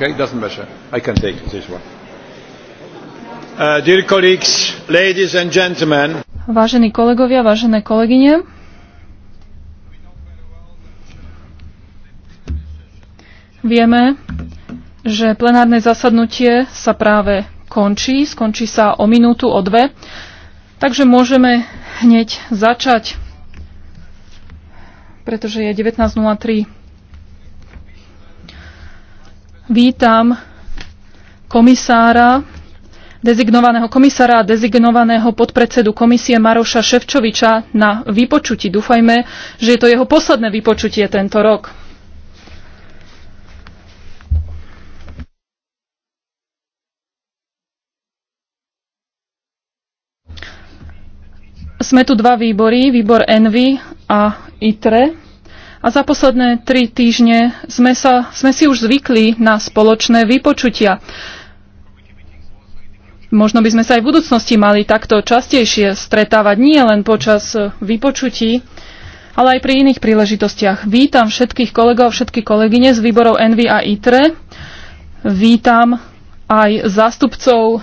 Okay, doesn't matter. I can take this one. Uh, dear colleagues, ladies and gentlemen. Vážení kolegovia, vážené kolegyne. Vieme, že plenárne zasadnutie sa práve končí. Skončí sa o minútu, o dve. Takže môžeme hneď začať, pretože je 19.03. Vítam komisára, dezignovaného komisára a dezignovaného podpredsedu komisie Maroša Ševčoviča na vypočutí. Dúfajme, že je to jeho posledné vypočutie tento rok. Sme tu dva výbory, výbor Envy a ITRE. A za posledné tri týždne sme, sa, sme si už zvykli na spoločné vypočutia. Možno by sme sa aj v budúcnosti mali takto častejšie stretávať, nie len počas e, vypočutí, ale aj pri iných príležitostiach. Vítam všetkých kolegov, všetky kolegyne z výborov NV a ITRE. Vítam aj zástupcov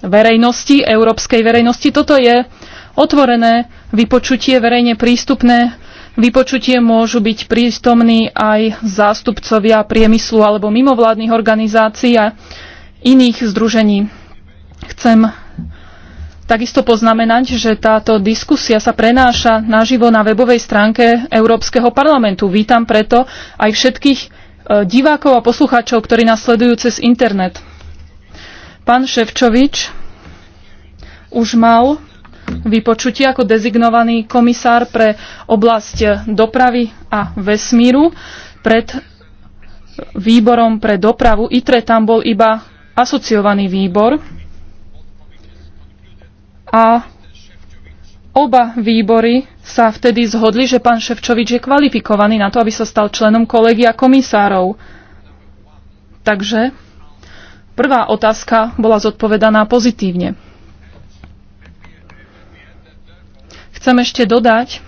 verejnosti, európskej verejnosti. Toto je otvorené vypočutie verejne prístupné vypočutie môžu byť prístomní aj zástupcovia priemyslu alebo mimovládnych organizácií a iných združení. Chcem takisto poznamenať, že táto diskusia sa prenáša naživo na webovej stránke Európskeho parlamentu. Vítam preto aj všetkých e, divákov a poslucháčov, ktorí nás sledujú cez internet. Pán Ševčovič už mal vypočutí ako dezignovaný komisár pre oblasť dopravy a vesmíru. Pred výborom pre dopravu ITRE tam bol iba asociovaný výbor a Oba výbory sa vtedy zhodli, že pán Ševčovič je kvalifikovaný na to, aby sa stal členom kolegia komisárov. Takže prvá otázka bola zodpovedaná pozitívne. Chcem ešte dodať,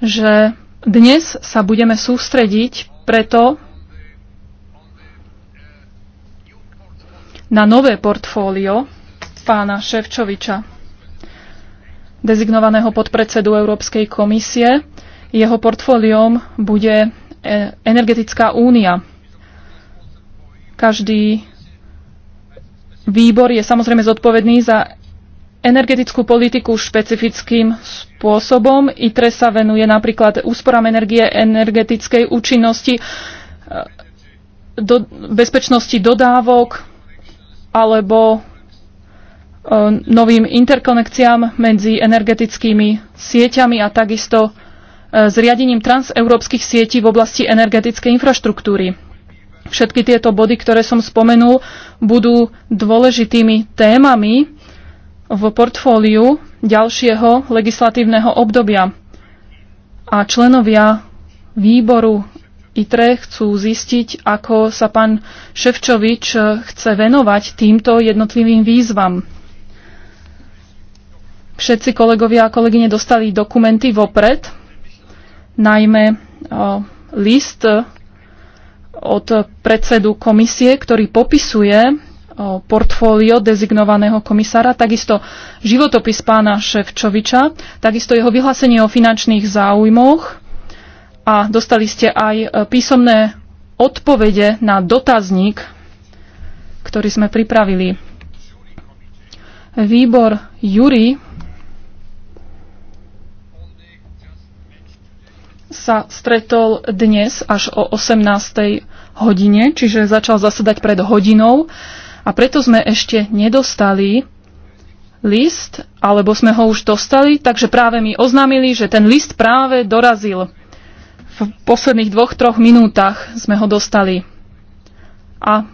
že dnes sa budeme sústrediť preto na nové portfólio pána Ševčoviča, dezignovaného podpredsedu Európskej komisie. Jeho portfóliom bude e, energetická únia. Každý výbor je samozrejme zodpovedný za energetickú politiku špecifickým spôsobom. ITRE sa venuje napríklad úsporám energie, energetickej účinnosti, e, do, bezpečnosti dodávok alebo e, novým interkonekciám medzi energetickými sieťami a takisto e, zriadením transeurópskych sietí v oblasti energetickej infraštruktúry. Všetky tieto body, ktoré som spomenul, budú dôležitými témami, v portfóliu ďalšieho legislatívneho obdobia. A členovia výboru ITRE chcú zistiť, ako sa pán Ševčovič chce venovať týmto jednotlivým výzvam. Všetci kolegovia a kolegyne dostali dokumenty vopred, najmä list e, od predsedu komisie, ktorý popisuje portfólio dezignovaného komisára, takisto životopis pána Ševčoviča, takisto jeho vyhlásenie o finančných záujmoch a dostali ste aj e, písomné odpovede na dotazník, ktorý sme pripravili. Výbor Jury sa stretol dnes až o 18. hodine, čiže začal zasedať pred hodinou. A preto sme ešte nedostali list, alebo sme ho už dostali, takže práve mi oznámili, že ten list práve dorazil. V posledných dvoch, troch minútach sme ho dostali. A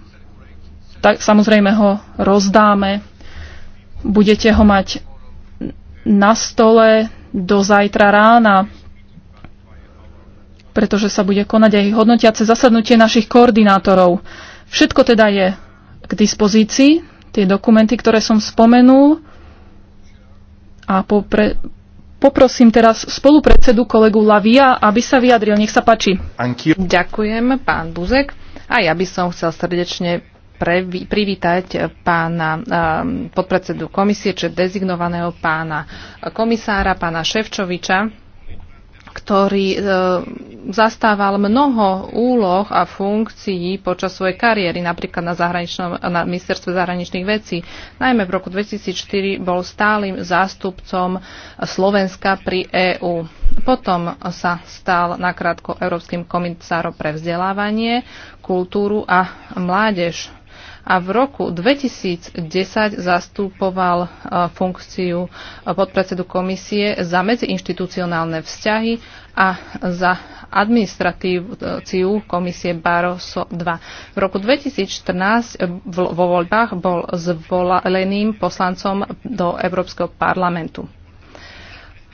tak samozrejme ho rozdáme. Budete ho mať na stole do zajtra rána, pretože sa bude konať aj hodnotiace zasadnutie našich koordinátorov. Všetko teda je k dispozícii, tie dokumenty, ktoré som spomenul. A popre, poprosím teraz spolupredsedu kolegu Lavia, aby sa vyjadril. Nech sa páči. Ďakujem, pán Buzek. A ja by som chcel srdečne previ- privítať pána um, podpredsedu komisie, čiže dezignovaného pána komisára, pána Ševčoviča ktorý e, zastával mnoho úloh a funkcií počas svojej kariéry, napríklad na, zahraničnom, na ministerstve zahraničných vecí. Najmä v roku 2004 bol stálym zástupcom Slovenska pri EÚ. Potom sa stal nakrátko Európskym komisárom pre vzdelávanie, kultúru a mládež a v roku 2010 zastupoval e, funkciu e, podpredsedu komisie za medziinštitucionálne vzťahy a za administratíciu komisie Barroso II. V roku 2014 e, vo voľbách bol zvoleným poslancom do Európskeho parlamentu.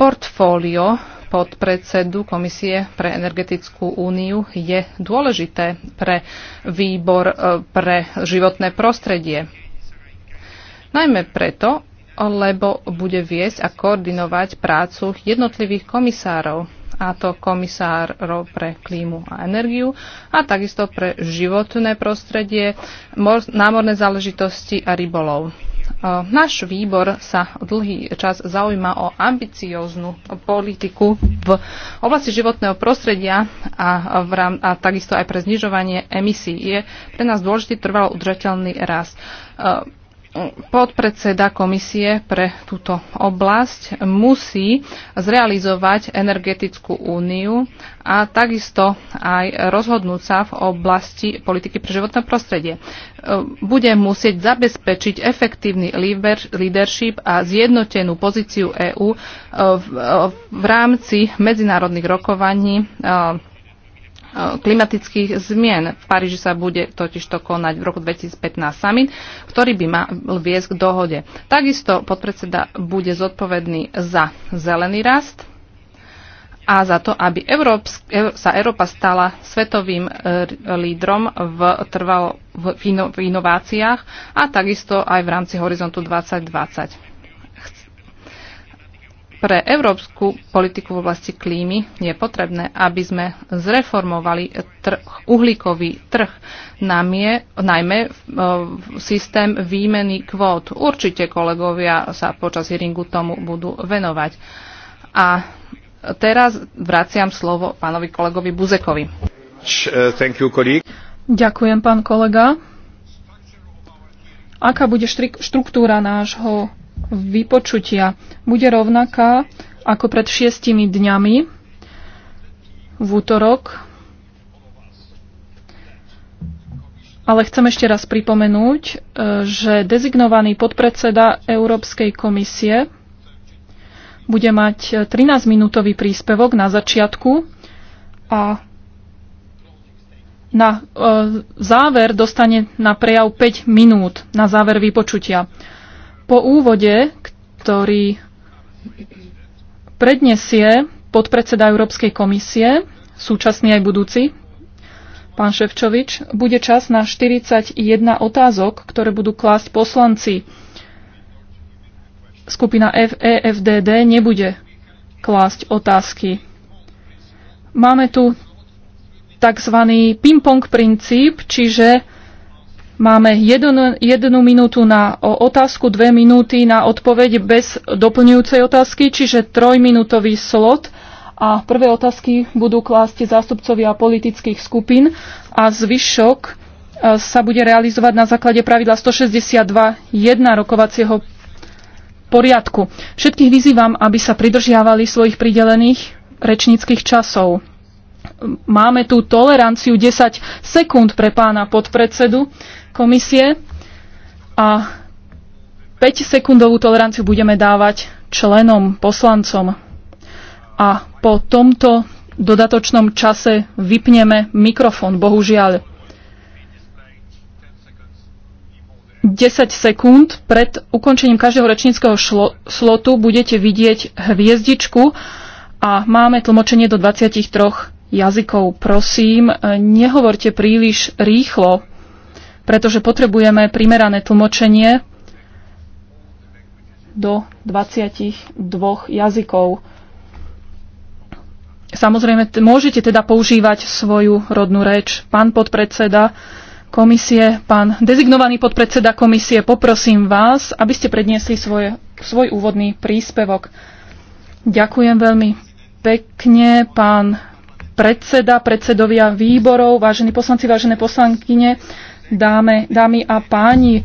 Portfólio podpredsedu Komisie pre energetickú úniu je dôležité pre výbor e, pre životné prostredie. Najmä preto, lebo bude viesť a koordinovať prácu jednotlivých komisárov, a to komisárov pre klímu a energiu a takisto pre životné prostredie, námorné záležitosti a rybolov. E, náš výbor sa dlhý čas zaujíma o ambicióznu politiku v oblasti životného prostredia a, v rám, a takisto aj pre znižovanie emisí. Je pre nás dôležitý trvalo udržateľný rast. E, podpredseda komisie pre túto oblasť musí zrealizovať energetickú úniu a takisto aj rozhodnúť sa v oblasti politiky pre životné prostredie. E, bude musieť zabezpečiť efektívny leadership a zjednotenú pozíciu EÚ e, e, v rámci medzinárodných rokovaní klimatických zmien. V Paríži sa bude totiž to konať v roku 2015 summit, ktorý by mal viesť k dohode. Takisto podpredseda bude zodpovedný za zelený rast a za to, aby Európsk, sa Európa stala svetovým e, lídrom v, trval, v inováciách a takisto aj v rámci Horizontu 2020. Pre európsku politiku v oblasti klímy je potrebné, aby sme zreformovali trh, uhlíkový trh, namie, najmä e, systém výmeny kvót. Určite kolegovia sa počas hearingu tomu budú venovať. A teraz vraciam slovo pánovi kolegovi Buzekovi. You, Ďakujem, pán kolega. Aká bude štruktúra nášho vypočutia bude rovnaká ako pred šiestimi dňami v útorok. Ale chcem ešte raz pripomenúť, e, že dezignovaný podpredseda Európskej komisie bude mať 13-minútový príspevok na začiatku a na e, záver dostane na prejav 5 minút na záver vypočutia. Po úvode, ktorý predniesie podpredseda Európskej komisie, súčasný aj budúci, pán Ševčovič, bude čas na 41 otázok, ktoré budú klásť poslanci. Skupina EFDD nebude klásť otázky. Máme tu tzv. ping-pong princíp, čiže Máme jednu, jednu minútu na otázku, dve minúty na odpoveď bez doplňujúcej otázky, čiže trojminútový slot. A prvé otázky budú klásť zástupcovia politických skupín a zvyšok e, sa bude realizovať na základe pravidla 162.1 rokovacieho poriadku. Všetkých vyzývam, aby sa pridržiavali svojich pridelených rečníckých časov máme tú toleranciu 10 sekúnd pre pána podpredsedu komisie a 5-sekundovú toleranciu budeme dávať členom, poslancom. A po tomto dodatočnom čase vypneme mikrofón, bohužiaľ. 10 sekúnd pred ukončením každého rečníckého šlo- slotu budete vidieť hviezdičku a máme tlmočenie do 23 jazykov. Prosím, e, nehovorte príliš rýchlo, pretože potrebujeme primerané tlmočenie do 22 jazykov. Samozrejme, môžete teda používať svoju rodnú reč. Pán podpredseda komisie, pán dezignovaný podpredseda komisie, poprosím vás, aby ste predniesli svoje, svoj úvodný príspevok. Ďakujem veľmi pekne, pán predseda, predsedovia výborov, vážení poslanci, vážené poslankyne, dáme, dámy a páni.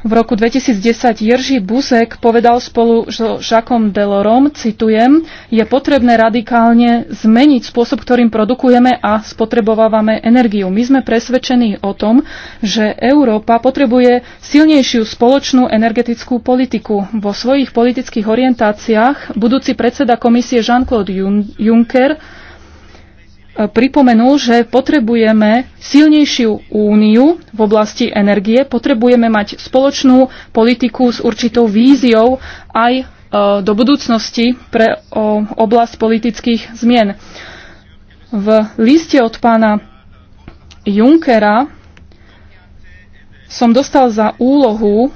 V roku 2010 Jerzy Buzek povedal spolu so Žakom Delorom, citujem, je potrebné radikálne zmeniť spôsob, ktorým produkujeme a spotrebovávame energiu. My sme presvedčení o tom, že Európa potrebuje silnejšiu spoločnú energetickú politiku. Vo svojich politických orientáciách budúci predseda komisie Jean-Claude Juncker E, pripomenul, že potrebujeme silnejšiu úniu v oblasti energie, potrebujeme mať spoločnú politiku s určitou víziou aj e, do budúcnosti pre oblasť politických zmien. V liste od pána Junckera som dostal za úlohu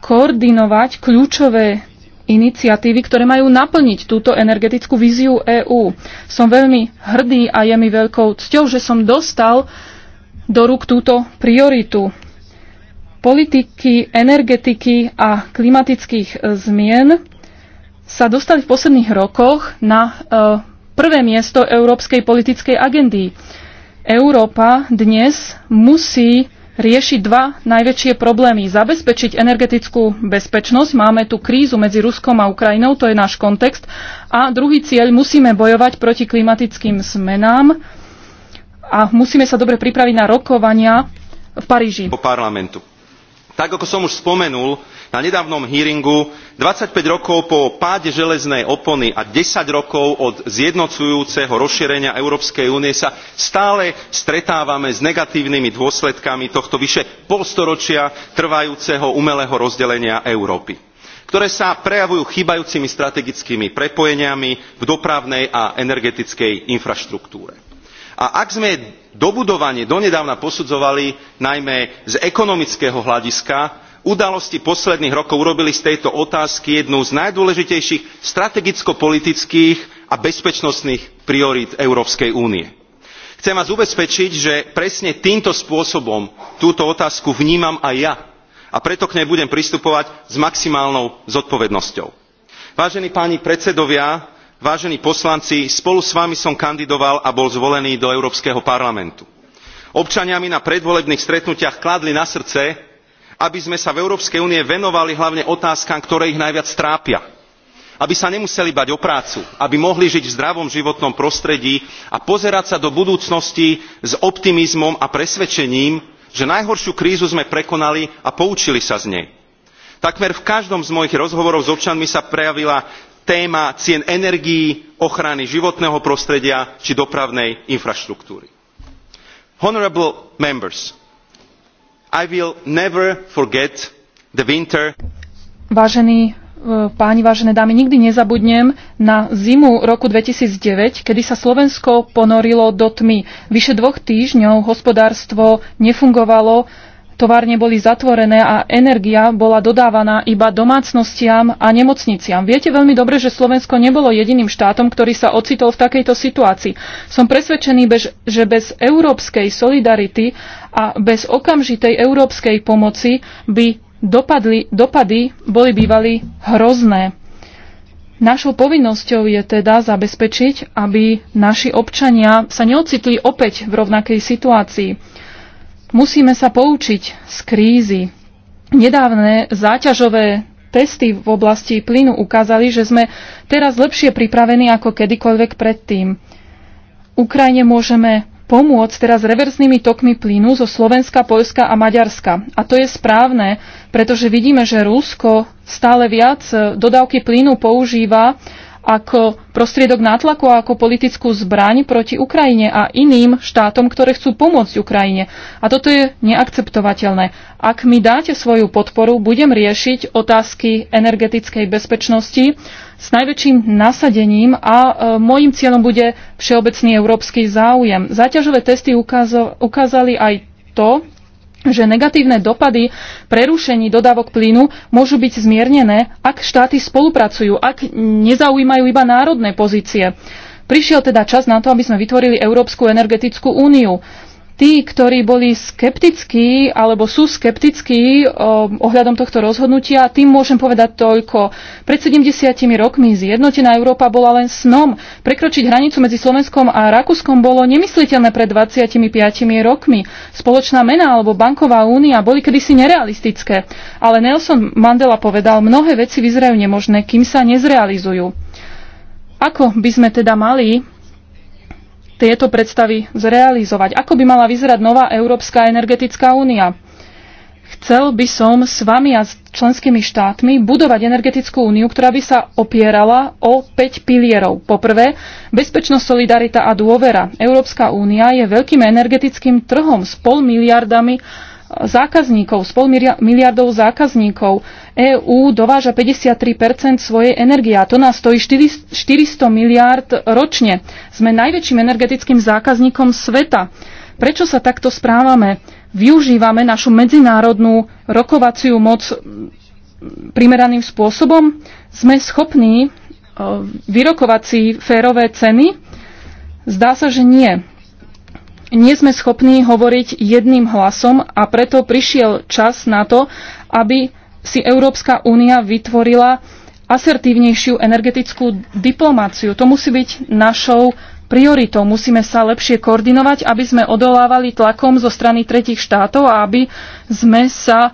koordinovať kľúčové iniciatívy, ktoré majú naplniť túto energetickú víziu EÚ. Som veľmi hrdý a je mi veľkou cťou, že som dostal do rúk túto prioritu. Politiky, energetiky a klimatických e, zmien sa dostali v posledných rokoch na e, prvé miesto európskej politickej agendy. Európa dnes musí rieši dva najväčšie problémy. Zabezpečiť energetickú bezpečnosť, máme tu krízu medzi Ruskom a Ukrajinou, to je náš kontext. A druhý cieľ, musíme bojovať proti klimatickým zmenám a musíme sa dobre pripraviť na rokovania v Paríži. Po parlamentu. Tak ako som už spomenul, na nedávnom hearingu twenty five rokov po páde železnej opony a ten rokov od zjednocujúceho rozšírenia európskej únie sa stále stretávame s negatívnymi dôsledkami tohto vyše polstoročia trvajúceho umelého rozdelenia európy ktoré sa prejavujú chýbajúcimi strategickými prepojeniami v dopravnej a energetickej infraštruktúre. a ak sme dobudovanie donedávna posudzovali najmä z ekonomického hľadiska udalosti posledných rokov urobili z tejto otázky jednu z najdôležitejších strategicko politických a bezpečnostných priorít európskej únie. chcem vás ubezpečiť že presne týmto spôsobom túto otázku vnímam aj ja a preto k nej budem pristupovať s maximálnou zodpovednosťou. vážení páni predsedovia vážení poslanci spolu s vami som kandidoval a bol zvolený do európskeho parlamentu. občania mi na predvolebných stretnutiach kládli na srdce aby sme sa v európskej únie venovali hlavne otázkam ktoré ich najviac trápia aby sa nemuseli bať o prácu aby mohli žiť v zdravom životnom prostredí a pozerať sa do budúcnosti s optimizmom a presvedčením že najhoršiu krízu sme prekonali a poučili sa z nej. takmer v každom z mojich rozhovorov s občanmi sa prejavila téma cien energií ochrany životného prostredia či dopravnej infraštruktúry. honourable members i will never forget the winter. Vážení e, páni, vážené dámy, nikdy nezabudnem na zimu roku 2009, kedy sa Slovensko ponorilo do tmy. Vyše dvoch týždňov hospodárstvo nefungovalo, továrne boli zatvorené a energia bola dodávaná iba domácnostiam a nemocniciam. Viete veľmi dobre, že Slovensko nebolo jediným štátom, ktorý sa ocitol v takejto situácii. Som presvedčený, bež, že bez európskej solidarity a bez okamžitej európskej pomoci by dopadli, dopady boli bývali hrozné. Našou povinnosťou je teda zabezpečiť, aby naši občania sa neocitli opäť v rovnakej situácii. Musíme sa poučiť z krízy. Nedávne záťažové testy v oblasti plynu ukázali, že sme teraz lepšie pripravení ako kedykoľvek predtým. Ukrajine môžeme pomôcť teraz reverznými tokmi plynu zo Slovenska, Poľska a Maďarska. A to je správne, pretože vidíme, že Rusko stále viac dodávky plynu používa ako prostriedok nátlaku a ako politickú zbraň proti Ukrajine a iným štátom, ktoré chcú pomôcť Ukrajine. A toto je neakceptovateľné. Ak mi dáte svoju podporu, budem riešiť otázky energetickej bezpečnosti s najväčším nasadením a e, môjim cieľom bude všeobecný európsky záujem. Záťažové testy ukázo- ukázali aj to, že negatívne dopady prerušení dodávok plynu môžu byť zmiernené, ak štáty spolupracujú, ak nezaujímajú iba národné pozície. Prišiel teda čas na to, aby sme vytvorili Európsku energetickú úniu tí, ktorí boli skeptickí alebo sú skeptickí um, ohľadom tohto rozhodnutia, tým môžem povedať toľko. Pred 70 rokmi zjednotená Európa bola len snom. Prekročiť hranicu medzi Slovenskom a Rakúskom bolo nemysliteľné pred 25 rokmi. Spoločná mena alebo banková únia boli kedysi nerealistické. Ale Nelson Mandela povedal, mnohé veci vyzerajú nemožné, kým sa nezrealizujú. Ako by sme teda mali tieto predstavy zrealizovať. Ako by mala vyzerať nová Európska energetická únia? Chcel by som s vami a s členskými štátmi budovať energetickú úniu, ktorá by sa opierala o 5 pilierov. Poprvé, bezpečnosť, solidarita a dôvera. Európska únia je veľkým energetickým trhom s pol miliardami zákazníkov, spol miliardov zákazníkov. EÚ dováža 53 svojej energie a to nás stojí 400 miliard ročne. Sme najväčším energetickým zákazníkom sveta. Prečo sa takto správame? Využívame našu medzinárodnú rokovaciu moc primeraným spôsobom? Sme schopní e, vyrokovať si férové ceny? Zdá sa, že nie nie sme schopní hovoriť jedným hlasom a preto prišiel čas na to, aby si Európska únia vytvorila asertívnejšiu energetickú diplomáciu. To musí byť našou prioritou. Musíme sa lepšie koordinovať, aby sme odolávali tlakom zo strany tretich štátov a aby sme sa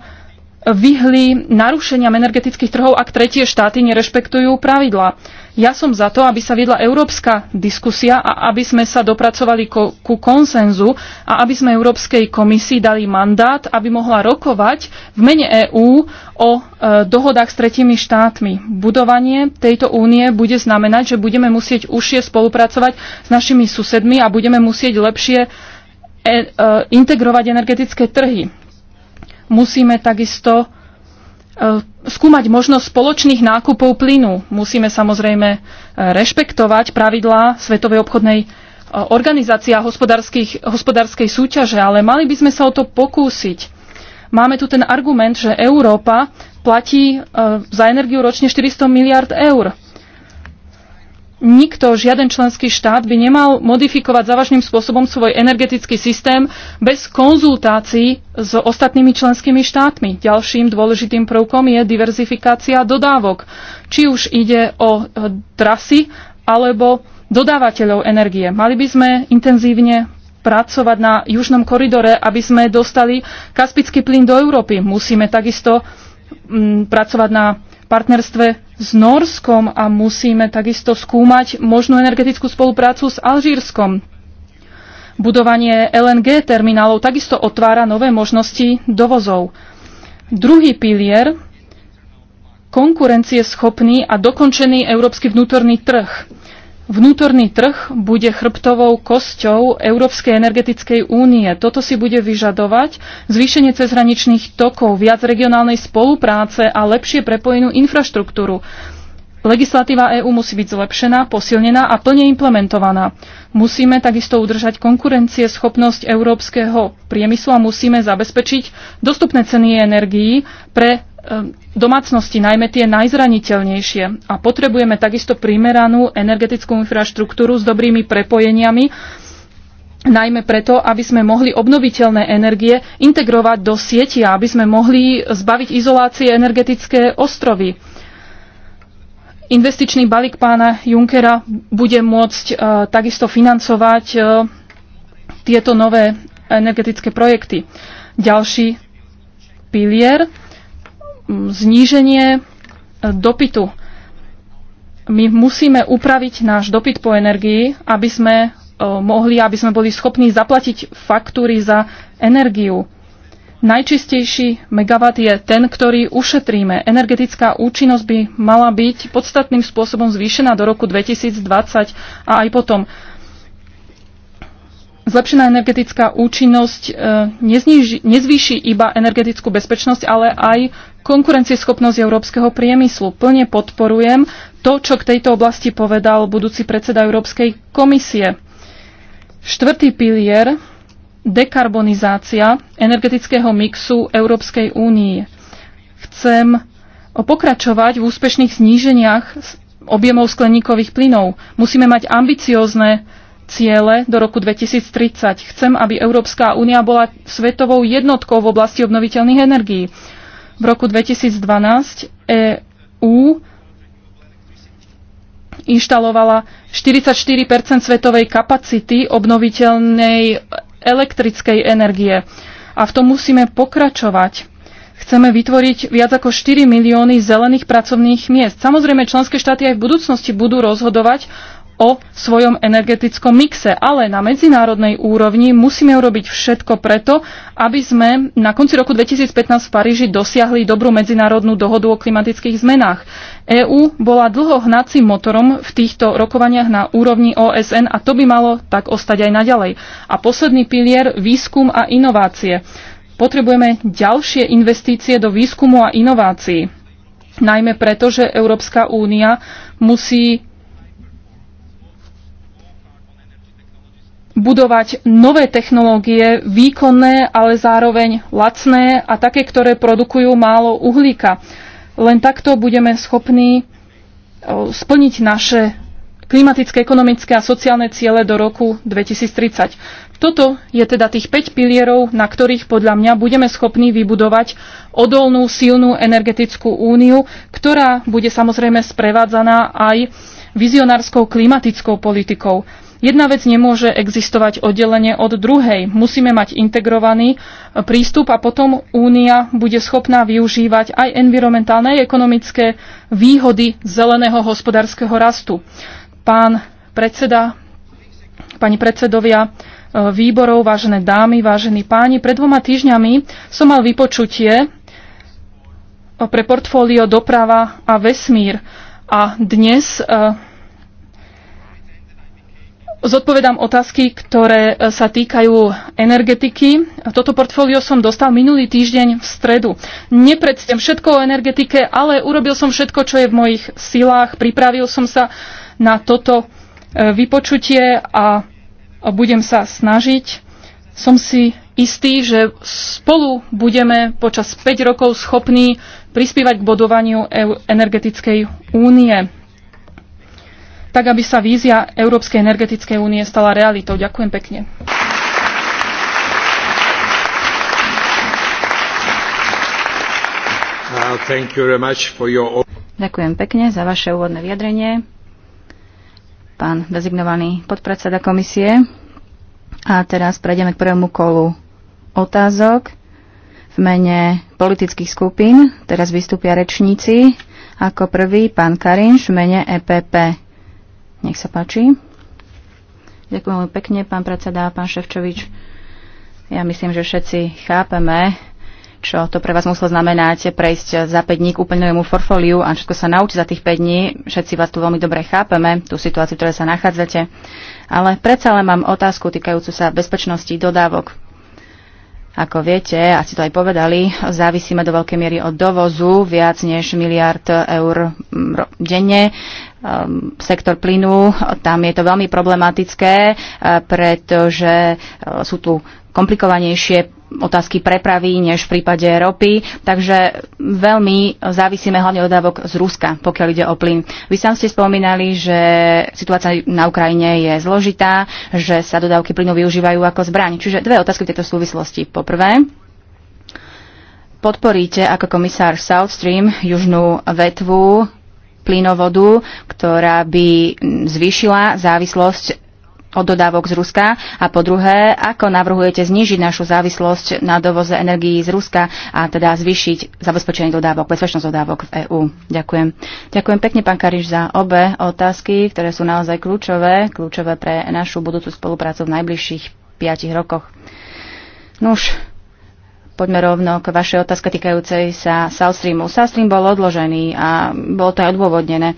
vyhli narušeniam energetických trhov, ak tretie štáty nerešpektujú pravidlá. Ja som za to, aby sa viedla európska diskusia a aby sme sa dopracovali ko- ku konsenzu a aby sme Európskej komisii dali mandát, aby mohla rokovať v mene EÚ o e, dohodách s tretími štátmi. Budovanie tejto únie bude znamenať, že budeme musieť užšie spolupracovať s našimi susedmi a budeme musieť lepšie e, e, integrovať energetické trhy. Musíme takisto E, skúmať možnosť spoločných nákupov plynu. Musíme samozrejme e, rešpektovať pravidlá Svetovej obchodnej e, organizácie a hospodárskej súťaže, ale mali by sme sa o to pokúsiť. Máme tu ten argument, že Európa platí za energiu ročne 400 miliard eur nikto, žiaden členský štát by nemal modifikovať závažným spôsobom svoj energetický systém bez konzultácií s ostatnými členskými štátmi. Ďalším dôležitým prvkom je diverzifikácia dodávok, či už ide o e, trasy alebo dodávateľov energie. Mali by sme intenzívne pracovať na južnom koridore, aby sme dostali kaspický plyn do Európy. Musíme takisto mm, pracovať na partnerstve s Norskom a musíme takisto skúmať možnú energetickú spoluprácu s Alžírskom. Budovanie LNG terminálov takisto otvára nové možnosti dovozov. Druhý pilier konkurencieschopný a dokončený európsky vnútorný trh. Vnútorný trh bude chrbtovou kosťou Európskej energetickej únie. Toto si bude vyžadovať zvýšenie cezhraničných tokov, viac regionálnej spolupráce a lepšie prepojenú infraštruktúru. Legislatíva EÚ musí byť zlepšená, posilnená a plne implementovaná. Musíme takisto udržať konkurencie, schopnosť európskeho priemyslu a musíme zabezpečiť dostupné ceny energií pre Ehm, domácnosti, najmä tie najzraniteľnejšie. A potrebujeme takisto primeranú energetickú infraštruktúru s dobrými prepojeniami, najmä preto, aby sme mohli obnoviteľné energie integrovať do sieti a aby sme mohli zbaviť izolácie energetické ostrovy. Investičný balík pána Junkera bude môcť e, takisto financovať e, tieto nové energetické projekty. Ďalší pilier Mm, zníženie e, dopytu. My musíme upraviť náš dopyt po energii, aby sme e, mohli, aby sme boli schopní zaplatiť faktúry za energiu. Najčistejší megawatt je ten, ktorý ušetríme. Energetická účinnosť by mala byť podstatným spôsobom zvýšená do roku 2020 a aj potom. Zlepšená energetická účinnosť e, nezniži, nezvýši iba energetickú bezpečnosť, ale aj konkurencieschopnosť európskeho priemyslu. Plne podporujem to, čo k tejto oblasti povedal budúci predseda Európskej komisie. Štvrtý pilier dekarbonizácia energetického mixu Európskej únie. Chcem pokračovať v úspešných zníženiach objemov skleníkových plynov. Musíme mať ambiciózne ciele do roku 2030. Chcem, aby Európska únia bola svetovou jednotkou v oblasti obnoviteľných energií. V roku 2012 EU inštalovala 44 svetovej kapacity obnoviteľnej elektrickej energie. A v tom musíme pokračovať. Chceme vytvoriť viac ako 4 milióny zelených pracovných miest. Samozrejme, členské štáty aj v budúcnosti budú rozhodovať o svojom energetickom mixe. Ale na medzinárodnej úrovni musíme urobiť všetko preto, aby sme na konci roku 2015 v Paríži dosiahli dobrú medzinárodnú dohodu o klimatických zmenách. EÚ bola dlho hnacím motorom v týchto rokovaniach na úrovni OSN a to by malo tak ostať aj naďalej. A posledný pilier výskum a inovácie. Potrebujeme ďalšie investície do výskumu a inovácií najmä preto, že Európska únia musí budovať nové technológie, výkonné, ale zároveň lacné a také, ktoré produkujú málo uhlíka. Len takto budeme schopní e, splniť naše klimatické, ekonomické a sociálne ciele do roku 2030. Toto je teda tých 5 pilierov, na ktorých podľa mňa budeme schopní vybudovať odolnú, silnú energetickú úniu, ktorá bude samozrejme sprevádzaná aj vizionárskou klimatickou politikou. Jedna vec nemôže existovať oddelenie od druhej. Musíme mať integrovaný e, prístup a potom Únia bude schopná využívať aj environmentálne ekonomické výhody zeleného hospodárskeho rastu. Pán predseda, pani predsedovia e, výborov, vážené dámy, vážení páni, pred dvoma týždňami som mal vypočutie e, pre portfólio doprava a vesmír. A dnes zodpovedám otázky, ktoré e, sa týkajú energetiky. Toto portfólio som dostal minulý týždeň v stredu. Nepredstiem všetko o energetike, ale urobil som všetko, čo je v mojich silách. Pripravil som sa na toto e, vypočutie a budem sa snažiť. Som si istý, že spolu budeme počas 5 rokov schopní prispievať k bodovaniu energetickej únie tak aby sa vízia Európskej energetickej únie stala realitou. Ďakujem pekne. Ďakujem pekne za vaše úvodné vyjadrenie, pán dezignovaný podpredseda komisie. A teraz prejdeme k prvému kolu otázok v mene politických skupín. Teraz vystúpia rečníci. Ako prvý pán Karinš v mene EPP. Nech sa páči. Ďakujem veľmi pekne, pán predseda, pán Ševčovič. Ja myslím, že všetci chápeme, čo to pre vás muselo znamenať prejsť za 5 dní k úplne novému a všetko sa naučiť za tých 5 dní. Všetci vás tu veľmi dobre chápeme, tú situáciu, v ktorej sa nachádzate. Ale predsa len mám otázku týkajúcu sa bezpečnosti dodávok ako viete, a si to aj povedali, závisíme do veľkej miery od dovozu viac než miliard eur mm, denne. Ehm, sektor plynu, tam je to veľmi problematické, eh, pretože eh, sú tu komplikovanejšie otázky prepravy než v prípade ropy, takže veľmi závisíme hlavne od dávok z Ruska, pokiaľ ide o plyn. Vy sám ste spomínali, že situácia na Ukrajine je zložitá, že sa dodávky plynu využívajú ako zbraň. Čiže dve otázky v tejto súvislosti. Poprvé, podporíte ako komisár South Stream južnú vetvu plynovodu, ktorá by zvýšila závislosť od dodávok z Ruska a po druhé, ako navrhujete znížiť našu závislosť na dovoze energií z Ruska a teda zvýšiť zabezpečenie dodávok, bezpečnosť dodávok v EÚ. Ďakujem. Ďakujem pekne, pán Kariš, za obe otázky, ktoré sú naozaj kľúčové, kľúčové pre našu budúcu spoluprácu v najbližších piatich rokoch. Nuž, poďme rovno k vašej otázke týkajúcej sa South Streamu. South Stream bol odložený a bolo to aj odôvodnené,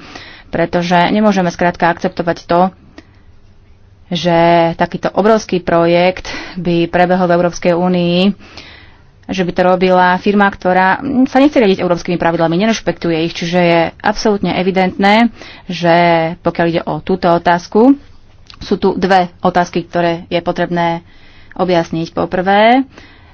pretože nemôžeme skrátka akceptovať to, že takýto obrovský projekt by prebehol v Európskej únii, že by to robila firma, ktorá sa nechce riadiť európskymi pravidlami, nerešpektuje ich, čiže je absolútne evidentné, že pokiaľ ide o túto otázku, sú tu dve otázky, ktoré je potrebné objasniť. Poprvé,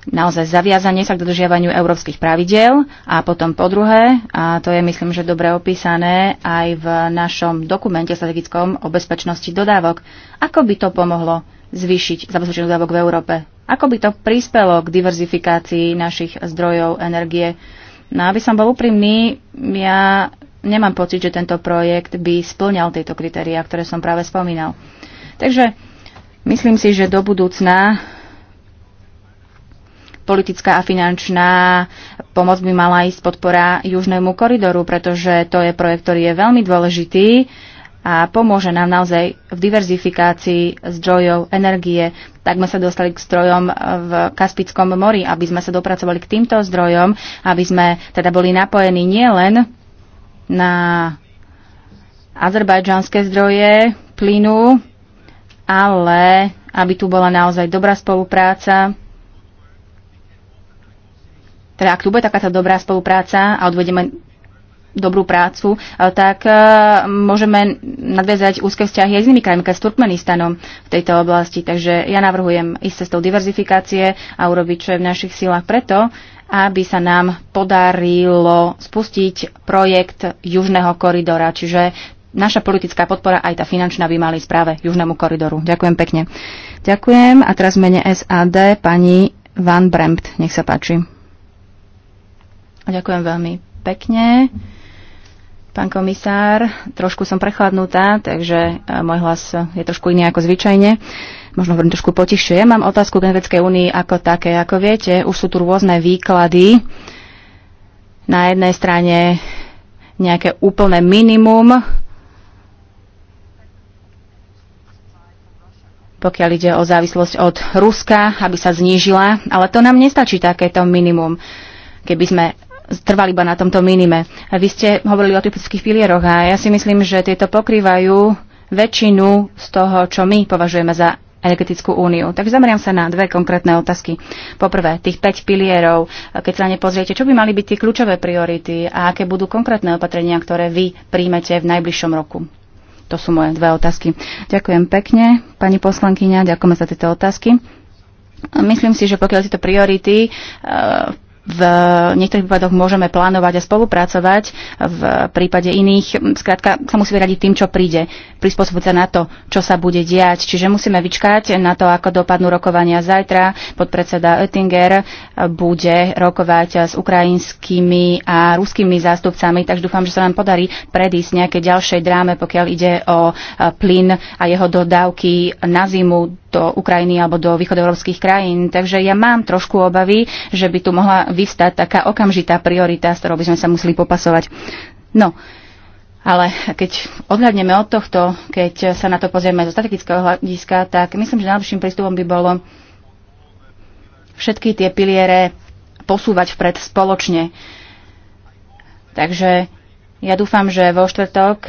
naozaj zaviazanie sa k dodržiavaniu európskych pravidel a potom po druhé, a to je myslím, že dobre opísané aj v našom dokumente strategickom o bezpečnosti dodávok, ako by to pomohlo zvýšiť zabezpečenie dodávok v Európe? Ako by to prispelo k diverzifikácii našich zdrojov energie? No aby som bol úprimný, ja nemám pocit, že tento projekt by splňal tieto kritériá, ktoré som práve spomínal. Takže myslím si, že do budúcna politická a finančná pomoc by mala ísť podpora južnému koridoru, pretože to je projekt, ktorý je veľmi dôležitý a pomôže nám naozaj v diverzifikácii zdrojov energie. Tak sme sa dostali k strojom v Kaspickom mori, aby sme sa dopracovali k týmto zdrojom, aby sme teda boli napojení nielen na azerbajdžanské zdroje plynu, ale aby tu bola naozaj dobrá spolupráca teda ak tu bude takáto dobrá spolupráca a odvedeme dobrú prácu, e, tak e, môžeme nadviazať úzke vzťahy aj s inými krajmi, s Turkmenistanom v tejto oblasti. Takže ja navrhujem ísť cestou diverzifikácie a urobiť, čo je v našich silách preto, aby sa nám podarilo spustiť projekt Južného koridora, čiže naša politická podpora aj tá finančná by mali správe Južnému koridoru. Ďakujem pekne. Ďakujem a teraz mene SAD pani Van Brempt. Nech sa páči. Ďakujem veľmi pekne. Pán komisár, trošku som prechladnutá, takže e, môj hlas je trošku iný ako zvyčajne. Možno hovorím trošku potiššie. Mám otázku k Energetickej únii ako také. Ako viete, už sú tu rôzne výklady. Na jednej strane nejaké úplné minimum, pokiaľ ide o závislosť od Ruska, aby sa znížila, ale to nám nestačí takéto minimum. Keby sme trval iba na tomto minime. Vy ste hovorili o typických pilieroch a ja si myslím, že tieto pokrývajú väčšinu z toho, čo my považujeme za energetickú úniu. Takže zameriam sa na dve konkrétne otázky. Poprvé, tých 5 pilierov, keď sa na ne pozriete, čo by mali byť tie kľúčové priority a aké budú konkrétne opatrenia, ktoré vy príjmete v najbližšom roku? To sú moje dve otázky. Ďakujem pekne, pani poslankyňa, ďakujeme za tieto otázky. Myslím si, že pokiaľ tieto priority v e, v niektorých prípadoch môžeme plánovať a spolupracovať, v prípade iných, skrátka sa musíme radiť tým, čo príde, prispôsobiť sa na to, čo sa bude diať. Čiže musíme vyčkať na to, ako dopadnú rokovania zajtra. Podpredseda Oettinger bude rokovať s ukrajinskými a ruskými zástupcami, takže dúfam, že sa nám podarí predísť nejaké ďalšej dráme, pokiaľ ide o plyn a jeho dodávky na zimu do Ukrajiny alebo do východoeurópskych krajín. Takže ja mám trošku obavy, že by tu mohla vystať taká okamžitá priorita, s ktorou by sme sa museli popasovať. No, ale keď odhľadneme od tohto, keď sa na to pozrieme zo strategického hľadiska, tak myslím, že najlepším prístupom by bolo všetky tie piliere posúvať vpred spoločne. Takže ja dúfam, že vo štvrtok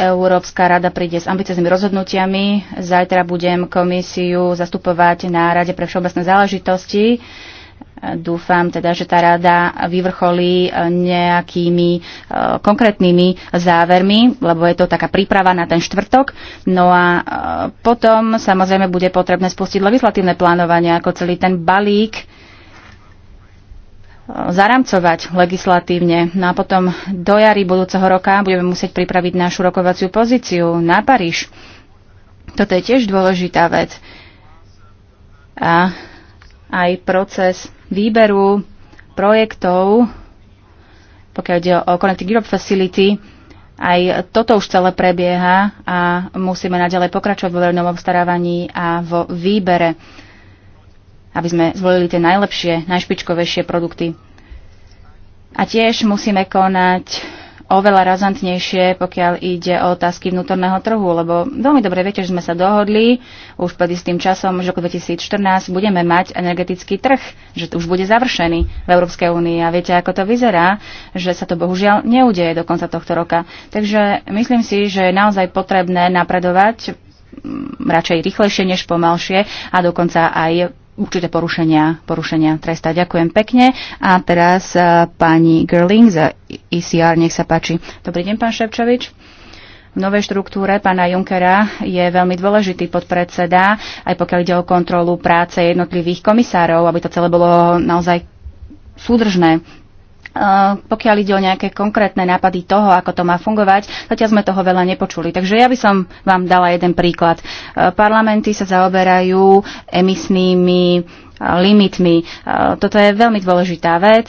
Európska rada príde s ambicioznými rozhodnutiami. Zajtra budem komisiu zastupovať na Rade pre všeobecné záležitosti. Dúfam teda, že tá rada vyvrcholí e, nejakými e, konkrétnymi závermi, lebo je to taká príprava na ten štvrtok. No a e, potom samozrejme bude potrebné spustiť legislatívne plánovanie, ako celý ten balík zaramcovať legislatívne. No a potom do jary budúceho roka budeme musieť pripraviť našu rokovaciu pozíciu na Paríž. Toto je tiež dôležitá vec. A aj proces výberu projektov, pokiaľ ide o Connecting Europe Facility, aj toto už celé prebieha a musíme naďalej pokračovať vo verejnom obstarávaní a vo výbere aby sme zvolili tie najlepšie, najšpičkovejšie produkty. A tiež musíme konať oveľa razantnejšie, pokiaľ ide o otázky vnútorného trhu, lebo veľmi dobre viete, že sme sa dohodli už pred istým časom, že roku 2014 budeme mať energetický trh, že už bude završený v Európskej únii a viete, ako to vyzerá, že sa to bohužiaľ neudeje do konca tohto roka. Takže myslím si, že je naozaj potrebné napredovať radšej rýchlejšie než pomalšie a dokonca aj určité porušenia, porušenia tresta. Ďakujem pekne. A teraz e, pani Gerling za ICR, e nech sa páči. Dobrý deň, pán Ševčovič. V novej štruktúre pána Junkera je veľmi dôležitý podpredseda, aj pokiaľ ide o kontrolu práce jednotlivých komisárov, aby to celé bolo naozaj súdržné, Eh, pokiaľ ide o nejaké konkrétne nápady toho, ako to má fungovať, zatiaľ sme toho veľa nepočuli. Takže ja by som vám dala jeden príklad. Eh, parlamenty sa zaoberajú emisnými eh, limitmi. Toto je veľmi dôležitá vec,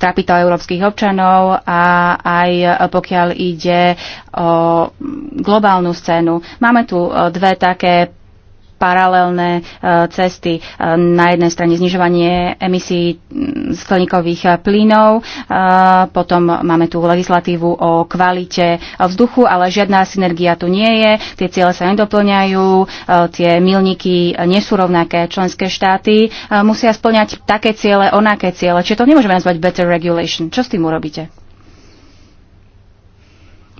trápi to európskych občanov a aj pokiaľ ide o mm, globálnu scénu. Máme tu dve také paralelné e, cesty. E, na jednej strane znižovanie emisí mm, skleníkových e, plynov, potom máme tu legislatívu o kvalite vzduchu, ale žiadna synergia tu nie je, tie ciele sa nedoplňajú, tie milníky nie sú rovnaké. Členské štáty musia splňať také ciele, onaké ciele, čiže to nemôžeme nazvať better regulation. Čo s tým urobíte?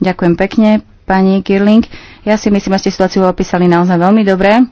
Ďakujem pekne, pani Kirling. Ja si myslím, že ste situáciu opísali naozaj veľmi dobre.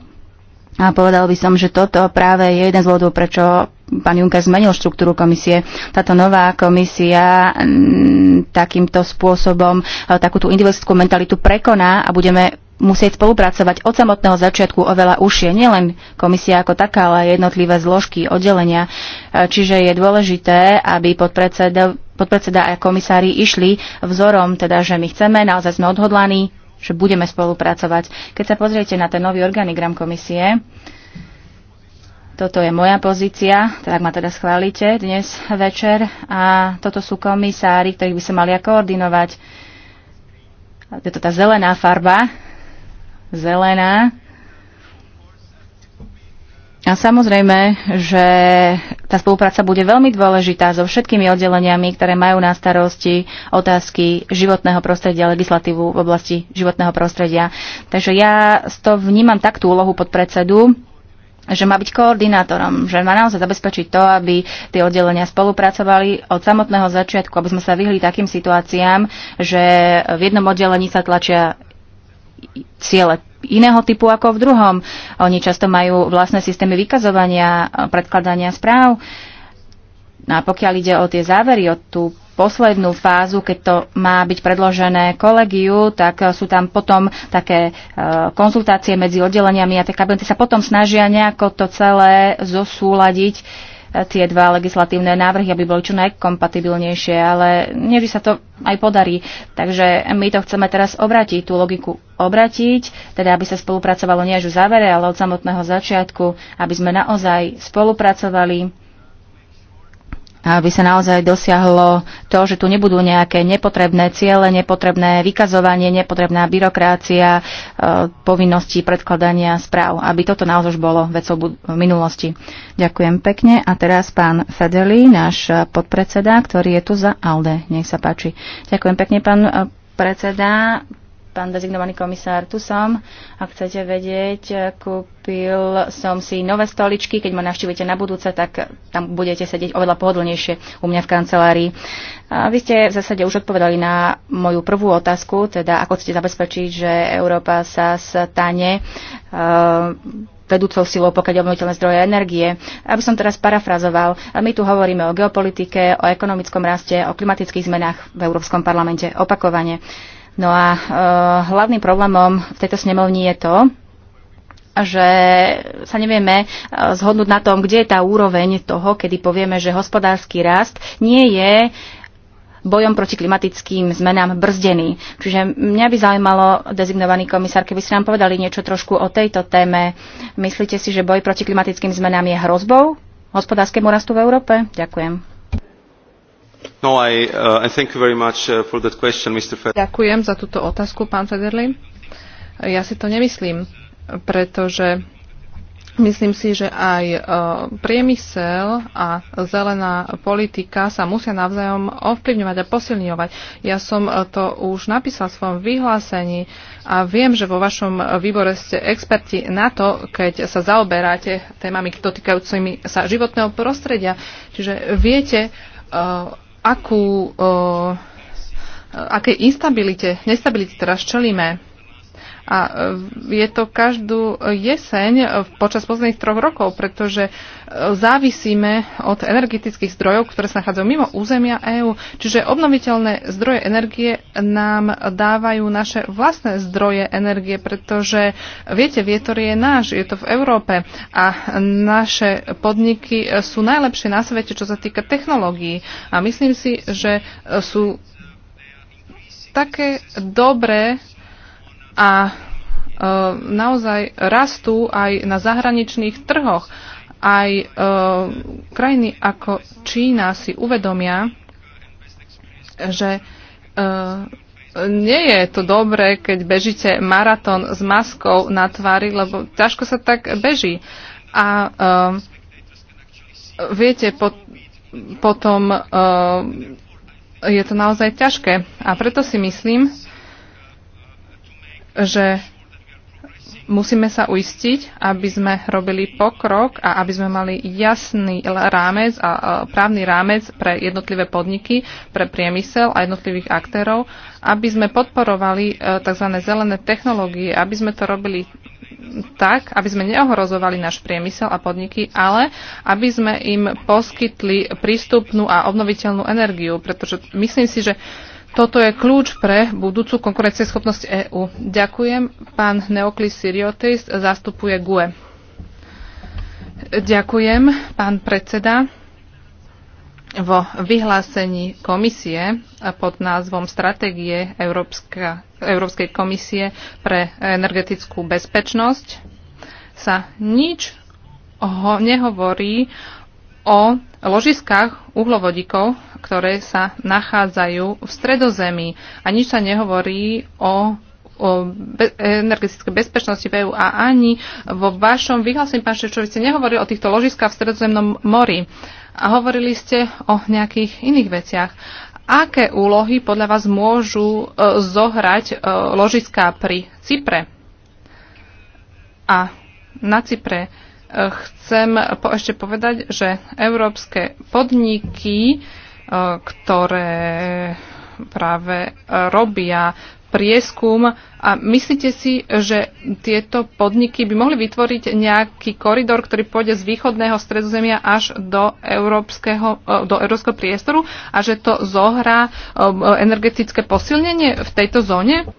A povedal by som, že toto práve je jeden z dôvodov, prečo pán Juncker zmenil štruktúru komisie. Táto nová komisia mm, takýmto spôsobom e, takúto individualistickú mentalitu prekoná a budeme musieť spolupracovať od samotného začiatku oveľa užšie. Nielen komisia ako taká, ale jednotlivé zložky, oddelenia. E, čiže je dôležité, aby podpredseda, podpredseda a komisári išli vzorom, teda že my chceme, naozaj sme odhodlaní, že budeme spolupracovať. Keď sa pozriete na ten nový organigram komisie, toto je moja pozícia, tak ma teda schválite dnes večer a toto sú komisári, ktorých by sa mali koordinovať. Je to tá zelená farba, zelená, a samozrejme, že tá spolupráca bude veľmi dôležitá so všetkými oddeleniami, ktoré majú na starosti otázky životného prostredia, legislatívu v oblasti životného prostredia. Takže ja to vnímam tak tú úlohu podpredsedu, že má byť koordinátorom, že má naozaj zabezpečiť to, aby tie oddelenia spolupracovali od samotného začiatku, aby sme sa vyhli takým situáciám, že v jednom oddelení sa tlačia ciele iného typu ako v druhom. Oni často majú vlastné systémy vykazovania, predkladania správ. No a pokiaľ ide o tie závery, o tú poslednú fázu, keď to má byť predložené kolegiu, tak sú tam potom také e, konzultácie medzi oddeleniami a tie kabinety sa potom snažia nejako to celé zosúladiť tie dva legislatívne návrhy, aby boli čo najkompatibilnejšie, ale nevždy sa to aj podarí. Takže my to chceme teraz obratiť, tú logiku obratiť, teda aby sa spolupracovalo nie až v závere, ale od samotného začiatku, aby sme naozaj spolupracovali aby sa naozaj dosiahlo to, že tu nebudú nejaké nepotrebné ciele, nepotrebné vykazovanie, nepotrebná byrokracia, e, povinnosti predkladania správ, aby toto naozaj bolo vecou v minulosti. Ďakujem pekne. A teraz pán Fedeli, náš podpredseda, ktorý je tu za ALDE. Nech sa páči. Ďakujem pekne, pán e, predseda pán dezignovaný komisár, tu som. Ak chcete vedieť, kúpil som si nové stoličky. Keď ma navštívite na budúce, tak tam budete sedieť oveľa pohodlnejšie u mňa v kancelárii. A vy ste v zásade už odpovedali na moju prvú otázku, teda ako chcete zabezpečiť, že Európa sa stane eh, vedúcou silou, pokiaľ obnoviteľné zdroje energie. Aby som teraz parafrazoval, my tu hovoríme o geopolitike, o ekonomickom raste, o klimatických zmenách v Európskom parlamente opakovane. No a uh, hlavným problémom v tejto snemovni je to, že sa nevieme e, zhodnúť na tom, kde je tá úroveň toho, kedy povieme, že hospodársky rast nie je bojom proti klimatickým zmenám brzdený. Čiže mňa by zaujímalo, dezignovaný komisár, keby ste nám povedali niečo trošku o tejto téme. Myslíte si, že boj proti klimatickým zmenám je hrozbou hospodárskému rastu v Európe? Ďakujem. No, I, uh, I thank you very much uh, for that question, Mr. Ďakujem za túto otázku, pán Federley. Ja si to nemyslím, pretože Myslím si, že aj uh, priemysel a zelená politika sa musia navzájom ovplyvňovať a posilňovať. Ja som uh, to už napísal v svojom vyhlásení a viem, že vo vašom výbore ste experti na to, keď sa zaoberáte témami dotýkajúcimi sa životného prostredia. Čiže viete, akú, o, akej instabilite, nestabilite teraz čelíme. A e, je to každú jeseň e, počas posledných troch rokov, pretože e, závisíme od energetických zdrojov, ktoré sa nachádzajú mimo územia EÚ. Čiže obnoviteľné zdroje energie nám dávajú naše vlastné zdroje energie, pretože viete, vietor je náš, je to v Európe a naše podniky sú najlepšie na svete, čo sa týka technológií. A myslím si, že sú také dobré a e, naozaj rastú aj na zahraničných trhoch. Aj e, krajiny ako Čína si uvedomia, že e, nie je to dobré, keď bežíte maratón s maskou na tvári, lebo ťažko sa tak beží. A uh, viete, po, potom uh, je to naozaj ťažké. A preto si myslím, že musíme sa uistiť, aby sme robili pokrok a aby sme mali jasný rámec a právny rámec pre jednotlivé podniky, pre priemysel a jednotlivých aktérov, aby sme podporovali e, tzv. zelené technológie, aby sme to robili tak, aby sme neohrozovali náš priemysel a podniky, ale aby sme im poskytli prístupnú a obnoviteľnú energiu, pretože myslím si, že toto je kľúč pre budúcu konkurencieschopnosť EÚ. Ďakujem. Pán Neoklis Siriotis zastupuje GUE. Ďakujem, pán predseda. Vo vyhlásení komisie pod názvom Stratégie Európska, Európskej komisie pre energetickú bezpečnosť sa nič ho nehovorí o ložiskách uhlovodíkov ktoré sa nachádzajú v stredozemí a nič sa nehovorí o o be- energetickej bezpečnosti v EU a ani vo vašom vyhlásení, pán Ševčovič, ste nehovorili o týchto ložiskách v stredozemnom mori a hovorili ste o nejakých iných veciach. Aké úlohy podľa vás môžu e, zohrať e, ložiská pri Cypre? A na Cypre e, chcem po- ešte povedať, že európske podniky e, ktoré práve robia prieskum a myslíte si, že tieto podniky by mohli vytvoriť nejaký koridor, ktorý pôjde z východného stredozemia až do európskeho, e, do európskeho priestoru a že to zohrá e, energetické posilnenie v tejto zóne?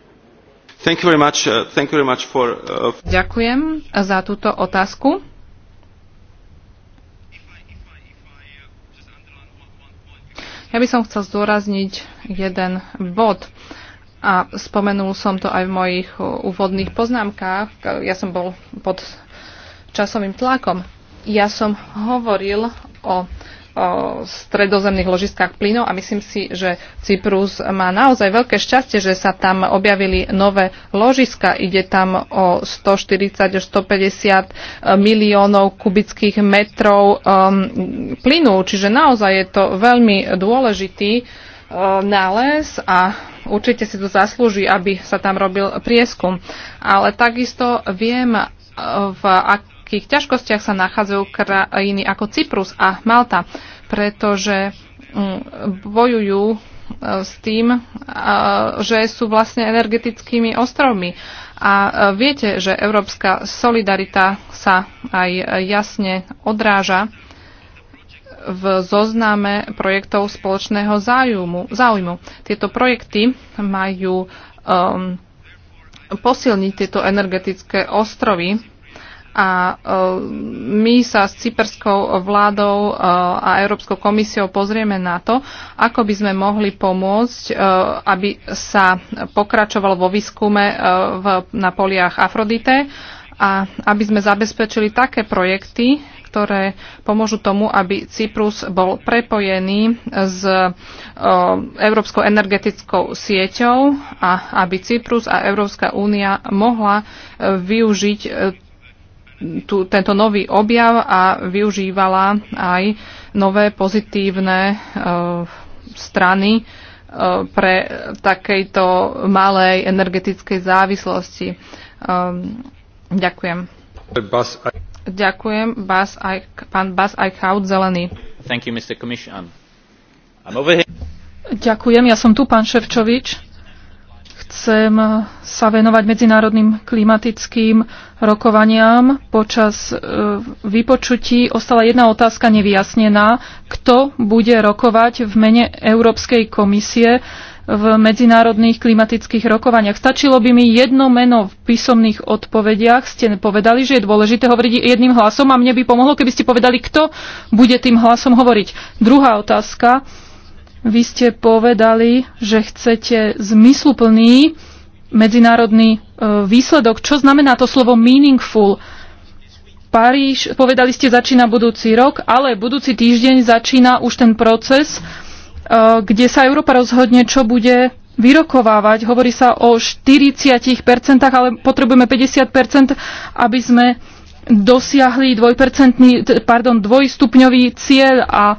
Thank you very much. Uh, thank you very much for, uh... Ďakujem za túto otázku. Ja by som chcel zdôrazniť jeden bod. A spomenul som to aj v mojich uh, úvodných poznámkach. Ja som bol pod časovým tlakom. Ja som hovoril o stredozemných ložiskách plynov a myslím si, že Cyprus má naozaj veľké šťastie, že sa tam objavili nové ložiska. Ide tam o 140 až 150 e, miliónov kubických metrov um, plynu, čiže naozaj je to veľmi dôležitý e, nález a určite si to zaslúži, aby sa tam robil prieskum. Ale takisto viem, v ak- ekonomických ťažkostiach sa nachádzajú krajiny ako Cyprus a Malta, pretože mm, bojujú e, s tým, že sú vlastne energetickými ostrovmi. A e, viete, že európska solidarita sa aj jasne odráža v zozname projektov spoločného záujmu. záujmu. Tieto projekty majú um, posilniť tieto energetické ostrovy a e, my sa s cyperskou vládou e, a Európskou komisiou pozrieme na to, ako by sme mohli pomôcť, e, aby sa pokračovalo vo výskume na poliach Afrodite a aby sme zabezpečili také projekty, ktoré pomôžu tomu, aby Cyprus bol prepojený s Európskou energetickou sieťou a aby Cyprus a Európska únia mohla využiť tú, tento nový objav a využívala aj nové pozitívne e, strany e, pre takejto malej energetickej závislosti. E, ďakujem. Bas I... Ďakujem, Bas I... pán Bas Eichhout, zelený. Thank you, Mr. Commission. I'm over here. Ďakujem, ja som tu, pán Ševčovič chcem sa venovať medzinárodným klimatickým rokovaniam. Počas e, vypočutí ostala jedna otázka nevyjasnená. Kto bude rokovať v mene Európskej komisie v medzinárodných klimatických rokovaniach. Stačilo by mi jedno meno v písomných odpovediach. Ste povedali, že je dôležité hovoriť jedným hlasom a mne by pomohlo, keby ste povedali, kto bude tým hlasom hovoriť. Druhá otázka vy ste povedali, že chcete zmysluplný medzinárodný e, výsledok. Čo znamená to slovo meaningful? Paríž, povedali ste, začína budúci rok, ale budúci týždeň začína už ten proces, e, kde sa Európa rozhodne, čo bude vyrokovávať. Hovorí sa o 40%, ale potrebujeme 50%, aby sme dosiahli dvojpercentný, pardon, dvojstupňový cieľ a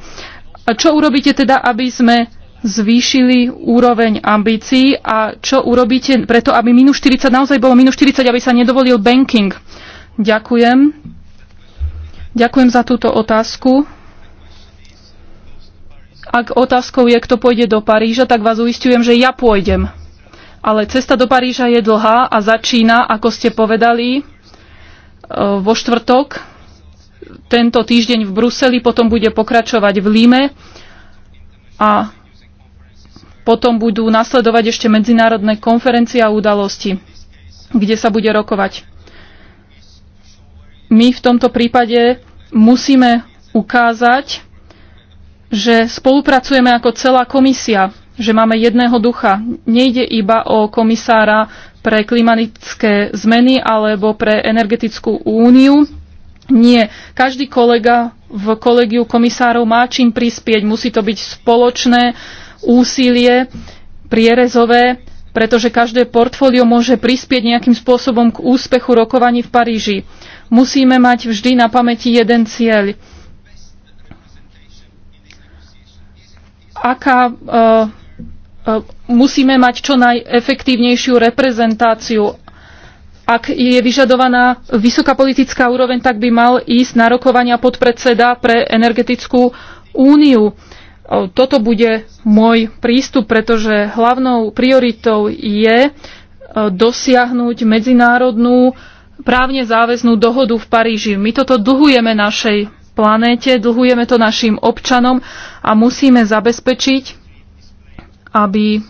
čo urobíte teda, aby sme zvýšili úroveň ambícií a čo urobíte preto, aby minus 40 naozaj bolo minus 40, aby sa nedovolil banking? Ďakujem. Ďakujem za túto otázku. Ak otázkou je, kto pôjde do Paríža, tak vás uistujem, že ja pôjdem. Ale cesta do Paríža je dlhá a začína, ako ste povedali, e, vo štvrtok tento týždeň v Bruseli, potom bude pokračovať v Lime a potom budú nasledovať ešte medzinárodné konferencie a udalosti, kde sa bude rokovať. My v tomto prípade musíme ukázať, že spolupracujeme ako celá komisia, že máme jedného ducha. Nejde iba o komisára pre klimatické zmeny alebo pre energetickú úniu, nie. Každý kolega v kolegiu komisárov má čím prispieť. Musí to byť spoločné úsilie, prierezové, pretože každé portfólio môže prispieť nejakým spôsobom k úspechu rokovaní v Paríži. Musíme mať vždy na pamäti jeden cieľ. Aká, uh, uh, musíme mať čo najefektívnejšiu reprezentáciu ak je vyžadovaná vysoká politická úroveň, tak by mal ísť na rokovania podpredseda pre energetickú úniu. Toto bude môj prístup, pretože hlavnou prioritou je dosiahnuť medzinárodnú právne záväznú dohodu v Paríži. My toto dlhujeme našej planéte, dlhujeme to našim občanom a musíme zabezpečiť, aby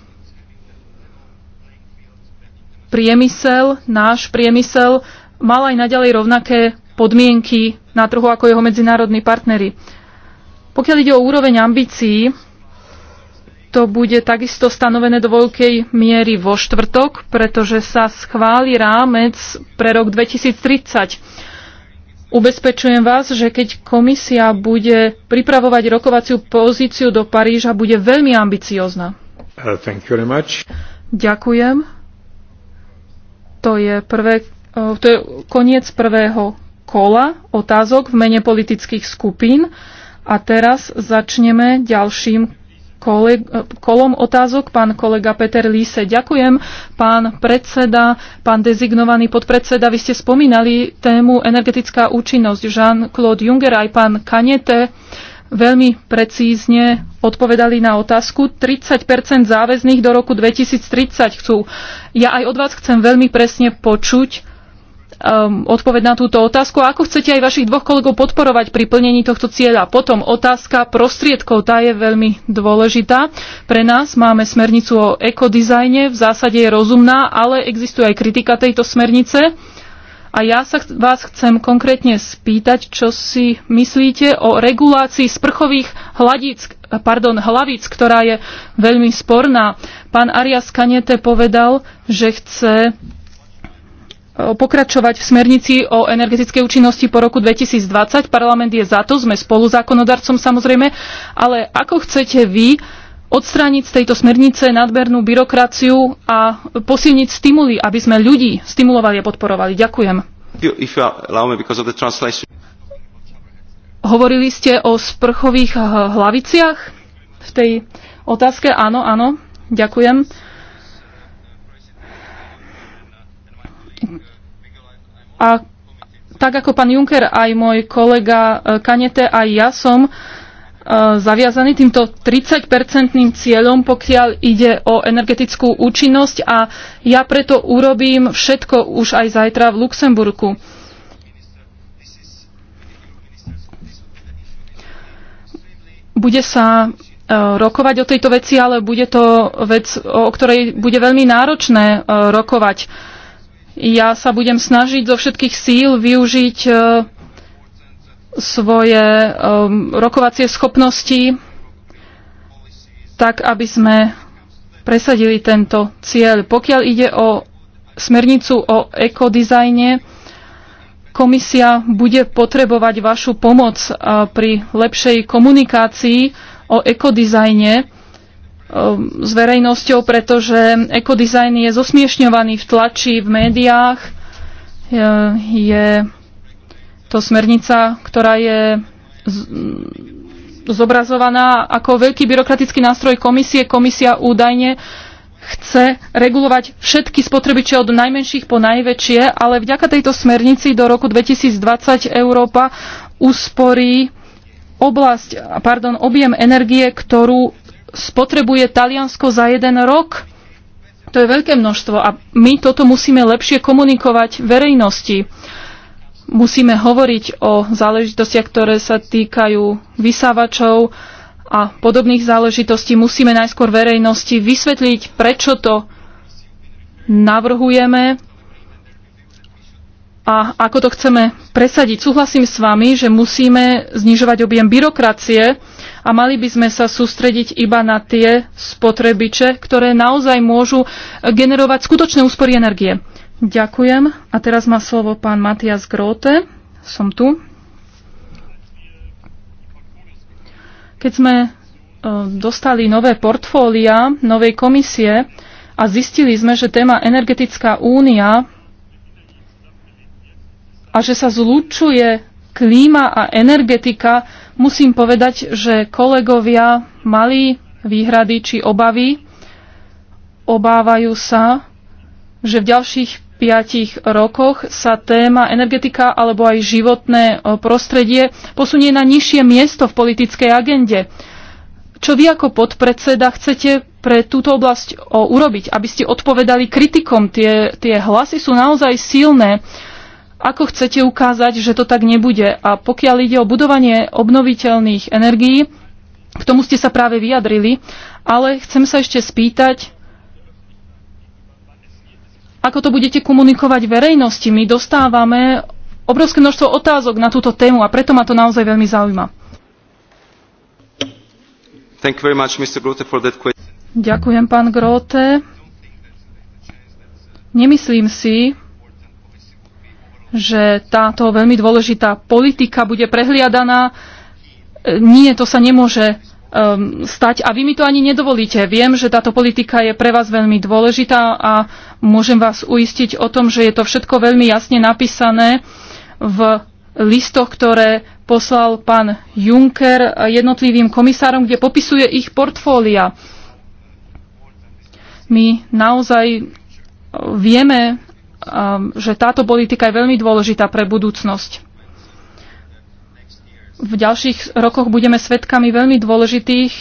priemysel, náš priemysel, mal aj naďalej rovnaké podmienky na trhu ako jeho medzinárodní partnery. Pokiaľ ide o úroveň ambícií, to bude takisto stanovené do veľkej miery vo štvrtok, pretože sa schváli rámec pre rok 2030. Ubezpečujem vás, že keď komisia bude pripravovať rokovaciu pozíciu do Paríža, bude veľmi ambiciózna. Uh, Ďakujem. To je, prvé, to je koniec prvého kola otázok v mene politických skupín a teraz začneme ďalším koleg- e, kolom otázok. Pán kolega Peter Líse, ďakujem. Pán predseda, pán dezignovaný podpredseda, vy ste spomínali tému energetická účinnosť. Jean-Claude Juncker aj pán Kanete veľmi precízne odpovedali na otázku. 30 záväzných do roku 2030 chcú. Ja aj od vás chcem veľmi presne počuť um, odpoveď na túto otázku. A ako chcete aj vašich dvoch kolegov podporovať pri plnení tohto cieľa? Potom otázka prostriedkov, tá je veľmi dôležitá. Pre nás máme smernicu o ekodizajne, v zásade je rozumná, ale existuje aj kritika tejto smernice. A ja sa vás chcem konkrétne spýtať, čo si myslíte o regulácii sprchových hladíc, pardon, hlavíc, ktorá je veľmi sporná. Pán Arias Kanete povedal, že chce e, pokračovať v smernici o energetickej účinnosti po roku 2020. Parlament je za to, sme zákonodarcom samozrejme, ale ako chcete vy odstrániť z tejto smernice nadmernú byrokraciu a posilniť stimuly, aby sme ľudí stimulovali a podporovali. Ďakujem. Hovorili ste o sprchových eh, hlaviciach v tej otázke? Áno, áno. Ďakujem. A tak ako pán Juncker, aj môj kolega eh, Kanete, aj ja som uh, E, zaviazaní týmto 30-percentným cieľom, pokiaľ ide o energetickú účinnosť a ja preto urobím všetko už aj zajtra v Luxemburku. Bude sa e, rokovať o tejto veci, ale bude to vec, o ktorej bude veľmi náročné e, rokovať. Ja sa budem snažiť zo všetkých síl využiť svoje um, rokovacie schopnosti, tak aby sme presadili tento cieľ. Pokiaľ ide o smernicu o ekodizajne, komisia bude potrebovať vašu pomoc uh, pri lepšej komunikácii o ekodizajne um, s verejnosťou, pretože ekodizajn je zosmiešňovaný v tlači, v médiách, uh, je to smernica, ktorá je zobrazovaná ako veľký byrokratický nástroj komisie. Komisia údajne chce regulovať všetky spotrebiče od najmenších po najväčšie, ale vďaka tejto smernici do roku 2020 Európa usporí oblasť, pardon, objem energie, ktorú spotrebuje Taliansko za jeden rok. To je veľké množstvo a my toto musíme lepšie komunikovať verejnosti musíme hovoriť o záležitostiach, ktoré sa týkajú vysávačov a podobných záležitostí. Musíme najskôr verejnosti vysvetliť, prečo to navrhujeme a ako to chceme presadiť. Súhlasím s vami, že musíme znižovať objem byrokracie a mali by sme sa sústrediť iba na tie spotrebiče, ktoré naozaj môžu generovať skutočné úspory energie. Ďakujem. A teraz má slovo pán Matias Grote. Som tu. Keď sme e, dostali nové portfólia novej komisie a zistili sme, že téma energetická únia a že sa zlučuje klíma a energetika, musím povedať, že kolegovia mali výhrady či obavy. Obávajú sa, že v ďalších piatich rokoch sa téma energetika alebo aj životné e, prostredie posunie na nižšie miesto v politickej agende. Čo vy ako podpredseda chcete pre túto oblasť e, urobiť, aby ste odpovedali kritikom? Tie, tie hlasy sú naozaj silné. Ako chcete ukázať, že to tak nebude? A pokiaľ ide o budovanie obnoviteľných energií, k tomu ste sa práve vyjadrili, ale chcem sa ešte spýtať, ako to budete komunikovať verejnosti? My dostávame obrovské množstvo otázok na túto tému a preto ma to naozaj veľmi zaujíma. Much, Grote, Ďakujem, pán Grote. Nemyslím si, že táto veľmi dôležitá politika bude prehliadaná. E, nie, to sa nemôže um, stať a vy mi to ani nedovolíte. Viem, že táto politika je pre vás veľmi dôležitá a môžem vás uistiť o tom, že je to všetko veľmi jasne napísané v listoch, ktoré poslal pán Juncker jednotlivým komisárom, kde popisuje ich portfólia. My naozaj vieme, um, že táto politika je veľmi dôležitá pre budúcnosť v ďalších rokoch budeme svedkami veľmi dôležitých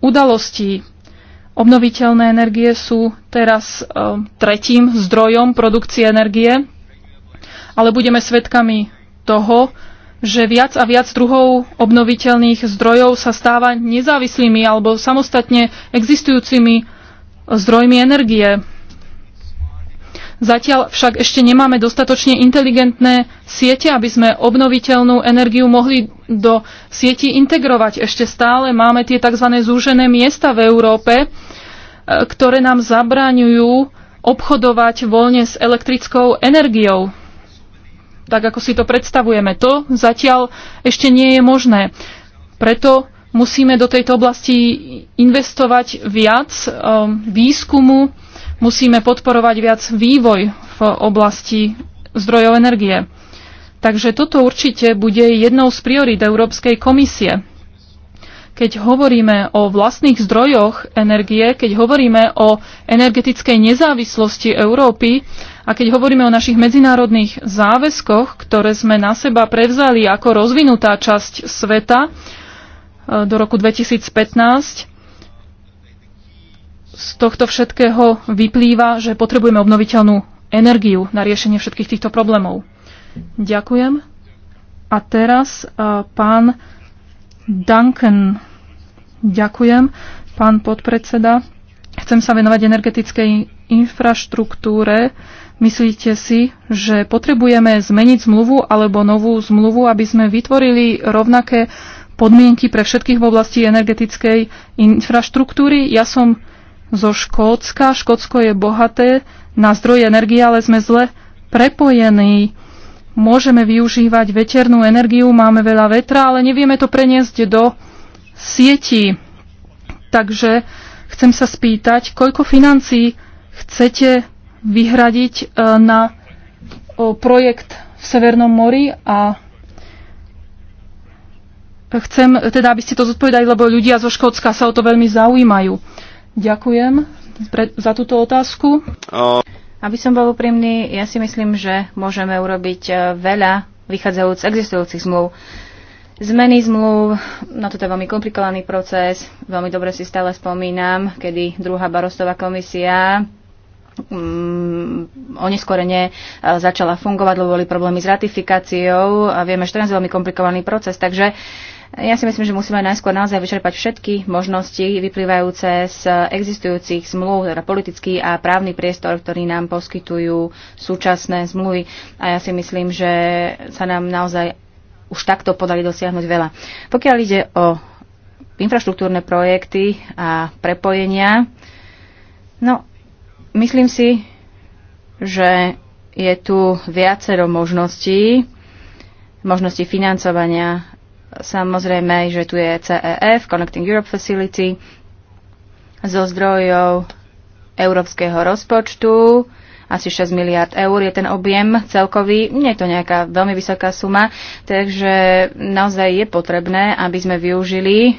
udalostí. Obnoviteľné energie sú teraz e, tretím zdrojom produkcie energie, ale budeme svedkami toho, že viac a viac druhov obnoviteľných zdrojov sa stáva nezávislými alebo samostatne existujúcimi zdrojmi energie. Zatiaľ však ešte nemáme dostatočne inteligentné siete, aby sme obnoviteľnú energiu mohli do sieti integrovať. Ešte stále máme tie tzv. zúžené miesta v Európe, e, ktoré nám zabraňujú obchodovať voľne s elektrickou energiou tak ako si to predstavujeme. To zatiaľ ešte nie je možné. Preto musíme do tejto oblasti investovať viac e, výskumu, Musíme podporovať viac vývoj v oblasti zdrojov energie. Takže toto určite bude jednou z priorít Európskej komisie. Keď hovoríme o vlastných zdrojoch energie, keď hovoríme o energetickej nezávislosti Európy a keď hovoríme o našich medzinárodných záväzkoch, ktoré sme na seba prevzali ako rozvinutá časť sveta e, do roku 2015, z tohto všetkého vyplýva, že potrebujeme obnoviteľnú energiu na riešenie všetkých týchto problémov. Ďakujem. A teraz e, pán Duncan. Ďakujem, pán podpredseda. Chcem sa venovať energetickej infraštruktúre. Myslíte si, že potrebujeme zmeniť zmluvu alebo novú zmluvu, aby sme vytvorili rovnaké podmienky pre všetkých v oblasti energetickej infraštruktúry? Ja som zo Škótska. Škótsko je bohaté na zdroje energie, ale sme zle prepojení. Môžeme využívať veternú energiu, máme veľa vetra, ale nevieme to preniesť do sietí. Takže chcem sa spýtať, koľko financií chcete vyhradiť e, na projekt v Severnom mori a chcem teda, aby ste to zodpovedali, lebo ľudia zo Škótska sa o to veľmi zaujímajú. Ďakujem pre, za túto otázku. Aby som bol úprimný, ja si myslím, že môžeme urobiť e, veľa vychádzajúc z existujúcich zmluv. Zmeny zmluv, no toto je veľmi komplikovaný proces, veľmi dobre si stále spomínam, kedy druhá barostová komisia um, oneskorene e, začala fungovať, lebo boli problémy s ratifikáciou a vieme, že to je veľmi komplikovaný proces, takže uh, ja si myslím, že musíme najskôr naozaj vyčerpať všetky možnosti vyplývajúce z existujúcich zmluv, teda politický a právny priestor, ktorý nám poskytujú súčasné zmluvy. A ja si myslím, že sa nám naozaj už takto podarí dosiahnuť veľa. Pokiaľ ide o infraštruktúrne projekty a prepojenia, no, myslím si, že je tu viacero možností, možnosti financovania Samozrejme, že tu je CEF, Connecting Europe Facility, zo zdrojov európskeho rozpočtu, asi 6 miliard eur je ten objem celkový. Nie je to nejaká veľmi vysoká suma, takže naozaj je potrebné, aby sme využili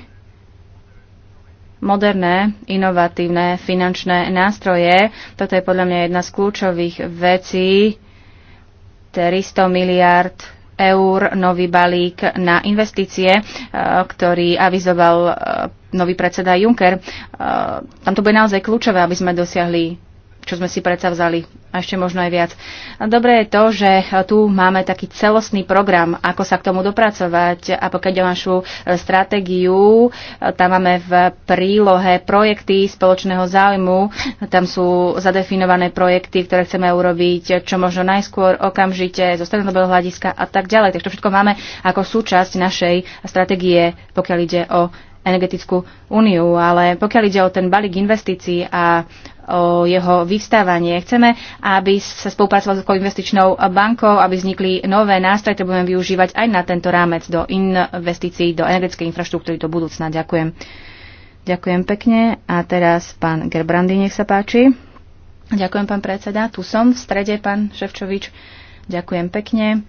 moderné, inovatívne finančné nástroje. Toto je podľa mňa jedna z kľúčových vecí. 300 miliard eur nový balík na investície, e, ktorý avizoval e, nový predseda Juncker. E, tam to bude naozaj kľúčové, aby sme dosiahli čo sme si predsa vzali. A ešte možno aj viac. Dobré je to, že tu máme taký celostný program, ako sa k tomu dopracovať. A pokiaľ o našu e, stratégiu, e, tam máme v prílohe projekty spoločného záujmu. Tam sú zadefinované projekty, ktoré chceme urobiť čo možno najskôr, okamžite, zo stredného hľadiska a tak ďalej. Takže to všetko máme ako súčasť našej stratégie, pokiaľ ide o energetickú úniu, ale pokiaľ ide o ten balík investícií a o jeho vyvstávanie. Chceme, aby sa spolupracovalo s investičnou bankou, aby vznikli nové nástroje, ktoré budeme využívať aj na tento rámec do investícií, do energetickej infraštruktúry do budúcna. Ďakujem. Ďakujem pekne. A teraz pán Gerbrandy, nech sa páči. Ďakujem, pán predseda. Tu som v strede, pán Ševčovič. Ďakujem pekne.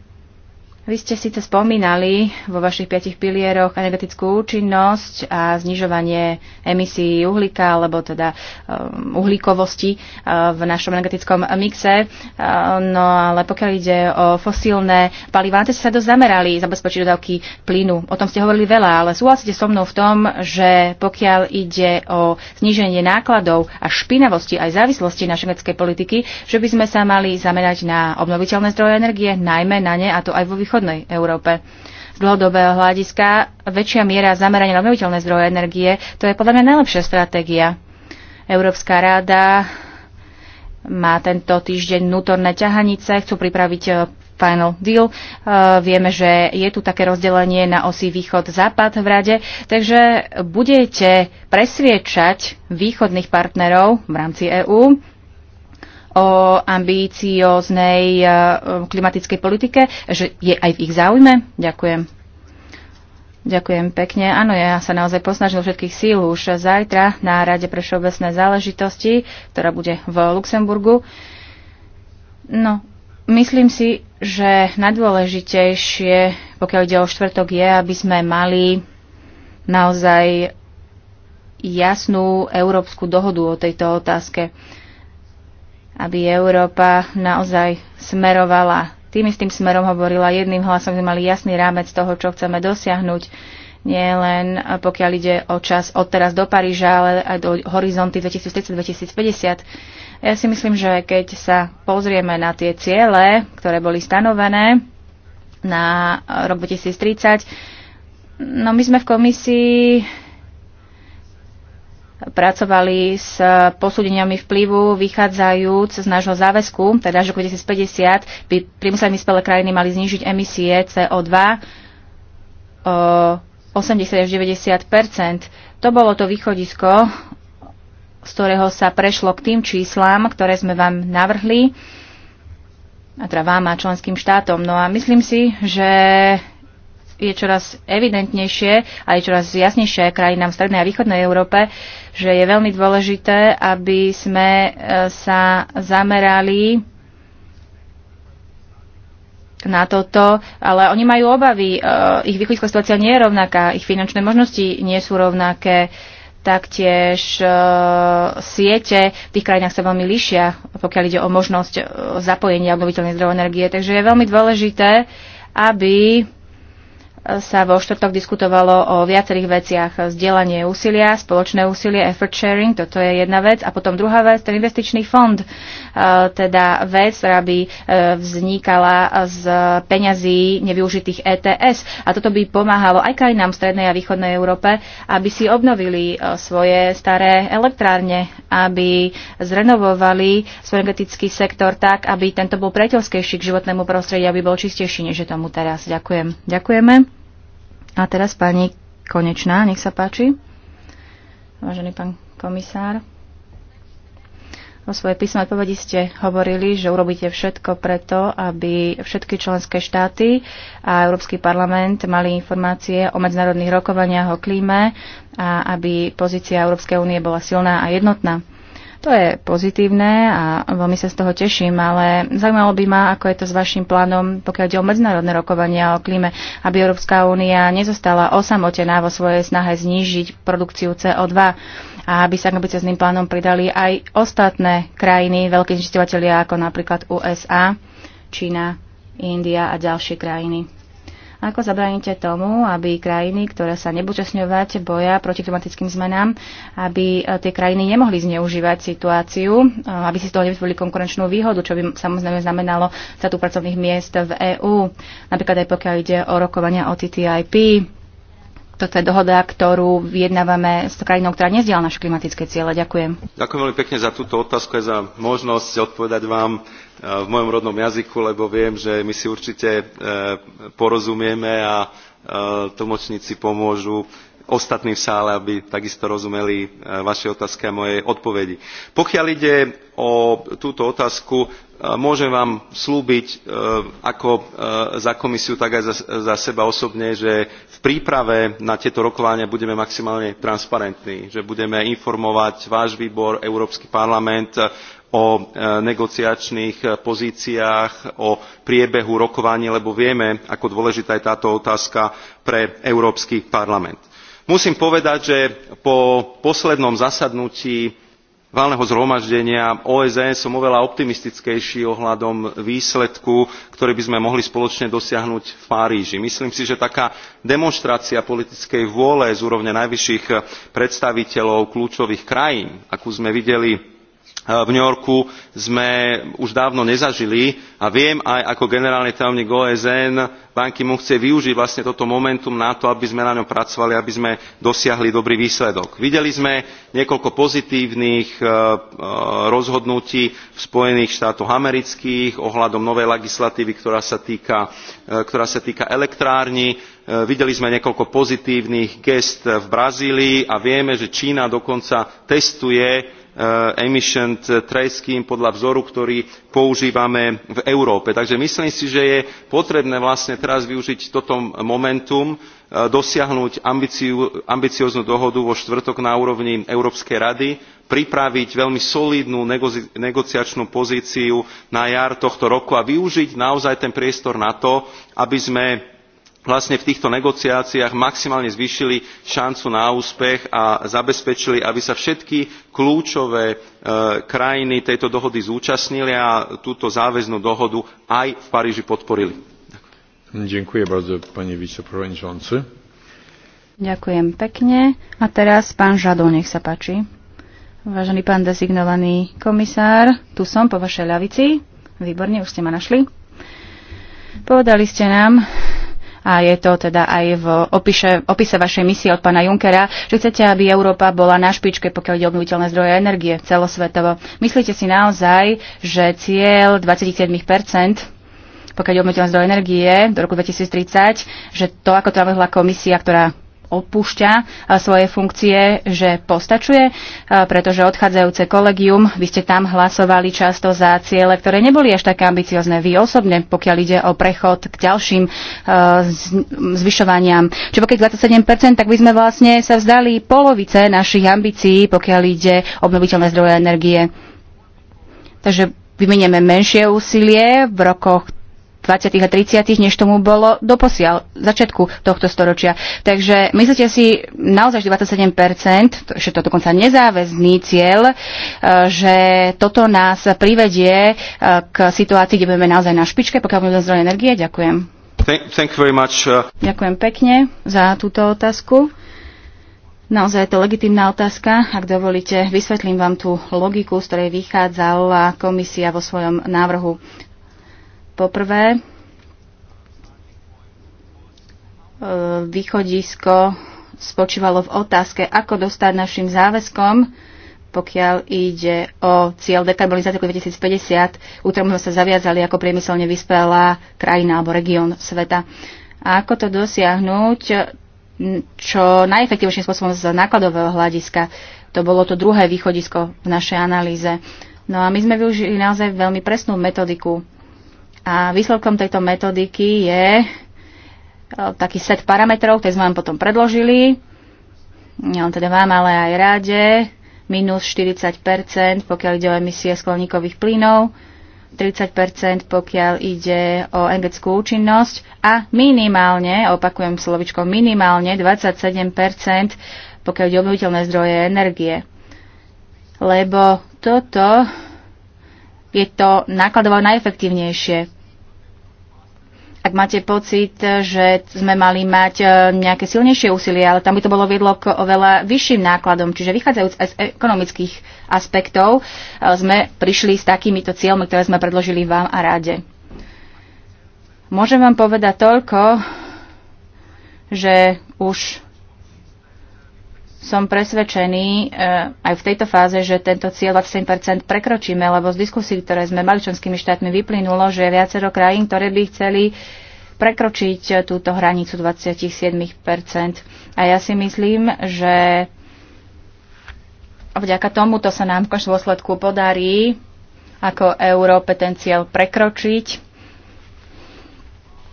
Vy ste síce spomínali vo vašich piatich pilieroch energetickú účinnosť a znižovanie emisí uhlíka, alebo teda um, uhlíkovosti uh, v našom energetickom mixe. Uh, no ale pokiaľ ide o fosílne palivá, ste sa dosť zamerali zabezpečiť dodávky plynu. O tom ste hovorili veľa, ale súhlasíte so mnou v tom, že pokiaľ ide o zníženie nákladov a špinavosti aj závislosti našej energetickej politiky, že by sme sa mali zamerať na obnoviteľné zdroje energie, najmä na ne, a to aj vo východ východnej Európe. Z dlhodobého hľadiska väčšia miera zamerania na obnoviteľné zdroje energie, to je podľa mňa najlepšia stratégia. Európska rada má tento týždeň vnútorné ťahanice, chcú pripraviť e, final deal. E, vieme, že je tu také rozdelenie na osy východ-západ v rade, takže budete presviečať východných partnerov v rámci EÚ, o ambícioznej e, e, klimatickej politike, že je aj v ich záujme? Ďakujem. Ďakujem pekne. Áno, ja sa naozaj posnažil všetkých síl už zajtra na Rade pre všeobecné záležitosti, ktorá bude v Luxemburgu. No, myslím si, že najdôležitejšie, pokiaľ ide o štvrtok, je, aby sme mali naozaj jasnú európsku dohodu o tejto otázke. Uh, aby Európa naozaj smerovala tým istým smerom hovorila jedným hlasom, sme mali jasný rámec toho, čo chceme dosiahnuť, nie len pokiaľ ide o čas od teraz do Paríža, ale aj do horizonty 2030-2050. Ja si myslím, že keď sa pozrieme na tie ciele, ktoré boli stanovené na rok 2030, no my sme v komisii pracovali s posúdeniami vplyvu vychádzajúc z nášho záväzku, teda že v 2050 by priemyselné vyspelé krajiny mali znížiť emisie CO2 o 80 až 90 To bolo to východisko, z ktorého sa prešlo k tým číslám, ktoré sme vám navrhli, a teda vám a členským štátom. No a myslím si, že je čoraz evidentnejšie a je čoraz jasnejšie krajinám v Strednej a Východnej Európe, že je veľmi dôležité, aby sme e, sa zamerali na toto, ale oni majú obavy, e, ich východická situácia nie je rovnaká, ich finančné možnosti nie sú rovnaké, taktiež e, siete v tých krajinách sa veľmi líšia, pokiaľ ide o možnosť zapojenia obnoviteľnej zdrojov energie. Takže je veľmi dôležité, aby sa vo štvrtok diskutovalo o viacerých veciach. Zdieľanie úsilia, spoločné úsilie, effort sharing, toto je jedna vec. A potom druhá vec, ten investičný fond, e, teda vec, ktorá by e, vznikala z peňazí nevyužitých ETS. A toto by pomáhalo aj krajinám Strednej a Východnej Európe, aby si obnovili e, svoje staré elektrárne, aby zrenovovali svoj energetický sektor tak, aby tento bol priateľskejší k životnému prostrediu, aby bol čistejší, než je tomu teraz. Ďakujem. Ďakujeme. A teraz pani Konečná, nech sa páči. Vážený pán komisár, vo svojej písme odpovedi ste hovorili, že urobíte všetko preto, aby všetky členské štáty a Európsky parlament mali informácie o medzinárodných rokovaniach o klíme a aby pozícia Európskej únie bola silná a jednotná. To je pozitívne a veľmi sa z toho teším, ale zaujímalo by ma, ako je to s vašim plánom, pokiaľ ide o medzinárodné rokovania o klíme, aby Európska únia nezostala osamotená vo svojej snahe znížiť produkciu CO2 a aby sa k ambiciozným plánom pridali aj ostatné krajiny, veľkí znečisťovateľia ako napríklad USA, Čína, India a ďalšie krajiny. Ako zabraníte tomu, aby krajiny, ktoré sa nebúčasňovať boja proti klimatickým zmenám, aby e, tie krajiny nemohli zneužívať situáciu, e, aby si z toho nevytvorili konkurenčnú výhodu, čo by samozrejme znamenalo stratu pracovných miest v EÚ, napríklad aj pokiaľ ide o rokovania o TTIP toto je dohoda, ktorú vyjednávame s krajinou, ktorá nezdiela naše klimatické ciele. Ďakujem. Ďakujem veľmi pekne za túto otázku a za možnosť odpovedať vám e, v mojom rodnom jazyku, lebo viem, že my si určite e, porozumieme a e, tlmočníci pomôžu ostatní v sále, aby takisto rozumeli e, vašej otázke a mojej odpovedi. Pokiaľ ide o túto otázku, e, môžem vám slúbiť e, ako za komisiu, tak aj za, za seba osobne, že v príprave na tieto rokovania budeme maximálne transparentní, že budeme informovať váš výbor, Európsky parlament o negociačných pozíciách, o priebehu rokovaní, lebo vieme, ako dôležitá je táto otázka pre Európsky parlament musím povedať že po poslednom zasadnutí valného zhromaždenia osn som oveľa optimistickejší ohľadom výsledku ktorý by sme mohli spoločne dosiahnuť v paríži. myslím si že taká demonštrácia politickej vôle z úrovne najvyšších predstaviteľov kľúčových krajín akú sme videli Eh, v New Yorku sme už dávno nezažili a viem aj ako generálny tajomník OSN Ban Ki-moon chce využiť vlastne toto momentum na to, aby sme na ňom pracovali, aby sme dosiahli dobrý výsledok. Videli sme niekoľko pozitívnych eh, eh, rozhodnutí v Spojených štátoch amerických ohľadom novej legislatívy, ktorá sa týka, ktorá sa týka elektrární videli sme niekoľko pozitívnych gest v brazílii a vieme že čína dokonca testuje Eh, emission trade scheme podľa vzoru ktorý používame v európe. takže myslím si že je potrebné vlastne teraz využiť toto momentum eh, dosiahnuť ambicióznu dohodu vo štvrtok na úrovni európskej rady pripraviť veľmi solídnu negociačnú pozíciu na jar tohto roku a využiť naozaj ten priestor na to aby sme vlastne v týchto negociáciách maximálne zvýšili šancu na úspech a zabezpečili aby sa všetky kľúčové e, krajiny tejto dohody zúčastnili a túto záväznú dohodu aj v paríži podporili. Ďakujem Bardzo, Ďakujem pekne. A teraz pán Žado, nech sa páči. Vážený pán dezignovaný komisár, tu som po vašej ľavici. Výborne, už ste ma našli. Povedali ste nám, a je to teda aj v opise, opise vašej misie od pána Junkera, že chcete, aby Európa bola na špičke, pokiaľ ide obnoviteľné zdroje energie celosvetovo. Myslíte si naozaj, že cieľ 27 pokiaľ ide obnoviteľné zdroje energie do roku 2030, že to, ako to navrhla komisia, ktorá opúšťa svoje funkcie, že postačuje, pretože odchádzajúce kolegium, vy ste tam hlasovali často za ciele, ktoré neboli až také ambiciozne vy osobne, pokiaľ ide o prechod k ďalším zvyšovaniam. Čiže pokiaľ 27%, tak by sme vlastne sa vzdali polovice našich ambícií, pokiaľ ide obnoviteľné zdroje energie. Takže vymeníme menšie úsilie v rokoch 20. a 30., než tomu bolo doposiaľ, začiatku tohto storočia. Takže myslíte si naozaj, 27%, 27%, že to dokonca nezáväzný cieľ, e, že toto nás privedie e, k situácii, kde budeme naozaj na špičke, pokiaľ budeme zdroje energie? Ďakujem. Thank, thank you very much. Uh, Ďakujem pekne za túto otázku. Naozaj je to legitimná otázka. Ak dovolíte, vysvetlím vám tú logiku, z ktorej vychádzala komisia vo svojom návrhu. Poprvé, e, východisko spočívalo v otázke, ako dostať našim záväzkom, pokiaľ ide o cieľ dekarbonizácie 2050, u ktorom sme sa zaviazali ako priemyselne vyspelá krajina alebo región sveta. A ako to dosiahnuť čo najefektívnejším spôsobom z nákladového hľadiska. To bolo to druhé východisko v našej analýze. No a my sme využili naozaj veľmi presnú metodiku a výsledkom tejto metodiky je e, taký set parametrov, ktoré sme vám potom predložili. Ja teda vám, ale aj ráde. Minus 40%, pokiaľ ide o emisie skleníkových plynov. 30 pokiaľ ide o energetickú účinnosť a minimálne, opakujem slovičko minimálne, 27 pokiaľ ide o obnoviteľné zdroje energie. Lebo toto je to nákladovo najefektívnejšie ak máte pocit, že sme mali mať e, nejaké silnejšie úsilie, ale tam by to bolo viedlo k oveľa vyšším nákladom. Čiže vychádzajúc aj z e- ekonomických aspektov, e, sme prišli s takýmito cieľmi, ktoré sme predložili vám a ráde. Môžem vám povedať toľko, že už som presvedčený eh, aj v tejto fáze, že tento cieľ 27% prekročíme, lebo z diskusí, ktoré sme mali členskými štátmi, vyplynulo, že je viacero krajín, ktoré by chceli prekročiť eh, túto hranicu 27%. A ja si myslím, že vďaka tomuto sa nám v dôsledku podarí ako Európe ten cieľ prekročiť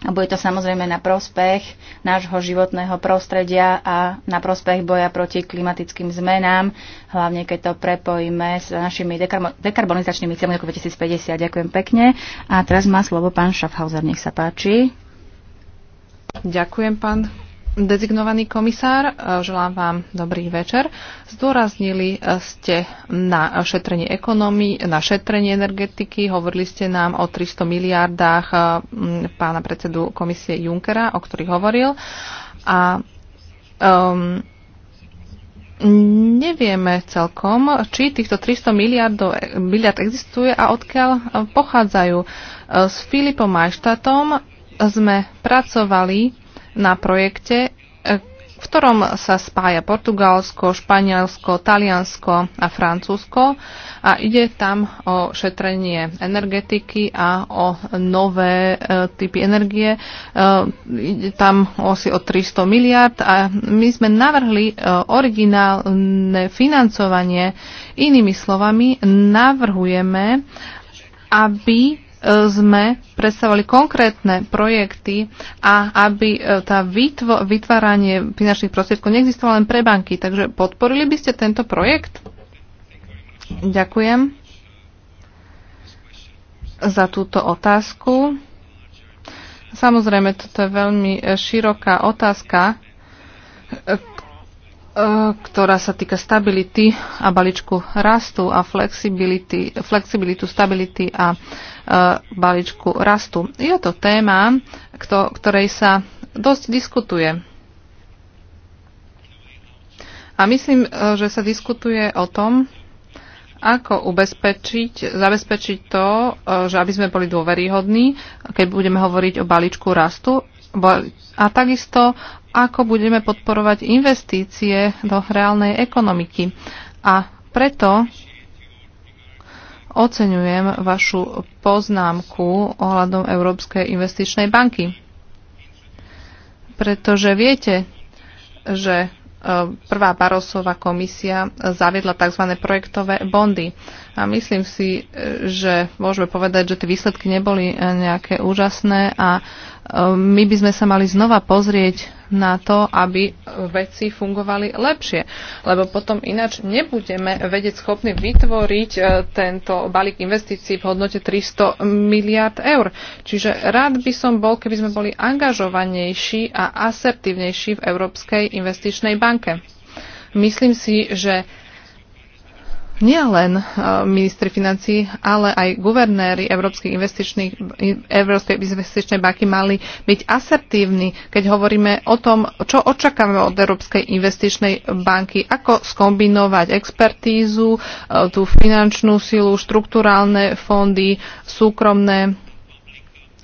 a bude to samozrejme na prospech nášho životného prostredia a na prospech boja proti klimatickým zmenám, hlavne keď to prepojíme s našimi dekarbonizačnými cieľmi roku 2050. Ďakujem pekne. A teraz má slovo pán Schaffhauser, nech sa páči. Ďakujem, pán dezignovaný komisár, e, želám vám dobrý večer. Zdôraznili e, ste na šetrenie ekonomii, na šetrenie energetiky, hovorili ste nám o 300 miliardách e, pána predsedu komisie Junckera, o ktorých hovoril. A um, nevieme celkom, či týchto 300 miliardov, miliard existuje a odkiaľ pochádzajú. S Filipom Majštatom sme pracovali na projekte, e, v ktorom sa spája Portugalsko, Španielsko, Taliansko a Francúzsko a ide tam o šetrenie energetiky a o nové e, typy energie. E, ide tam asi o 300 miliard a my sme navrhli e, originálne financovanie. Inými slovami, navrhujeme, aby sme predstavovali konkrétne projekty a aby e, tá vytvo, vytváranie finančných prostriedkov neexistovalo len pre banky. Takže podporili by ste tento projekt? Ďakujem za túto otázku. Samozrejme, toto je veľmi e, široká otázka, E, ktorá sa týka stability a balíčku rastu a flexibility, flexibilitu stability a e, balíčku rastu. Je to téma, ktorej sa dosť diskutuje. A myslím, e, že sa diskutuje o tom, ako ubezpečiť, zabezpečiť to, že aby sme boli dôveryhodní, keď budeme hovoriť o balíčku rastu a takisto, ako budeme podporovať investície do reálnej ekonomiky. A preto oceňujem vašu poznámku ohľadom Európskej investičnej banky. Pretože viete, že e, prvá Barosová komisia zaviedla tzv. projektové bondy. A myslím si, e, že môžeme povedať, že tie výsledky neboli e, nejaké úžasné a Ehm, my by sme sa mali znova pozrieť na to, aby veci fungovali lepšie. Lebo potom ináč nebudeme vedieť schopní vytvoriť e, tento balík investícií v hodnote 300 miliard eur. Čiže rád by som bol, keby sme boli angažovanejší a asertívnejší v Európskej investičnej banke. Myslím si, že nielen e, ministri financí, ale aj guvernéri Európskej Európskej investičnej banky mali byť asertívni, keď hovoríme o tom, čo očakávame od Európskej investičnej banky, ako skombinovať expertízu, e, tú finančnú silu, štruktúrálne fondy, súkromné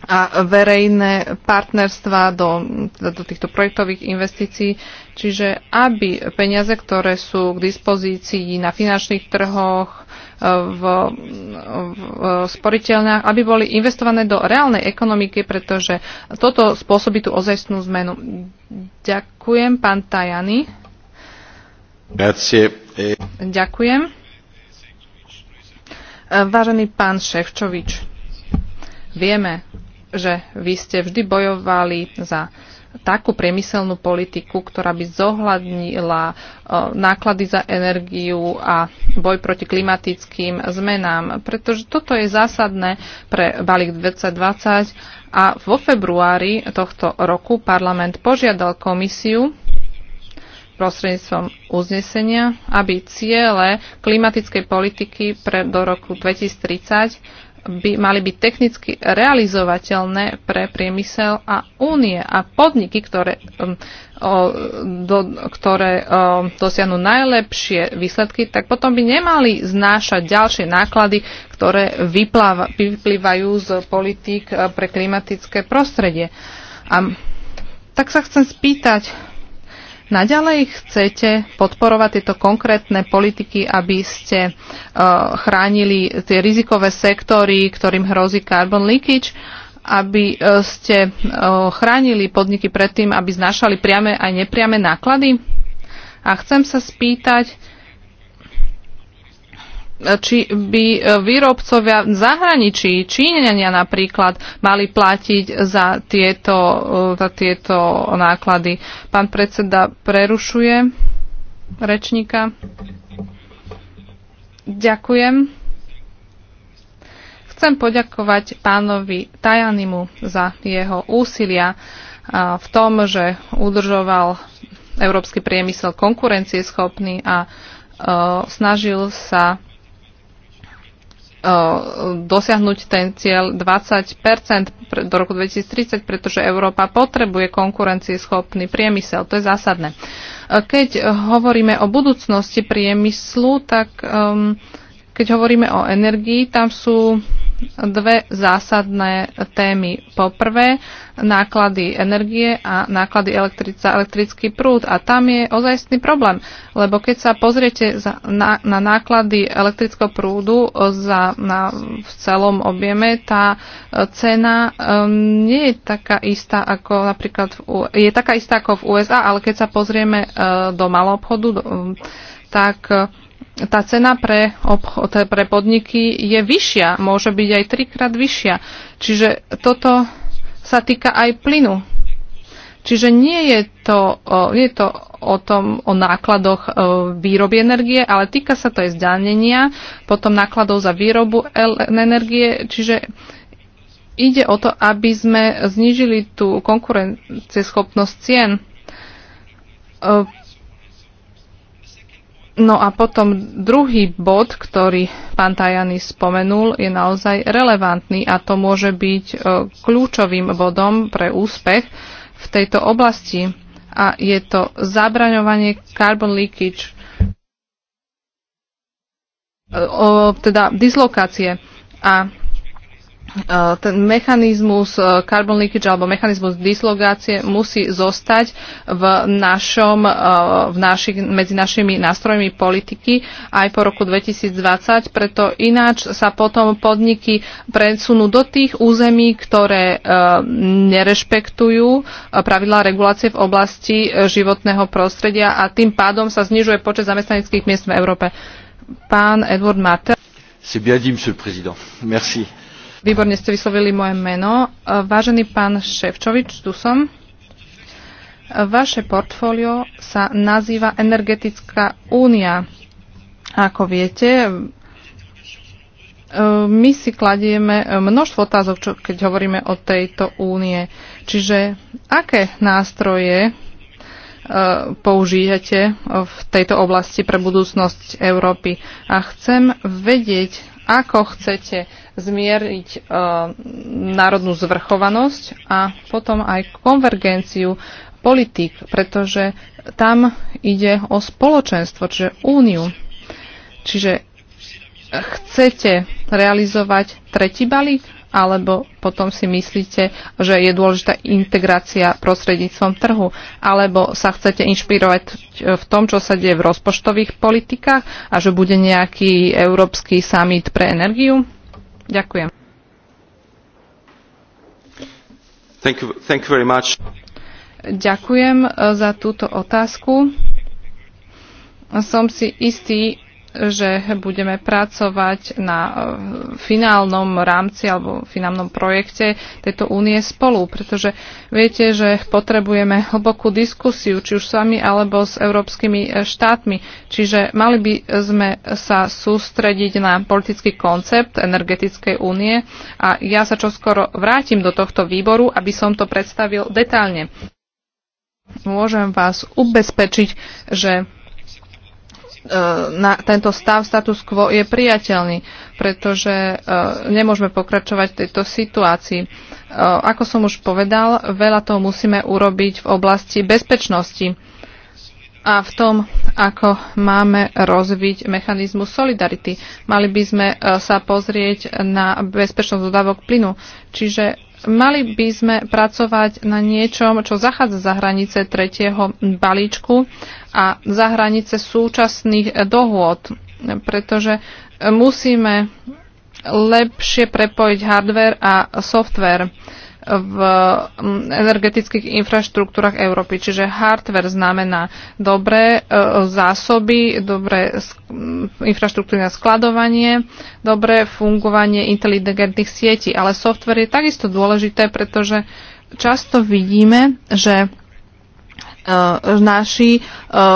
a verejné partnerstva do, do týchto projektových investícií. Čiže aby peniaze, ktoré sú k dispozícii na finančných trhoch, e, v, v e, sporiteľnách, aby boli investované do reálnej ekonomiky, pretože toto spôsobí tú ozajstnú zmenu. Ďakujem, pán Tajany. Grazie. Ďakujem. E, vážený pán Ševčovič, vieme, že vy ste vždy bojovali za takú priemyselnú politiku, ktorá by zohľadnila e, náklady za energiu a boj proti klimatickým zmenám, pretože toto je zásadné pre balík 2020 a vo februári tohto roku parlament požiadal komisiu prostredníctvom uznesenia, aby ciele klimatickej politiky pre, do roku 2030 by mali byť technicky realizovateľné pre priemysel a únie a podniky, ktoré, um, do, ktoré dosiahnu najlepšie výsledky, tak potom by nemali znášať ďalšie náklady, ktoré vypláva, vyplývajú z politík e, pre klimatické prostredie. A tak sa chcem spýtať, Naďalej chcete podporovať tieto konkrétne politiky, aby ste e, chránili tie rizikové sektory, ktorým hrozí carbon leakage, aby e, ste e, chránili podniky pred tým, aby znašali priame aj nepriame náklady? A chcem sa spýtať, či by e, výrobcovia v zahraničí, Číňania napríklad, mali platiť za tieto, e, za tieto náklady. Pán predseda prerušuje rečníka. Ďakujem. Chcem poďakovať pánovi Tajanimu za jeho úsilia e, v tom, že udržoval európsky priemysel konkurencieschopný a snažil sa Eh, dosiahnuť ten cieľ 20 do roku 2030, pretože Európa potrebuje konkurencieschopný priemysel. To je zásadné. Eh, keď hovoríme o budúcnosti priemyslu, tak ehm, keď hovoríme o energii, tam sú dve zásadné témy. Po prvé, náklady energie a náklady za elektrický prúd. A tam je ozajstný problém, lebo keď sa pozriete za, na, na náklady elektrického prúdu za, na, v celom objeme, tá e, cena um, nie je taká istá ako napríklad v, je taká istá ako v USA, ale keď sa pozrieme uh, do malého obchodu, do, um, tak uh, tá cena pre, ob, pre podniky je vyššia, môže byť aj trikrát vyššia. Čiže toto sa týka aj plynu. Čiže nie je to, nie je to o, tom, o nákladoch výroby energie, ale týka sa to aj zdanenia, potom nákladov za výrobu energie. Čiže ide o to, aby sme znížili tú konkurencieschopnosť cien No a potom druhý bod, ktorý pán Tajany spomenul, je naozaj relevantný a to môže byť e, kľúčovým bodom pre úspech v tejto oblasti. A je to zabraňovanie carbon leakage, e, teda dislokácie. A E, ten mechanizmus e, carbon leakage alebo mechanizmus dislogácie musí zostať v, našom, e, v našich, medzi našimi nástrojmi politiky aj po roku 2020, preto ináč sa potom podniky presunú do tých území, ktoré nerešpektujú pravidlá regulácie v oblasti životného prostredia a tým pádom sa znižuje počet zamestnaneckých miest v Európe. Pán Edward Mater. C'est bien dit, monsieur le président. Merci. Výborne ste vyslovili moje meno. E, vážený pán Ševčovič, tu som. E, vaše portfólio sa nazýva Energetická únia. Ako viete, e, my si kladieme množstvo otázok, čo, keď hovoríme o tejto únie. Čiže aké nástroje použijete v tejto oblasti pre budúcnosť Európy. A chcem vedieť, ako chcete zmieriť e, národnú zvrchovanosť a potom aj konvergenciu politik, pretože tam ide o spoločenstvo, čiže úniu. Čiže chcete realizovať tretí balík? alebo potom si myslíte, že je dôležitá integrácia prostredníctvom trhu, alebo sa chcete inšpirovať v tom, čo sa deje v rozpočtových politikách a že bude nejaký európsky summit pre energiu? Ďakujem. Thank you, thank you very much. Ďakujem eh, za túto otázku. Som si istý, že budeme pracovať na e, finálnom rámci alebo finálnom projekte tejto únie spolu, pretože viete, že potrebujeme hlbokú diskusiu, či už s vami alebo s európskymi e, štátmi. Čiže mali by sme sa sústrediť na politický koncept energetickej únie a ja sa čoskoro vrátim do tohto výboru, aby som to predstavil detálne. Môžem vás ubezpečiť, že E, na tento stav status quo je priateľný, pretože e, nemôžeme pokračovať v tejto situácii. E, ako som už povedal, veľa toho musíme urobiť v oblasti bezpečnosti a v tom, ako máme rozviť mechanizmus solidarity. Mali by sme sa pozrieť na bezpečnosť dodávok plynu. Čiže Mali by sme pracovať na niečom, čo zachádza za hranice tretieho balíčku a za hranice súčasných dohôd, pretože musíme lepšie prepojiť hardware a software v energetických infraštruktúrach Európy. Čiže hardware znamená dobré e, zásoby, dobré infraštruktúry na skladovanie, dobré fungovanie inteligentných sietí. Ale software je takisto dôležité, pretože často vidíme, že e, naši e,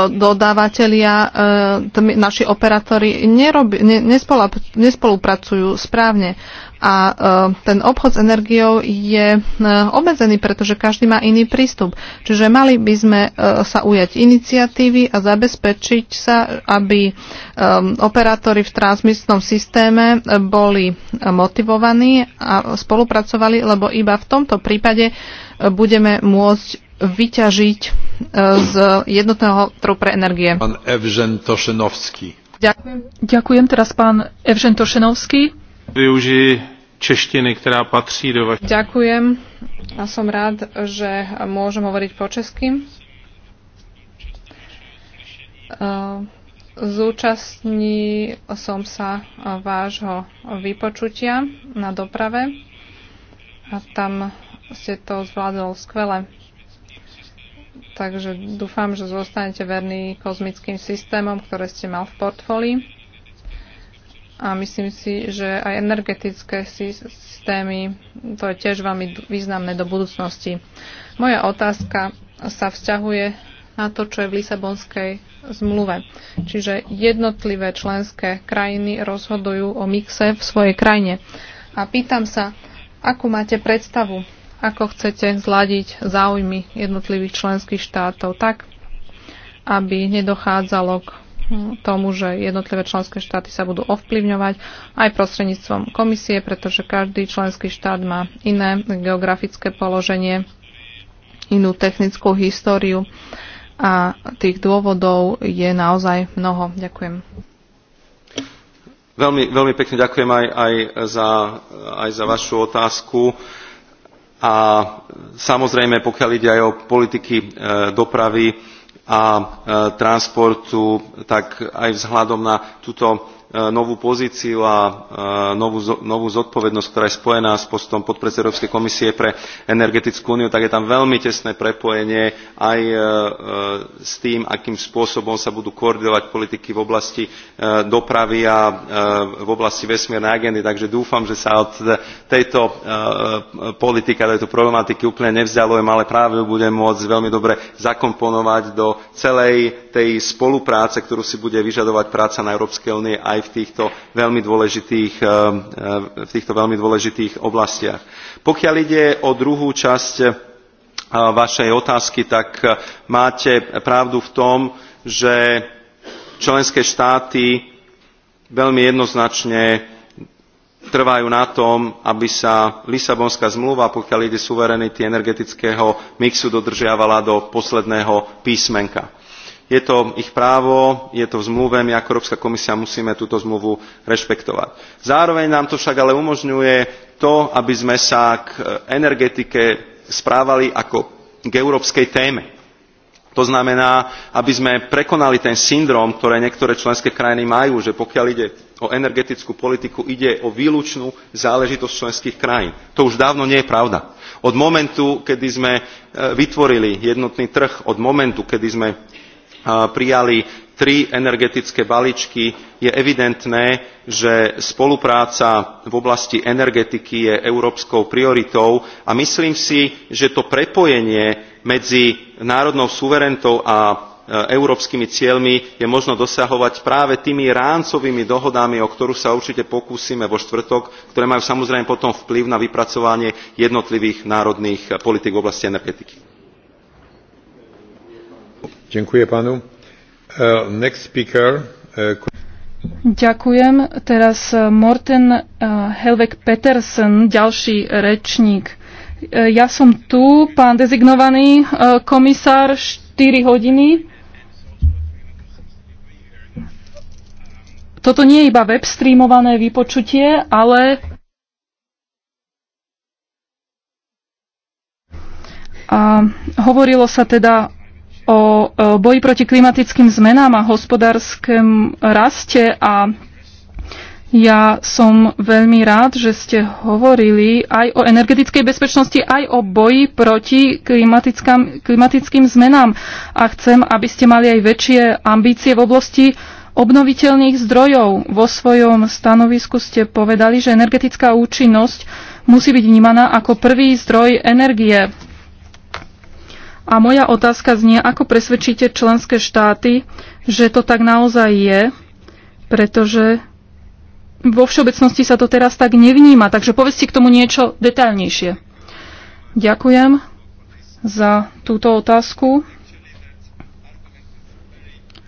dodávateľia, naši operátori nespolupracujú správne. A e, ten obchod s energiou je e, obmedzený, pretože každý má iný prístup. Čiže mali by sme e, sa ujať iniciatívy a zabezpečiť sa, aby operátori v transmisnom systéme boli motivovaní a spolupracovali, lebo iba v tomto prípade budeme môcť vyťažiť z jednotného trhu pre energie. Pán Evžen Tošenovský. Ďakujem. Ďakujem teraz pán Evžen Tošenovský češtiny, ktorá patrí do vašej... Ďakujem a som rád, že môžem hovoriť po česky. E, Zúčastní som sa vášho vypočutia na doprave a tam ste to zvládol skvele. Takže dúfam, že zostanete verní kozmickým systémom, ktoré ste mal v portfólii a myslím si, že aj energetické systémy, to je tiež veľmi významné do budúcnosti. Moja otázka sa vzťahuje na to, čo je v Lisabonskej zmluve. Čiže jednotlivé členské krajiny rozhodujú o mixe v svojej krajine. A pýtam sa, akú máte predstavu, ako chcete zladiť záujmy jednotlivých členských štátov tak, aby nedochádzalo k tomu, že jednotlivé členské štáty sa budú ovplyvňovať aj prostredníctvom komisie, pretože každý členský štát má iné geografické položenie, inú technickú históriu a tých dôvodov je naozaj mnoho. Ďakujem. Veľmi, veľmi pekne ďakujem aj, aj, za, aj za vašu otázku. A samozrejme, pokiaľ ide aj o politiky e, dopravy, a e, transportu, tak aj vzhľadom na túto E, novú pozíciu a e, novú, novú zodpovednosť, ktorá je spojená s postom podpredsedu Európskej komisie pre energetickú úniu, tak je tam veľmi tesné prepojenie aj e, s tým, akým spôsobom sa budú koordinovať politiky v oblasti dopravy a v oblasti vesmiernej agendy. Takže dúfam, že sa od tejto politiky a tejto problematiky úplne nevzdialujem, ale práve budem môcť veľmi dobre zakomponovať do celej tej spolupráce, ktorú si bude vyžadovať práca na Európskej únie aj aj v týchto veľmi dôležitých, eh, eh, v týchto veľmi dôležitých oblastiach. Pokiaľ ide o druhú časť eh, vašej otázky, tak máte pravdu v tom, že členské štáty veľmi jednoznačne trvajú na tom, aby sa Lisabonská zmluva, pokiaľ ide suverenity energetického mixu, dodržiavala do posledného písmenka je to ich právo, je to v zmluve, my ako Európska komisia musíme túto zmluvu rešpektovať. Zároveň nám to však ale umožňuje to, aby sme sa k e, energetike správali ako k európskej téme. To znamená, aby sme prekonali ten syndrom, ktoré niektoré členské krajiny majú, že pokiaľ ide o energetickú politiku, ide o výlučnú záležitosť členských krajín. To už dávno nie je pravda od momentu kedy sme e, vytvorili jednotný trh od momentu kedy sme prijali tri energetické balíčky je evidentné že spolupráca v oblasti energetiky je európskou prioritou a myslím si že to prepojenie medzi národnou suverenitou a e, európskymi cieľmi je možno dosahovať práve tými rámcovými dohodami o ktorú sa určite pokúsime vo štvrtok ktoré majú samozrejme potom vplyv na vypracovanie jednotlivých národných politík v oblasti energetiky. Ďakujem pánu. Uh, e, next speaker. Uh, Ďakujem. Teraz e, Morten uh, Helvek Petersen, ďalší rečník. ja som tu, pán dezignovaný komisár, 4 hodiny. Toto nie je iba web streamované vypočutie, ale a hovorilo sa teda o boji proti klimatickým zmenám a hospodárskom raste a ja som veľmi rád, že ste hovorili aj o energetickej bezpečnosti, aj o boji proti klimatickým, klimatickým zmenám. A chcem, aby ste mali aj väčšie ambície v oblasti obnoviteľných zdrojov. Vo svojom stanovisku ste povedali, že energetická účinnosť musí byť vnímaná ako prvý zdroj energie. A moja otázka znie, ako presvedčíte členské štáty, že to tak naozaj je, pretože vo všeobecnosti sa to teraz tak nevníma, takže povedzte k tomu niečo detaľnejšie. Ďakujem za túto otázku.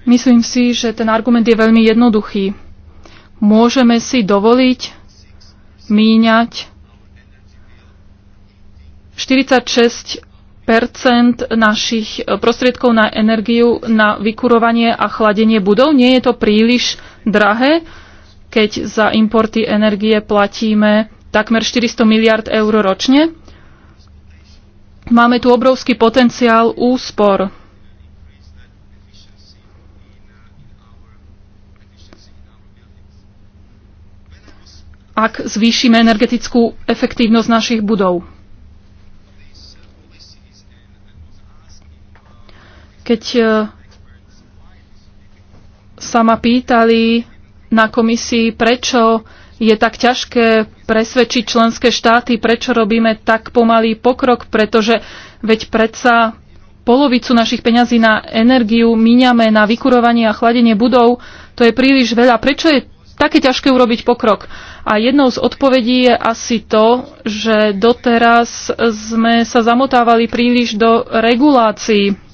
Myslím si, že ten argument je veľmi jednoduchý. Môžeme si dovoliť míňať 46 percent našich e, prostriedkov na energiu na vykurovanie a chladenie budov. Nie je to príliš drahé, keď za importy energie platíme takmer 400 miliard eur ročne. Máme tu obrovský potenciál úspor. ak zvýšime energetickú efektívnosť našich budov. Keď e, sa ma pýtali na komisii, prečo je tak ťažké presvedčiť členské štáty, prečo robíme tak pomalý pokrok, pretože veď predsa polovicu našich peňazí na energiu míňame na vykurovanie a chladenie budov, to je príliš veľa. Prečo je také ťažké urobiť pokrok? A jednou z odpovedí je asi to, že doteraz sme sa zamotávali príliš do regulácií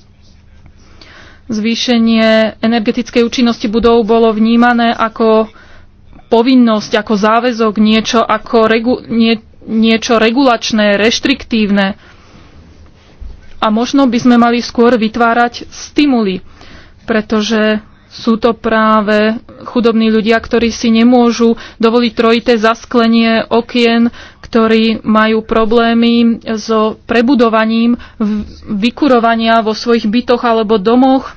zvýšenie energetickej účinnosti budov bolo vnímané ako povinnosť, ako záväzok, niečo, ako regu, nie, niečo regulačné, reštriktívne. A možno by sme mali skôr vytvárať stimuly, pretože sú to práve chudobní ľudia, ktorí si nemôžu dovoliť trojité zasklenie okien, ktorí majú problémy so prebudovaním vykurovania vo svojich bytoch alebo domoch.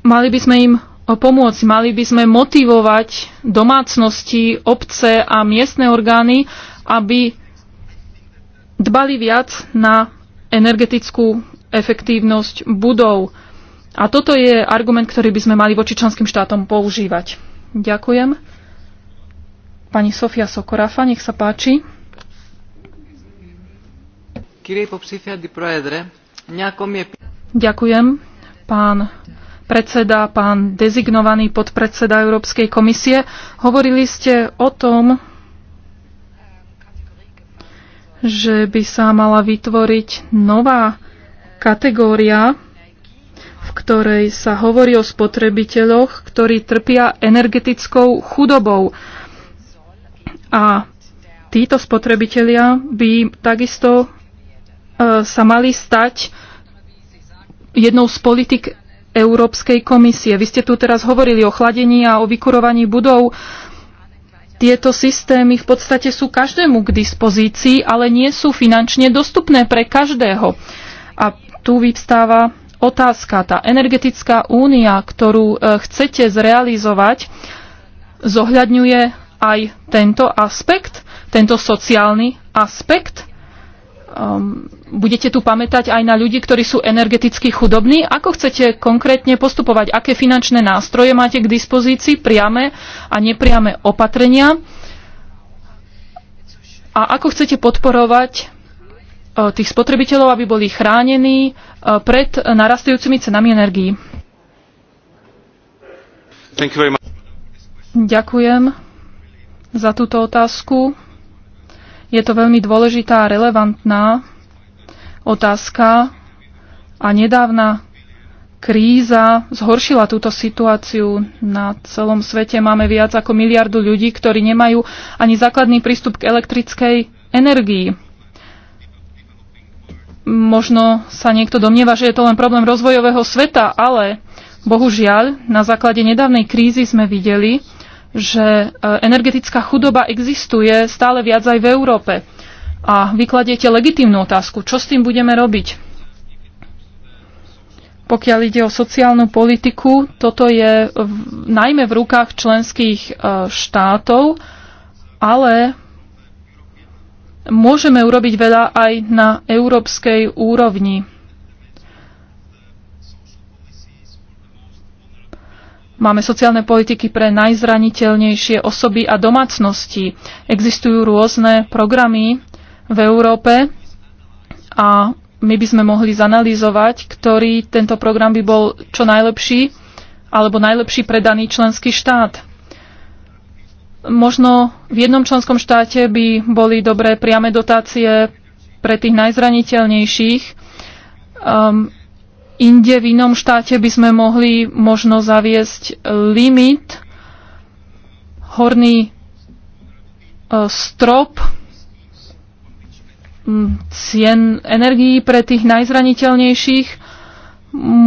Mali by sme im pomôcť, mali by sme motivovať domácnosti, obce a miestne orgány, aby dbali viac na energetickú efektívnosť budov. A toto je argument, ktorý by sme mali voči členským štátom používať. Ďakujem pani Sofia Sokorafa. Nech sa páči. Ďakujem, pán predseda, pán dezignovaný podpredseda Európskej komisie. Hovorili ste o tom, že by sa mala vytvoriť nová kategória, v ktorej sa hovorí o spotrebiteľoch, ktorí trpia energetickou chudobou. A títo spotrebitelia by takisto e, sa mali stať jednou z politik Európskej komisie. Vy ste tu teraz hovorili o chladení a o vykurovaní budov. Tieto systémy v podstate sú každému k dispozícii, ale nie sú finančne dostupné pre každého. A tu vyvstáva otázka, tá energetická únia, ktorú e, chcete zrealizovať, zohľadňuje aj tento aspekt, tento sociálny aspekt. Um, budete tu pamätať aj na ľudí, ktorí sú energeticky chudobní. Ako chcete konkrétne postupovať? Aké finančné nástroje máte k dispozícii? Priame a nepriame opatrenia? A ako chcete podporovať e, tých spotrebiteľov, aby boli chránení e, pred narastajúcimi cenami energií? Ďakujem za túto otázku. Je to veľmi dôležitá a relevantná otázka a nedávna kríza zhoršila túto situáciu na celom svete. Máme viac ako miliardu ľudí, ktorí nemajú ani základný prístup k elektrickej energii. Možno sa niekto domnieva, že je to len problém rozvojového sveta, ale bohužiaľ na základe nedávnej krízy sme videli, že e, energetická chudoba existuje stále viac aj v Európe. A vykladiete legitímnu otázku, čo s tým budeme robiť. Pokiaľ ide o sociálnu politiku, toto je v, najmä v rukách členských e, štátov, ale môžeme urobiť veľa aj na európskej úrovni. Máme sociálne politiky pre najzraniteľnejšie osoby a domácnosti. Existujú rôzne programy v Európe a my by sme mohli zanalýzovať, ktorý tento program by bol čo najlepší alebo najlepší pre daný členský štát. Možno v jednom členskom štáte by boli dobré priame dotácie pre tých najzraniteľnejších. Um, inde v inom štáte by sme mohli možno zaviesť e, limit, horný e, strop cien energií pre tých najzraniteľnejších.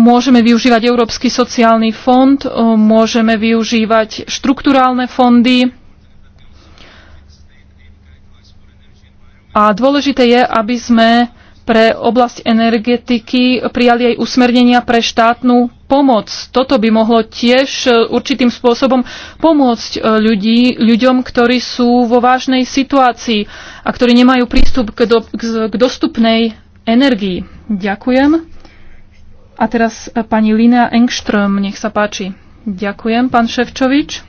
Môžeme využívať Európsky sociálny fond, e, môžeme využívať štruktúrálne fondy. A dôležité je, aby sme pre oblasť energetiky prijali aj usmernenia pre štátnu pomoc. Toto by mohlo tiež e, určitým spôsobom pomôcť e, ľudí, ľuďom, ktorí sú vo vážnej situácii a ktorí nemajú prístup k, do, k, k dostupnej energii. Ďakujem. A teraz e, pani Lina Engström, nech sa páči. Ďakujem, pán Ševčovič.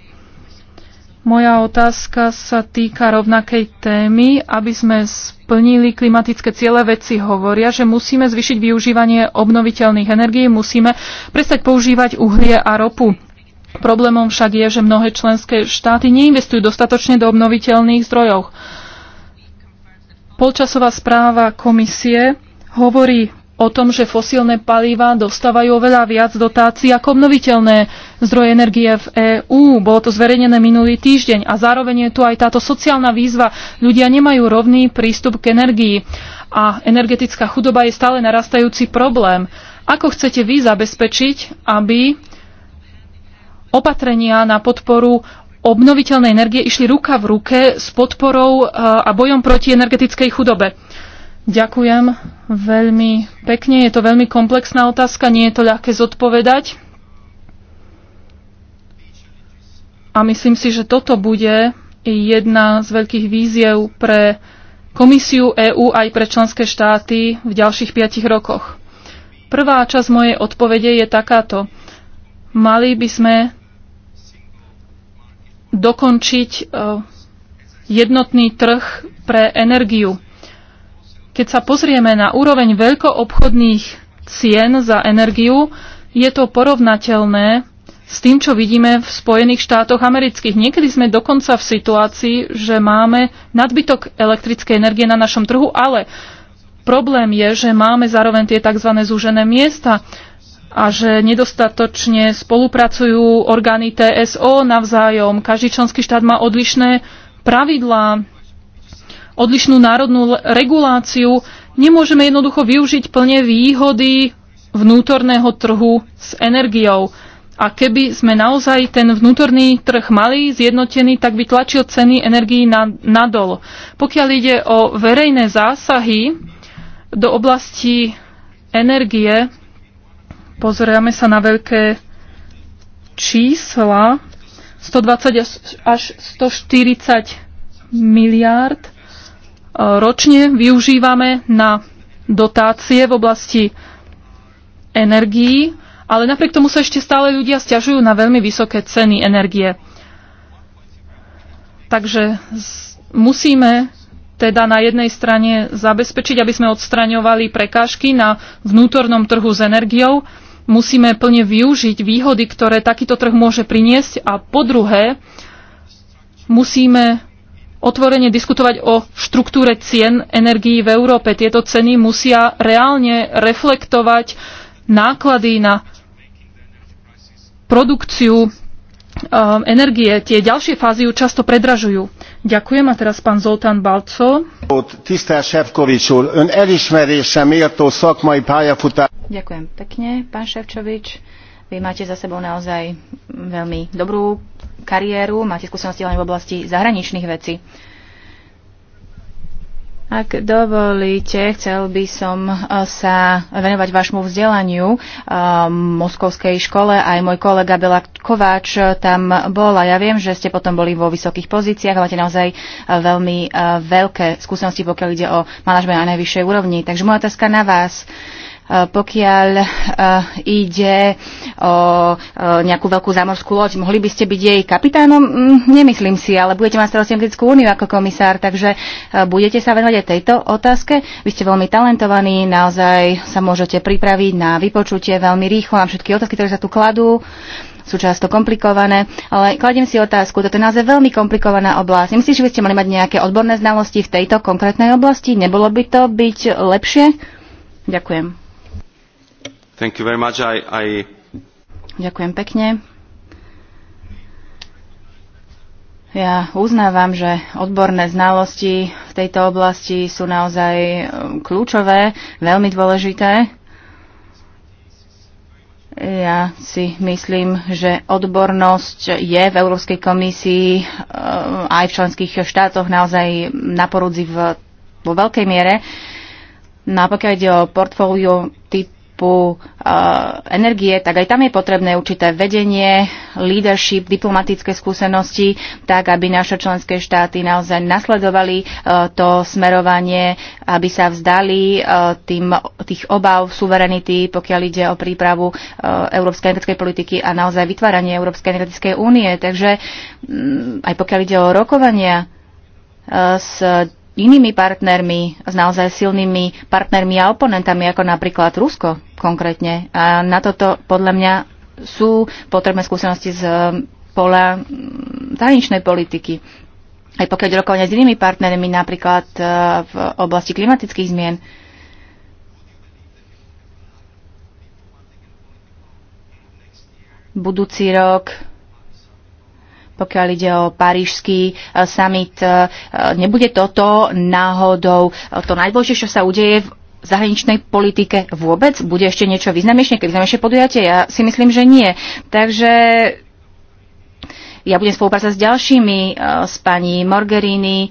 Moja otázka sa týka rovnakej témy. Aby sme splnili klimatické ciele, vedci hovoria, že musíme zvýšiť využívanie obnoviteľných energií, musíme prestať používať uhlie a ropu. Problémom však je, že mnohé členské štáty neinvestujú dostatočne do obnoviteľných zdrojov. Polčasová správa komisie hovorí o tom, že fosílne palíva dostávajú oveľa viac dotácií ako obnoviteľné zdroje energie v EÚ. Bolo to zverejnené minulý týždeň a zároveň je tu aj táto sociálna výzva. Ľudia nemajú rovný prístup k energii a energetická chudoba je stále narastajúci problém. Ako chcete vy zabezpečiť, aby opatrenia na podporu obnoviteľnej energie išli ruka v ruke s podporou e, a bojom proti energetickej chudobe? Ďakujem veľmi pekne. Je to veľmi komplexná otázka, nie je to ľahké zodpovedať. A myslím si, že toto bude jedna z veľkých víziev pre Komisiu EÚ aj pre členské štáty v ďalších piatich rokoch. Prvá časť mojej odpovede je takáto. Mali by sme dokončiť eh, jednotný trh pre energiu. Keď sa pozrieme na úroveň veľkoobchodných cien za energiu, je to porovnateľné s tým, čo vidíme v Spojených štátoch amerických. Niekedy sme dokonca v situácii, že máme nadbytok elektrickej energie na našom trhu, ale problém je, že máme zároveň tie tzv. zúžené miesta a že nedostatočne spolupracujú orgány TSO navzájom. Každý členský štát má odlišné pravidlá odlišnú národnú reguláciu, nemôžeme jednoducho využiť plne výhody vnútorného trhu s energiou. A keby sme naozaj ten vnútorný trh mali zjednotený, tak by tlačil ceny energií na, nadol. Pokiaľ ide o verejné zásahy do oblasti energie, pozrieme sa na veľké čísla, 120 až 140 miliárd ročne využívame na dotácie v oblasti energií, ale napriek tomu sa ešte stále ľudia stiažujú na veľmi vysoké ceny energie. Takže musíme teda na jednej strane zabezpečiť, aby sme odstraňovali prekážky na vnútornom trhu s energiou, musíme plne využiť výhody, ktoré takýto trh môže priniesť a po druhé musíme otvorene diskutovať o štruktúre cien energií v Európe. Tieto ceny musia reálne reflektovať náklady na produkciu um, energie. Tie ďalšie fázy ju často predražujú. Ďakujem a teraz pán Zoltán Balco. Ďakujem pekne, pán Ševčovič vy máte za sebou naozaj veľmi dobrú kariéru, máte skúsenosti len v oblasti zahraničných vecí. Ak dovolíte, chcel by som eh, sa venovať vášmu vzdelaniu v eh, Moskovskej škole. Aj môj kolega Bela Kováč eh, tam bol a ja viem, že ste potom boli vo vysokých pozíciách máte naozaj veľmi veľké skúsenosti, pokiaľ ide o manažment na najvyššej úrovni. Takže moja otázka na vás. Pokiaľ e, ide o e, nejakú veľkú zámorskú loď, mohli by ste byť jej kapitánom? Mm, nemyslím si, ale budete mať starosti Anglickú úniu ako komisár, takže e, budete sa venovať aj tejto otázke. Vy ste veľmi talentovaní, naozaj sa môžete pripraviť na vypočutie veľmi rýchlo na všetky otázky, ktoré sa tu kladú sú často komplikované, ale kladiem si otázku, toto je naozaj veľmi komplikovaná oblasť. Myslíš, že by ste mali mať nejaké odborné znalosti v tejto konkrétnej oblasti? Nebolo by to byť lepšie? Ďakujem. Thank you very much. I, I... Ďakujem pekne. Ja uznávam, že odborné znalosti v tejto oblasti sú naozaj e, kľúčové, veľmi dôležité. Ja si myslím, že odbornosť je v Európskej komisii e, aj v členských štátoch naozaj na porudzi vo veľkej miere. No a pokiaľ ide o portfólio typ e, energie, tak aj tam je potrebné určité vedenie, leadership, diplomatické skúsenosti, tak aby naše členské štáty naozaj nasledovali e, to smerovanie, aby sa vzdali e, tým, tých obav suverenity, pokiaľ ide o prípravu e, európskej energetickej politiky a naozaj vytváranie Európskej energetickej únie. Takže mm, aj pokiaľ ide o rokovania s inými partnermi, s naozaj silnými partnermi a oponentami, ako napríklad Rusko konkrétne. A na toto podľa mňa sú potrebné skúsenosti z um, pola um, zahraničnej politiky. Aj pokiaľ rokovania s inými partnermi, napríklad uh, v oblasti klimatických zmien. Budúci rok pokiaľ ide o parížský e, summit. E, e, nebude toto náhodou to najdôležitejšie, čo sa udeje v zahraničnej politike vôbec? Bude ešte niečo významnejšie, keď významnejšie podujatie? Ja si myslím, že nie. Takže ja budem spolupracovať s ďalšími, s pani Morgerini,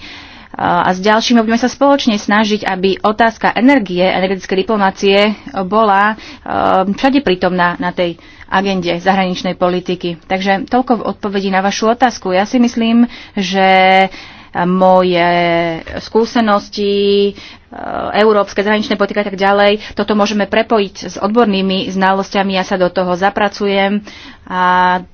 a s ďalšími budeme sa spoločne snažiť, aby otázka energie, energetické diplomácie bola e, všade prítomná na tej agende zahraničnej politiky. Takže toľko v odpovedi na vašu otázku. Ja si myslím, že moje skúsenosti, e, európske zahraničné politiky a tak ďalej. Toto môžeme prepojiť s odbornými znalosťami. Ja sa do toho zapracujem a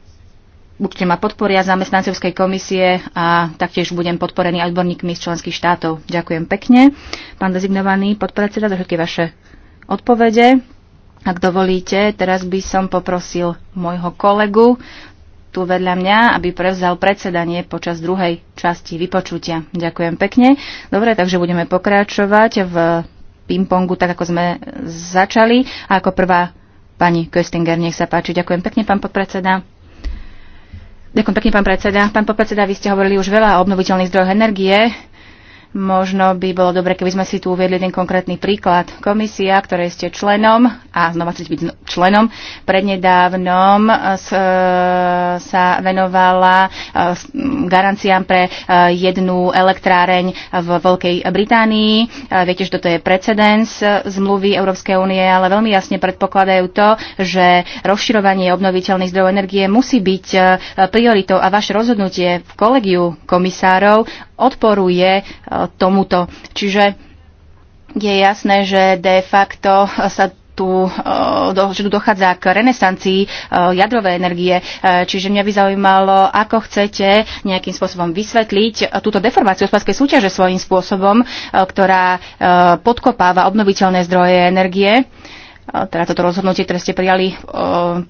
určite ma podporia zamestnancovskej komisie a taktiež budem podporený odborníkmi z členských štátov. Ďakujem pekne, pán dezignovaný podpredseda, za všetky vaše odpovede. Ak dovolíte, teraz by som poprosil môjho kolegu tu vedľa mňa, aby prevzal predsedanie počas druhej časti vypočutia. Ďakujem pekne. Dobre, takže budeme pokračovať v pingpongu, tak ako sme začali. A ako prvá pani Köstinger, nech sa páči. Ďakujem pekne, pán podpredseda. Ďakujem pekne, pán predseda. Pán podpredseda, vy ste hovorili už veľa o obnoviteľných zdrojoch energie. Možno by bolo dobre, keby sme si tu uviedli ten konkrétny príklad. Komisia, ktorej ste členom, a znova chcete byť členom, prednedávnom e, e, sa venovala e, garanciám pre jednu elektráreň v Veľkej Británii. Viete, že toto je precedens zmluvy Európskej únie, ale veľmi jasne predpokladajú to, že rozširovanie obnoviteľných zdrojov energie musí byť prioritou a vaše rozhodnutie v kolegiu komisárov odporuje e, tomuto. Čiže je jasné, že de facto sa tu, e, že tu dochádza k renesancii e, jadrovej energie. Čiže mňa by zaujímalo, ako chcete nejakým spôsobom vysvetliť túto deformáciu hospodárskej súťaže svojím spôsobom, ktorá podkopáva obnoviteľné zdroje energie teda toto rozhodnutie, ktoré ste prijali e,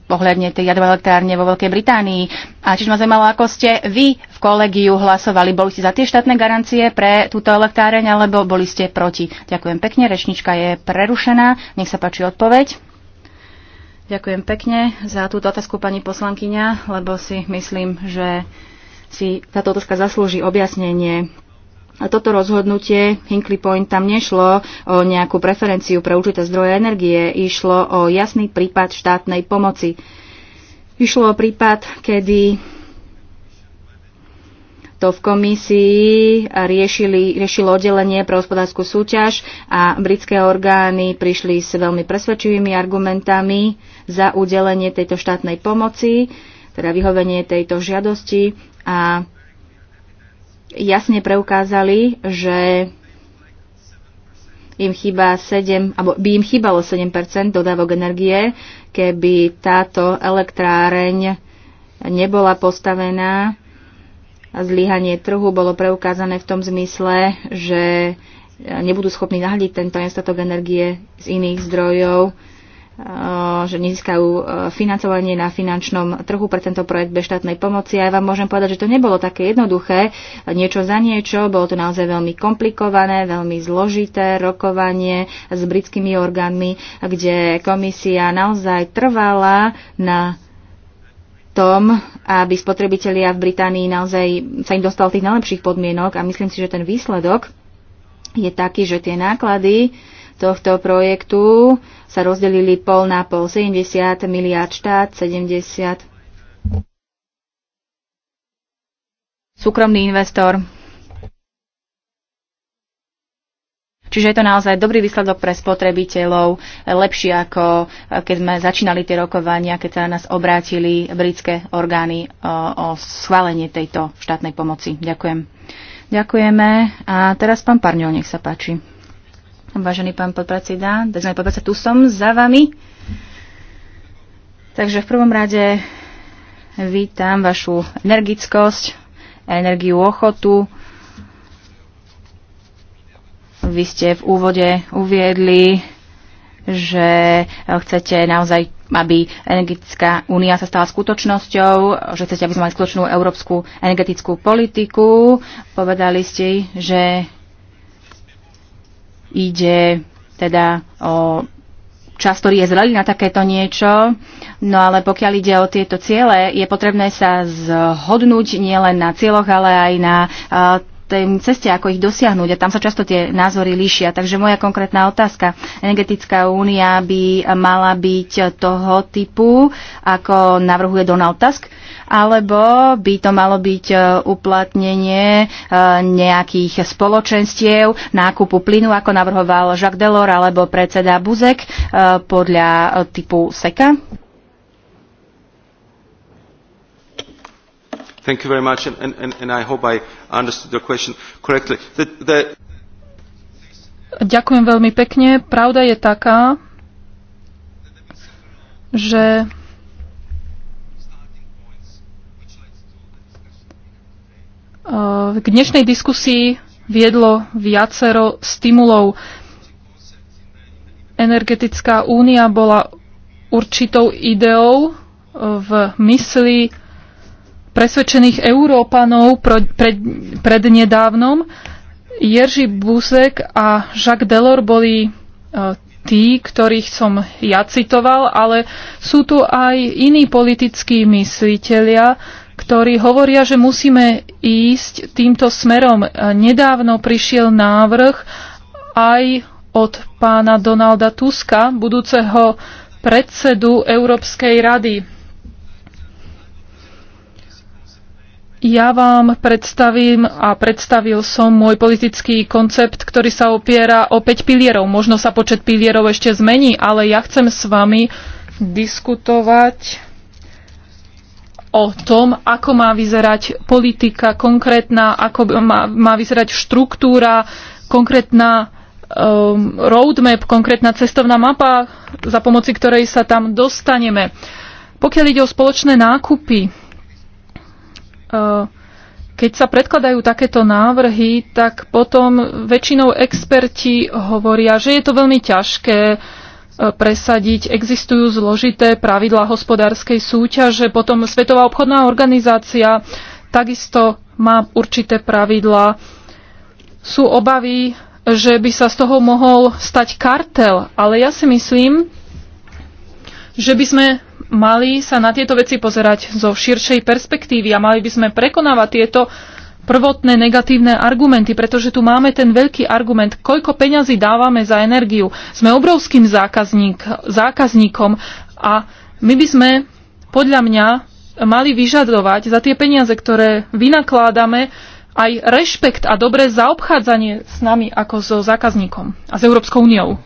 ohľadne tej jadrovej elektrárne vo Veľkej Británii. A čiže ma zaujímalo, ako ste vy v kolegiu hlasovali. Boli ste za tie štátne garancie pre túto elektráreň, alebo boli ste proti? Ďakujem pekne, rečnička je prerušená. Nech sa páči odpoveď. Ďakujem pekne za túto otázku, pani poslankyňa, lebo si myslím, že si táto otázka zaslúži objasnenie. A toto rozhodnutie Hinkley Point tam nešlo o nejakú preferenciu pre určité zdroje energie, išlo o jasný prípad štátnej pomoci. Išlo o prípad, kedy to v komisii riešili, riešilo oddelenie pre hospodárskú súťaž a britské orgány prišli s veľmi presvedčivými argumentami za udelenie tejto štátnej pomoci, teda vyhovenie tejto žiadosti a jasne preukázali, že im chýba 7, alebo by im chýbalo 7 dodávok energie, keby táto elektráreň nebola postavená. Zlyhanie trhu bolo preukázané v tom zmysle, že nebudú schopní nahliť tento nedostatok energie z iných zdrojov Eh, že nezískajú eh, financovanie na finančnom trhu pre tento projekt bez štátnej pomoci. A ja vám môžem povedať, že to nebolo také jednoduché, niečo za niečo, bolo to naozaj veľmi komplikované, veľmi zložité rokovanie s britskými orgánmi, kde komisia naozaj trvala na tom, aby spotrebitelia v Británii naozaj sa im dostal tých najlepších podmienok a myslím si, že ten výsledok je taký, že tie náklady uh, tohto projektu sa rozdelili pol na pol 70 miliard štát, 70 súkromný investor. Čiže je to naozaj dobrý výsledok pre spotrebiteľov, lepšie ako eh, keď sme začínali tie rokovania, keď sa na nás obrátili britské orgány eh, o schválenie tejto štátnej pomoci. Ďakujem. Ďakujeme. A teraz pán Parňov, nech sa páči. Vážený pán podpredseda, sme podpredseda, tu som za vami. Takže v prvom rade vítam vašu energickosť, energiu ochotu. Vy ste v úvode uviedli, že chcete naozaj, aby energetická únia sa stala skutočnosťou, že chcete, aby sme mali skutočnú európsku energetickú politiku. Povedali ste, že Ide teda o čas, ktorý je zrelý na takéto niečo. No ale pokiaľ ide o tieto ciele, je potrebné sa zhodnúť nielen na cieľoch, ale aj na tej ceste, ako ich dosiahnuť. A tam sa často tie názory líšia. Takže moja konkrétna otázka. Energetická únia by mala byť toho typu, ako navrhuje Donald Tusk, alebo by to malo byť e, uplatnenie e, nejakých spoločenstiev, nákupu plynu, ako navrhoval Jacques Delors alebo predseda Buzek e, podľa typu SECA? Thank you very much, and, and, and I hope I understood your question correctly. The, the... Ďakujem veľmi pekne. Pravda je taká, že eh, k dnešnej diskusii viedlo viacero stimulov. Energetická únia bola určitou ideou v mysli presvedčených Európanov prednedávnom. Jerzy Busek a Jacques Delors boli e, tí, ktorých som ja citoval, ale sú tu aj iní politickí mysliteľia, ktorí hovoria, že musíme ísť týmto smerom. E, nedávno prišiel návrh aj od pána Donalda Tuska, budúceho predsedu Európskej rady. Ja vám predstavím a predstavil som môj politický koncept, ktorý sa opiera o 5 pilierov. Možno sa počet pilierov ešte zmení, ale ja chcem s vami diskutovať o tom, ako má vyzerať politika konkrétna, ako má, má vyzerať štruktúra, konkrétna um, roadmap, konkrétna cestovná mapa, za pomoci ktorej sa tam dostaneme. Pokiaľ ide o spoločné nákupy, keď sa predkladajú takéto návrhy, tak potom väčšinou experti hovoria, že je to veľmi ťažké e, presadiť. Existujú zložité pravidlá hospodárskej súťaže, potom Svetová obchodná organizácia takisto má určité pravidlá. Sú obavy, že by sa z toho mohol stať kartel, ale ja si myslím, že by sme mali sa na tieto veci pozerať zo širšej perspektívy a mali by sme prekonávať tieto prvotné negatívne argumenty, pretože tu máme ten veľký argument, koľko peňazí dávame za energiu. Sme obrovským zákazník, zákazníkom a my by sme podľa mňa mali vyžadovať za tie peniaze, ktoré vynakládame, aj rešpekt a dobré zaobchádzanie s nami ako so zákazníkom a s Európskou úniou.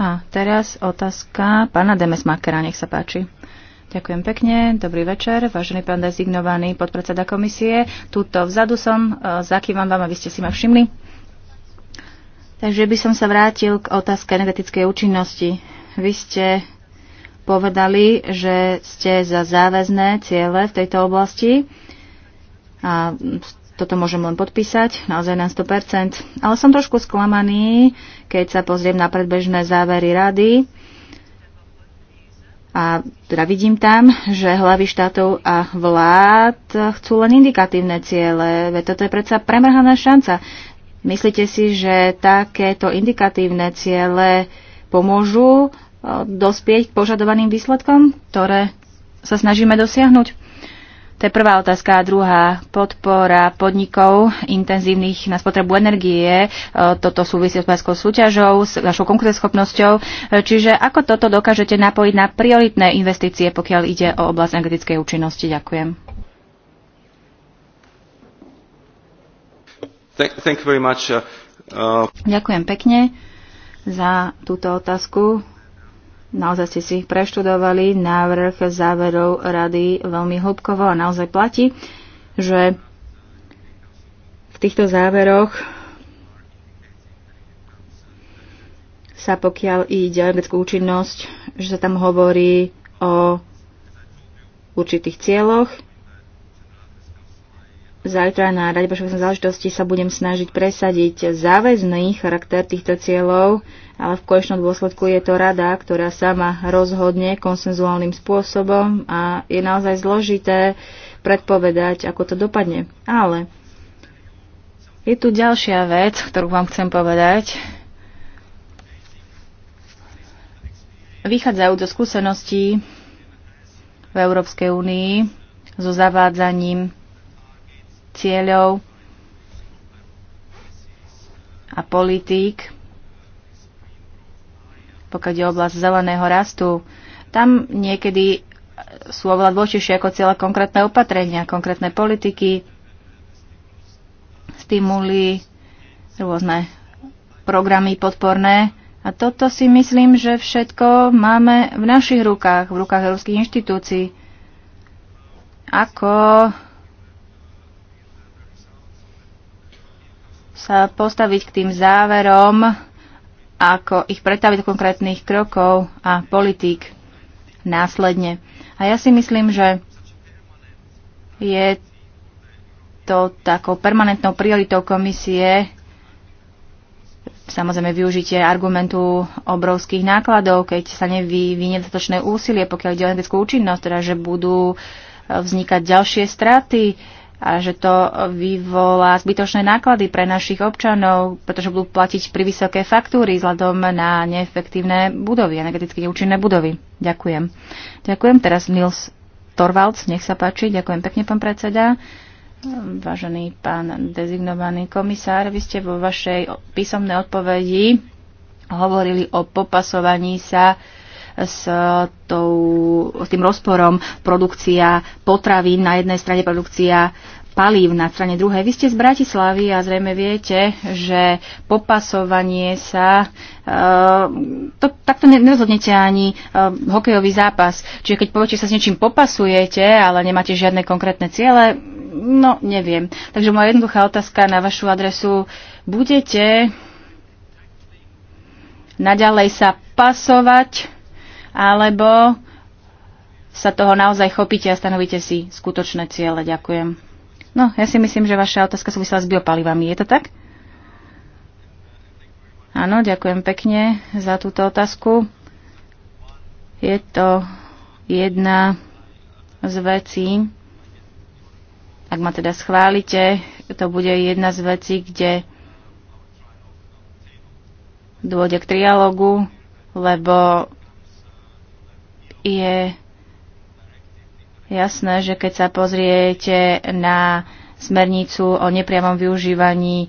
A teraz otázka pána Demesmakera, nech sa páči. Ďakujem pekne. Dobrý večer, vážený pán dezignovaný podpredseda komisie. Tuto vzadu som, e, zakývam vám, aby ste si ma všimli. Takže by som sa vrátil k otázke energetickej účinnosti. Vy ste povedali, že ste za záväzné ciele v tejto oblasti a toto môžem len podpísať, naozaj na 100%. Ale som trošku sklamaný, keď sa pozriem na predbežné závery rady. A teda vidím tam, že hlavy štátov a vlád chcú len indikatívne ciele, veď toto je predsa premrhaná šanca. Myslíte si, že takéto indikatívne ciele pomôžu eh, dospieť k požadovaným výsledkom, ktoré sa snažíme dosiahnuť? To je prvá otázka. A druhá, podpora podnikov intenzívnych na spotrebu energie. E, toto súvisí s otázkou súťažou, s našou konkurenceschopnosťou. E, čiže ako toto dokážete napojiť na prioritné investície, pokiaľ ide o oblasť energetickej účinnosti? Ďakujem. thank you very much. Uh, uh, Ďakujem pekne za túto otázku. Naozaj ste si preštudovali návrh záverov rady veľmi hlubkovo a naozaj platí, že v týchto záveroch sa pokiaľ ide o energetickú účinnosť, že sa tam hovorí o určitých cieľoch, Zajtra na Rade pošovacom záležitosti sa budem snažiť presadiť záväzný charakter týchto cieľov, ale v konečnom dôsledku je to rada, ktorá sama rozhodne konsenzuálnym spôsobom a je naozaj zložité predpovedať, ako to dopadne. Ale je tu ďalšia vec, ktorú vám chcem povedať. Vychádzajú do skúseností v Európskej únii so zavádzaním cieľov a politík, pokiaľ je oblasť zeleného rastu, tam niekedy sú oveľa dôležitejšie ako celé konkrétne opatrenia, konkrétne politiky, stimuly, rôzne programy podporné. A toto si myslím, že všetko máme v našich rukách, v rukách európskych inštitúcií. Ako sa postaviť k tým záverom, ako ich predstaviť do konkrétnych krokov a politík následne. A ja si myslím, že je to takou permanentnou prioritou komisie samozrejme využitie argumentu obrovských nákladov, keď sa nevyvinie dostatočné úsilie, pokiaľ ide o energetickú účinnosť, teda že budú e, vznikať ďalšie straty, a že to vyvolá zbytočné náklady pre našich občanov, pretože budú platiť pri vysoké faktúry vzhľadom na neefektívne budovy, energeticky neúčinné budovy. Ďakujem. Ďakujem. Teraz Nils Torvalds, nech sa páči. Ďakujem pekne, pán predseda. Vážený pán dezignovaný komisár, vy ste vo vašej písomnej odpovedi hovorili o popasovaní sa s, tou, s tým rozporom produkcia potravín na jednej strane, produkcia palív na strane druhej. Vy ste z Bratislavy a zrejme viete, že popasovanie sa, e, to, takto nerozhodnete ani e, hokejový zápas. Čiže keď poviete, sa s niečím popasujete, ale nemáte žiadne konkrétne ciele, no neviem. Takže moja jednoduchá otázka na vašu adresu. Budete naďalej sa pasovať alebo sa toho naozaj chopíte a stanovíte si skutočné ciele. Ďakujem. No, ja si myslím, že vaša otázka súvisela s biopalivami. Je to tak? Áno, ďakujem pekne za túto otázku. Je to jedna z vecí, ak ma teda schválite, to bude jedna z vecí, kde dôjde k trialogu, lebo je jasné, že keď sa pozriete na smernicu o nepriamom využívaní e,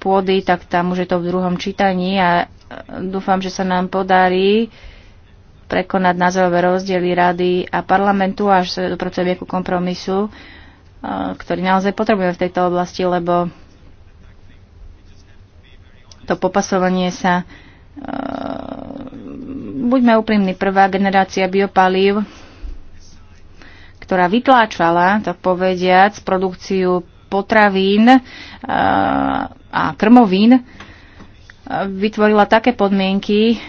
pôdy, tak tam už je to v druhom čítaní a e, dúfam, že sa nám podarí prekonať názorové rozdiely rady a parlamentu až sa dopracujeme ku kompromisu, e, ktorý naozaj potrebujeme v tejto oblasti, lebo to popasovanie sa buďme úprimní, prvá generácia biopalív, ktorá vytláčala, tak povediac, produkciu potravín eh, a krmovín, eh, vytvorila také podmienky,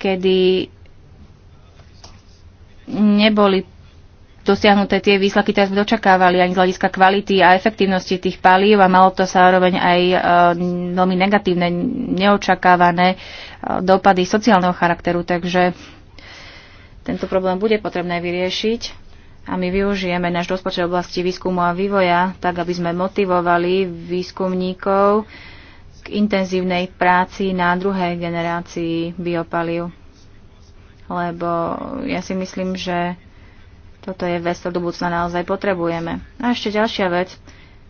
kedy neboli dosiahnuté tie výsledky, ktoré sme dočakávali ani z hľadiska kvality a efektívnosti tých palív a malo to zároveň aj e, veľmi negatívne, neočakávané e, dopady sociálneho charakteru, takže tento problém bude potrebné vyriešiť a my využijeme náš rozpočet oblasti výskumu a vývoja tak, aby sme motivovali výskumníkov k intenzívnej práci na druhej generácii biopalív. Lebo ja si myslím, že toto je vec, ktorú do budúcna naozaj potrebujeme. A ešte ďalšia vec.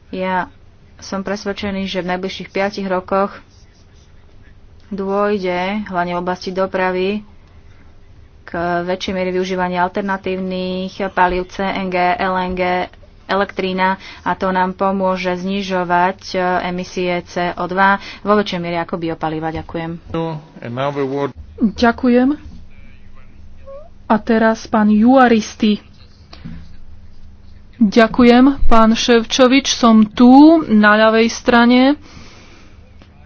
Ja som presvedčený, že v najbližších 5 rokoch dôjde, hlavne v oblasti dopravy, k väčšej miere využívania alternatívnych palív CNG, LNG, elektrína a to nám pomôže znižovať e, emisie CO2 vo väčšej miere ako biopaliva. Ďakujem. No, Ďakujem. A teraz pán Juaristi Ďakujem, pán Ševčovič. Som tu, na ľavej strane.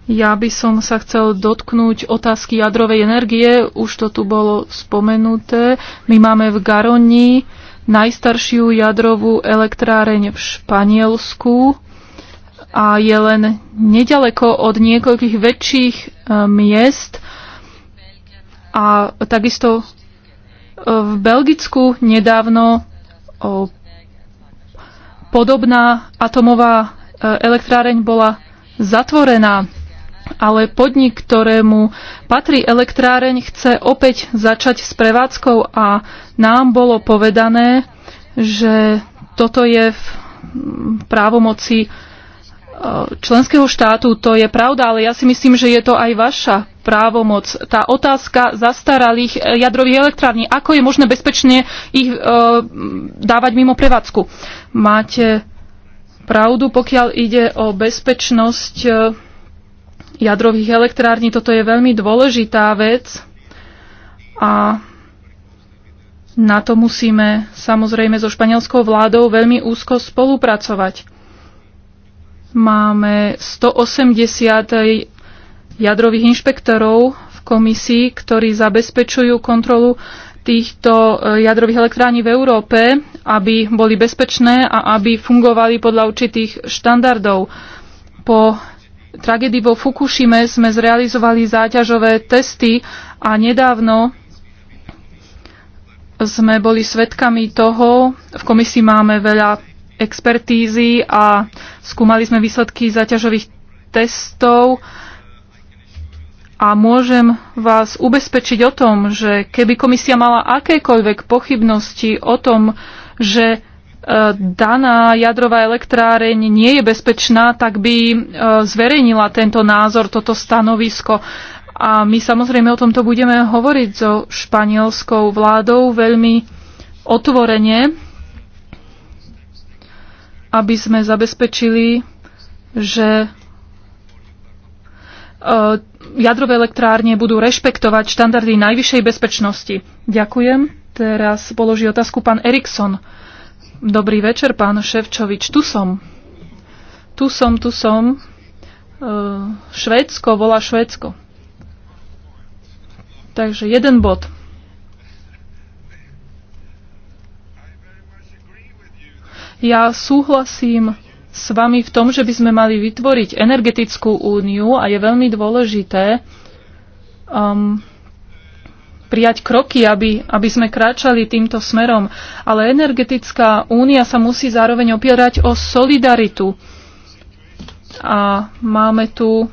Ja by som sa chcel dotknúť otázky jadrovej energie. Už to tu bolo spomenuté. My máme v Garoni najstaršiu jadrovú elektráreň v Španielsku a je len nedaleko od niekoľkých väčších e, miest. A takisto e, v Belgicku nedávno podobná atomová e, elektráreň bola zatvorená, ale podnik, ktorému patrí elektráreň, chce opäť začať s prevádzkou a nám bolo povedané, že toto je v právomoci e, členského štátu. To je pravda, ale ja si myslím, že je to aj vaša právomoc. Tá otázka zastaralých eh, jadrových elektrární, ako je možné bezpečne ich e, dávať mimo prevádzku. Máte pravdu, pokiaľ ide o bezpečnosť eh, jadrových elektrární, toto je veľmi dôležitá vec a na to musíme samozrejme so španielskou vládou veľmi úzko spolupracovať. Máme 180 jadrových inšpektorov v komisii, ktorí zabezpečujú kontrolu týchto eh, jadrových elektrární v Európe, aby boli bezpečné a aby fungovali podľa určitých štandardov. Po tragédii vo Fukushime sme zrealizovali záťažové testy a nedávno sme boli svedkami toho, v komisii máme veľa expertízy a skúmali sme výsledky záťažových testov a môžem vás ubezpečiť o tom, že keby komisia mala akékoľvek pochybnosti o tom, že e, daná jadrová elektráreň nie je bezpečná, tak by e, zverejnila tento názor, toto stanovisko. A my samozrejme o tomto budeme hovoriť so španielskou vládou veľmi otvorene, aby sme zabezpečili, že E, jadrové elektrárne budú rešpektovať štandardy najvyššej bezpečnosti. Ďakujem. Teraz položí otázku pán Erikson. Dobrý večer, pán Ševčovič. Tu som. Tu som, tu som. E, Švédsko volá Švédsko. Takže jeden bod. Ja súhlasím s vami v tom, že by sme mali vytvoriť energetickú úniu a je veľmi dôležité um, prijať kroky, aby, aby sme kráčali týmto smerom. Ale energetická únia sa musí zároveň opierať o solidaritu. A máme tu um,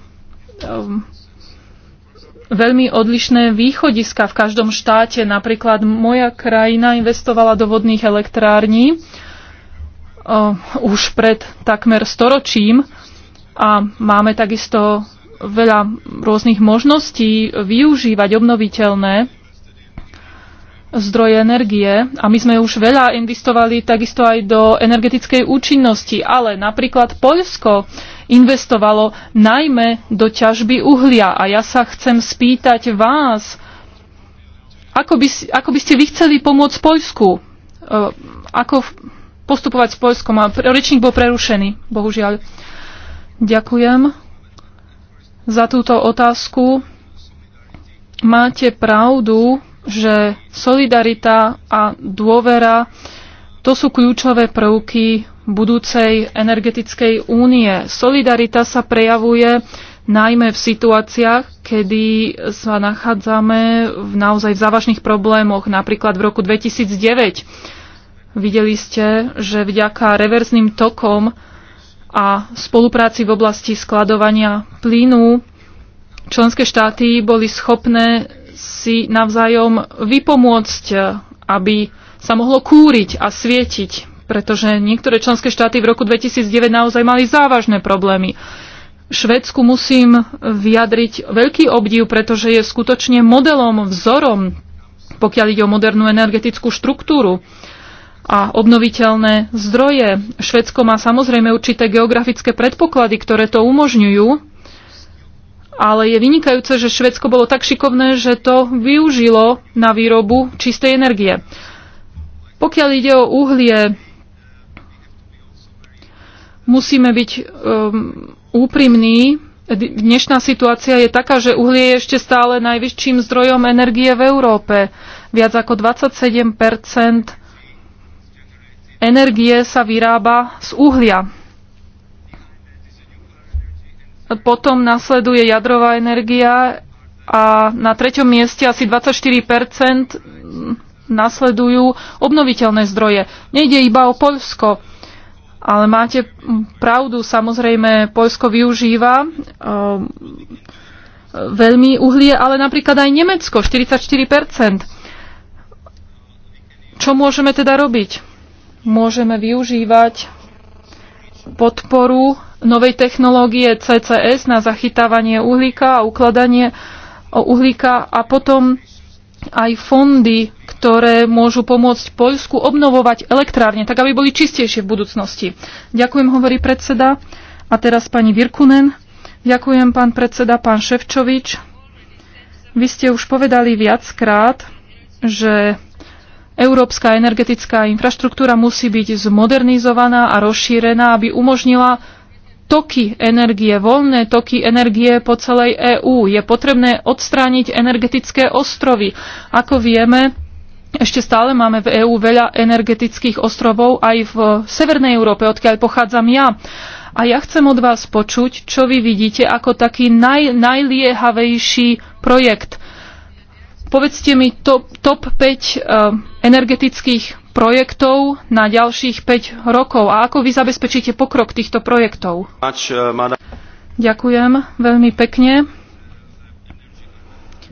veľmi odlišné východiska v každom štáte. Napríklad moja krajina investovala do vodných elektrární už pred takmer storočím a máme takisto veľa rôznych možností využívať obnoviteľné zdroje energie a my sme už veľa investovali takisto aj do energetickej účinnosti, ale napríklad Poľsko investovalo najmä do ťažby uhlia a ja sa chcem spýtať vás, ako by, ako by ste vy chceli pomôcť Poľsku? E, ako postupovať s Polskom a rečník bol prerušený, bohužiaľ. Ďakujem za túto otázku. Máte pravdu, že solidarita a dôvera to sú kľúčové prvky budúcej energetickej únie. Solidarita sa prejavuje najmä v situáciách, kedy sa nachádzame v naozaj v závažných problémoch, napríklad v roku 2009 Videli ste, že vďaka reverzným tokom a spolupráci v oblasti skladovania plynu členské štáty boli schopné si navzájom vypomôcť, aby sa mohlo kúriť a svietiť, pretože niektoré členské štáty v roku 2009 naozaj mali závažné problémy. Švedsku musím vyjadriť veľký obdiv, pretože je skutočne modelom, vzorom, pokiaľ ide o modernú energetickú štruktúru a obnoviteľné zdroje. Švedsko má samozrejme určité geografické predpoklady, ktoré to umožňujú, ale je vynikajúce, že Švedsko bolo tak šikovné, že to využilo na výrobu čistej energie. Pokiaľ ide o uhlie, musíme byť um, úprimní. Dnešná situácia je taká, že uhlie je ešte stále najvyšším zdrojom energie v Európe. Viac ako 27 energie sa vyrába z uhlia. Potom nasleduje jadrová energia a na treťom mieste asi 24 nasledujú obnoviteľné zdroje. Nejde iba o Poľsko, ale máte pravdu, samozrejme Poľsko využíva um, veľmi uhlie, ale napríklad aj Nemecko 44 Čo môžeme teda robiť? môžeme využívať podporu novej technológie CCS na zachytávanie uhlíka a ukladanie uhlíka a potom aj fondy, ktoré môžu pomôcť Poľsku obnovovať elektrárne, tak aby boli čistejšie v budúcnosti. Ďakujem, hovorí predseda. A teraz pani Virkunen. Ďakujem, pán predseda, pán Ševčovič. Vy ste už povedali viackrát, že Európska energetická infraštruktúra musí byť zmodernizovaná a rozšírená, aby umožnila toky energie, voľné toky energie po celej EÚ. Je potrebné odstrániť energetické ostrovy. Ako vieme, ešte stále máme v EÚ veľa energetických ostrovov aj v Severnej Európe, odkiaľ pochádzam ja. A ja chcem od vás počuť, čo vy vidíte ako taký naj, najliehavejší projekt. Povedzte mi top, top 5 uh, eh, energetických projektov na ďalších 5 rokov a ako vy zabezpečíte pokrok týchto projektov? Ďakujem veľmi pekne.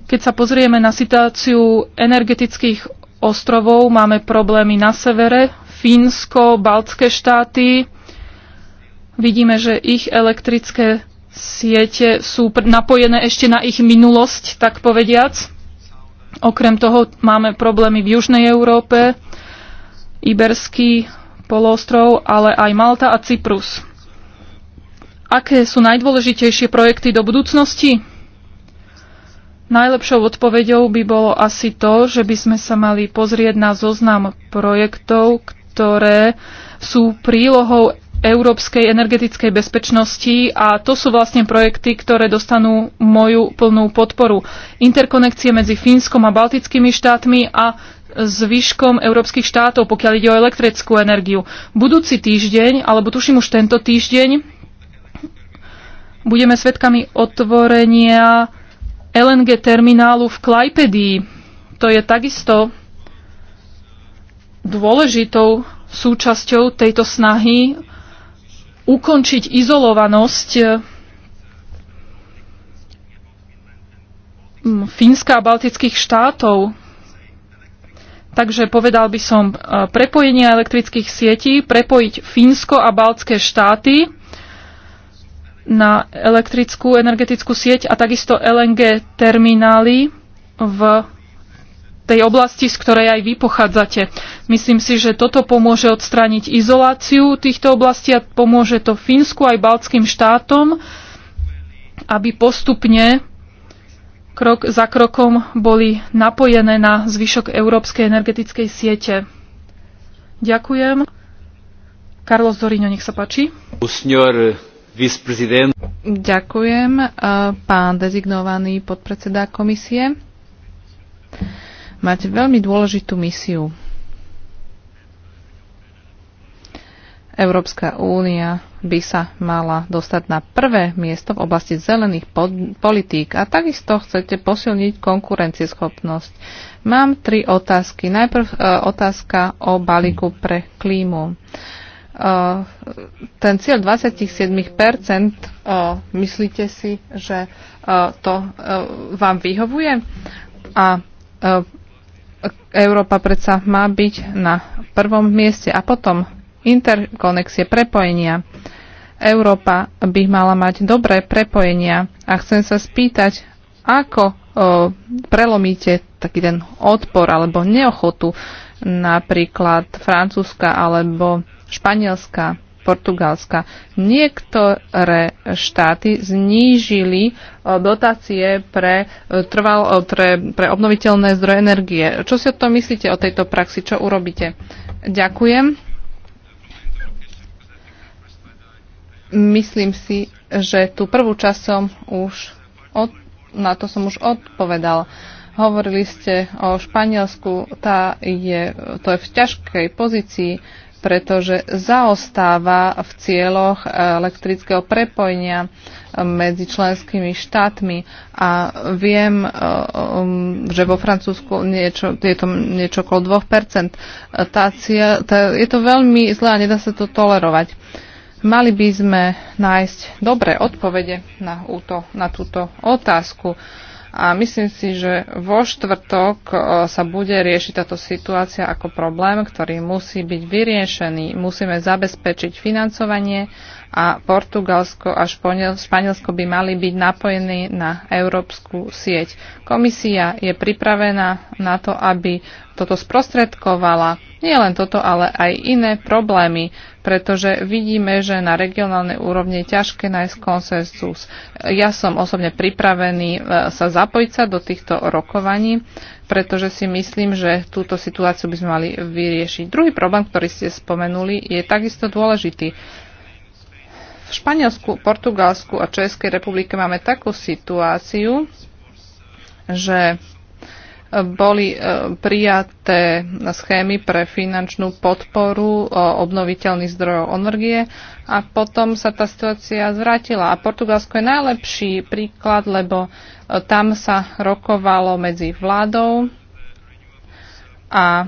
Keď sa pozrieme na situáciu energetických ostrovov, máme problémy na severe, Fínsko, Baltské štáty. Vidíme, že ich elektrické siete sú napojené ešte na ich minulosť, tak povediac. Okrem toho máme problémy v Južnej Európe, Iberský polostrov, ale aj Malta a Cyprus. Aké sú najdôležitejšie projekty do budúcnosti? Najlepšou odpoveďou by bolo asi to, že by sme sa mali pozrieť na zoznam projektov, ktoré sú prílohou európskej energetickej bezpečnosti a to sú vlastne projekty, ktoré dostanú moju plnú podporu. Interkonekcie medzi Fínskom a Baltickými štátmi a zvyškom európskych štátov, pokiaľ ide o elektrickú energiu. Budúci týždeň, alebo tuším už tento týždeň, budeme svedkami otvorenia LNG terminálu v Klajpedii. To je takisto dôležitou súčasťou tejto snahy ukončiť izolovanosť e, Fínska a baltických štátov. Takže povedal by som e, prepojenie elektrických sietí, prepojiť Fínsko a baltské štáty na elektrickú energetickú sieť a takisto LNG terminály v tej oblasti, z ktorej aj vy pochádzate. Myslím si, že toto pomôže odstrániť izoláciu týchto oblastí a pomôže to Fínsku aj baltským štátom, aby postupne krok za krokom boli napojené na zvyšok európskej energetickej siete. Ďakujem. Carlos Zorino, nech sa páči. Ďakujem, eh, pán dezignovaný podpredseda komisie. Máte veľmi dôležitú misiu. Európska únia by sa mala dostať na prvé miesto v oblasti zelených pod- politík a takisto chcete posilniť konkurencieschopnosť. Mám tri otázky. Najprv e, otázka o balíku pre klímu. E, ten cieľ 27%, e, myslíte si, že e, to e, vám vyhovuje? A e, Európa predsa má byť na prvom mieste a potom interkonexie, prepojenia. Európa by mala mať dobré prepojenia a chcem sa spýtať, ako o, prelomíte taký ten odpor alebo neochotu napríklad Francúzska alebo Španielska. Portugalska. Niektoré štáty znížili e, dotácie pre, e, trval, e, pre, pre obnoviteľné zdroje energie. Čo si o tom myslíte, o tejto praxi? Čo urobíte? Ďakujem. Myslím si, že tú prvú časť som už od, na to som už odpovedal. Hovorili ste o Španielsku, tá je, to je v ťažkej pozícii pretože zaostáva v cieľoch eh, elektrického prepojenia eh, medzi členskými štátmi a viem, eh, um, že vo Francúzsku niečo, je to niečo okolo 2%. Tá cieľ, tá, je to veľmi zlé a nedá sa to tolerovať. Mali by sme nájsť dobré odpovede na, úto, na túto otázku. Uh, a myslím si, že vo štvrtok e, sa bude riešiť táto situácia ako problém, ktorý musí byť vyriešený. Musíme zabezpečiť financovanie a Portugalsko a Španielsko by mali byť napojení na európsku sieť. Komisia je pripravená na to, aby toto sprostredkovala. Nie len toto, ale aj iné problémy pretože vidíme, že na regionálnej úrovni je ťažké nájsť konsensus. Ja som osobne pripravený e, sa zapojiť sa do týchto rokovaní, pretože si myslím, že túto situáciu by sme mali vyriešiť. Druhý problém, ktorý ste spomenuli, je takisto dôležitý. V Španielsku, Portugalsku a Českej republike máme takú situáciu, že boli e, prijaté schémy pre finančnú podporu e, obnoviteľných zdrojov energie a potom sa tá situácia zvrátila. A Portugalsko je najlepší príklad, lebo e, tam sa rokovalo medzi vládou a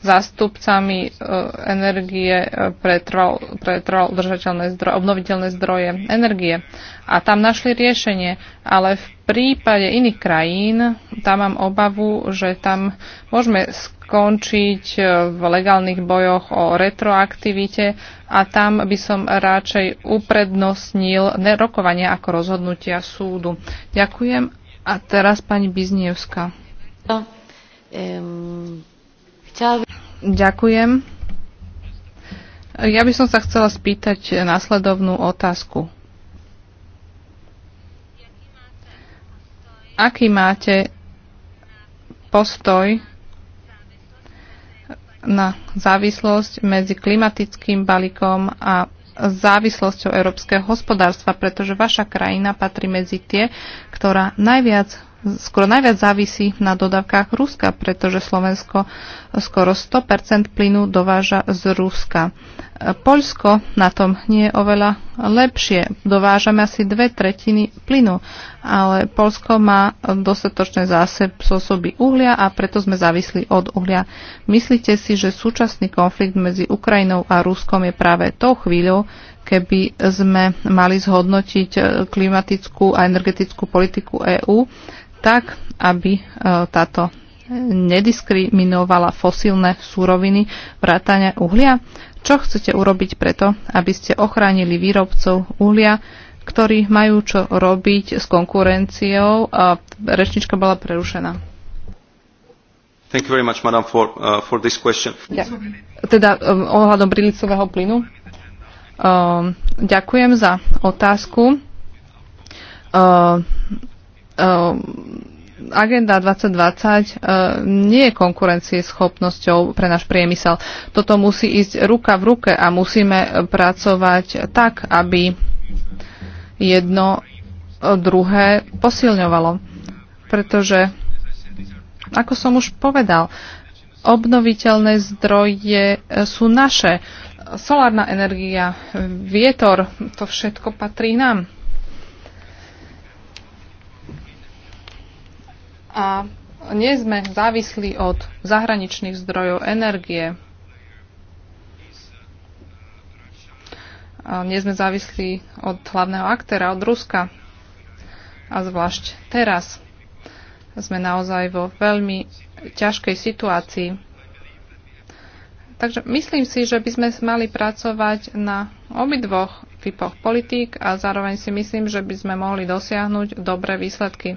zástupcami e, energie e, pre, trval, pre trval udržateľné zdroje, obnoviteľné zdroje energie. A tam našli riešenie, ale v prípade iných krajín, tam mám obavu, že tam môžeme skončiť e, v legálnych bojoch o retroaktivite a tam by som radšej uprednostnil rokovania ako rozhodnutia súdu. Ďakujem. A teraz pani Biznievska. No, Ďakujem. Ja by som sa chcela spýtať následovnú otázku. Aký máte postoj na závislosť medzi klimatickým balíkom a závislosťou európskeho hospodárstva, pretože vaša krajina patrí medzi tie, ktorá najviac skoro najviac závisí na dodávkach Ruska, pretože Slovensko skoro 100% plynu dováža z Ruska. Poľsko na tom nie je oveľa lepšie. Dovážame asi dve tretiny plynu, ale Polsko má dostatočné zásoby uhlia a preto sme závisli od uhlia. Myslíte si, že súčasný konflikt medzi Ukrajinou a Ruskom je práve tou chvíľou, keby sme mali zhodnotiť eh, klimatickú a energetickú politiku EÚ? tak, aby e, táto nediskriminovala fosílne súroviny vrátane uhlia? Čo chcete urobiť preto, aby ste ochránili výrobcov uhlia, ktorí majú čo robiť s konkurenciou? A rečnička bola prerušená. Thank you very much, madam, for, uh, for this question. Ja, teda um, ohľadom brilicového plynu. Um, ďakujem za otázku. Uh, Ehm, Agenda 2020 ehm, nie je konkurencieschopnosťou pre náš priemysel. Toto musí ísť ruka v ruke a musíme pracovať tak, aby jedno eh, druhé posilňovalo. Pretože, ako som už povedal, obnoviteľné zdroje eh, sú naše. Solárna energia, vietor, to všetko patrí nám. a nie sme závislí od zahraničných zdrojov energie. A nie sme závislí od hlavného aktéra, od Ruska. A zvlášť teraz sme naozaj vo veľmi ťažkej situácii. Takže myslím si, že by sme mali pracovať na obidvoch typoch politík a zároveň si myslím, že by sme mohli dosiahnuť dobré výsledky.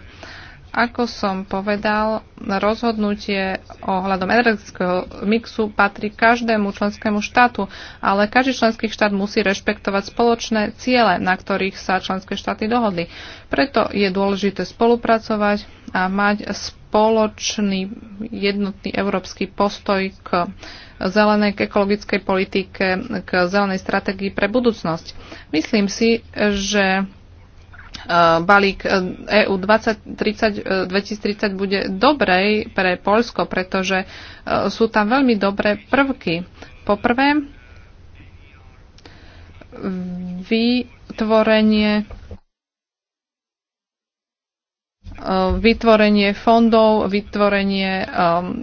Ako som povedal, rozhodnutie ohľadom energetického mixu patrí každému členskému štátu, ale každý členský štát musí rešpektovať spoločné ciele, na ktorých sa členské štáty dohodli. Preto je dôležité spolupracovať a mať spoločný jednotný európsky postoj k zelenej, k ekologickej politike, k zelenej stratégii pre budúcnosť. Myslím si, že E, balík EU 2030, 2030 bude dobrej pre Polsko, pretože e, sú tam veľmi dobré prvky. Poprvé, vytvorenie e, vytvorenie fondov, vytvorenie um,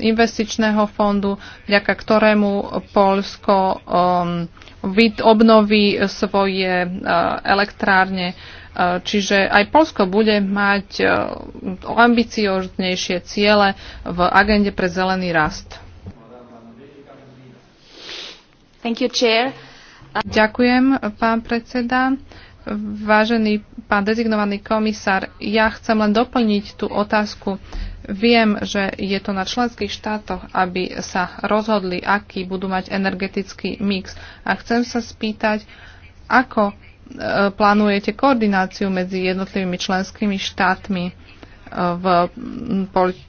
investičného fondu, vďaka ktorému Polsko um, obnoví svoje uh, elektrárne. Uh, Eh, čiže aj Polsko bude mať eh, ambicioznejšie ciele v agende pre zelený rast. Thank you, chair. Ďakujem, pán predseda. Vážený pán dezignovaný komisár, ja chcem len doplniť tú otázku. Viem, že je to na členských štátoch, aby sa rozhodli, aký budú mať energetický mix. A chcem sa spýtať, ako E, plánujete koordináciu medzi jednotlivými členskými štátmi e, v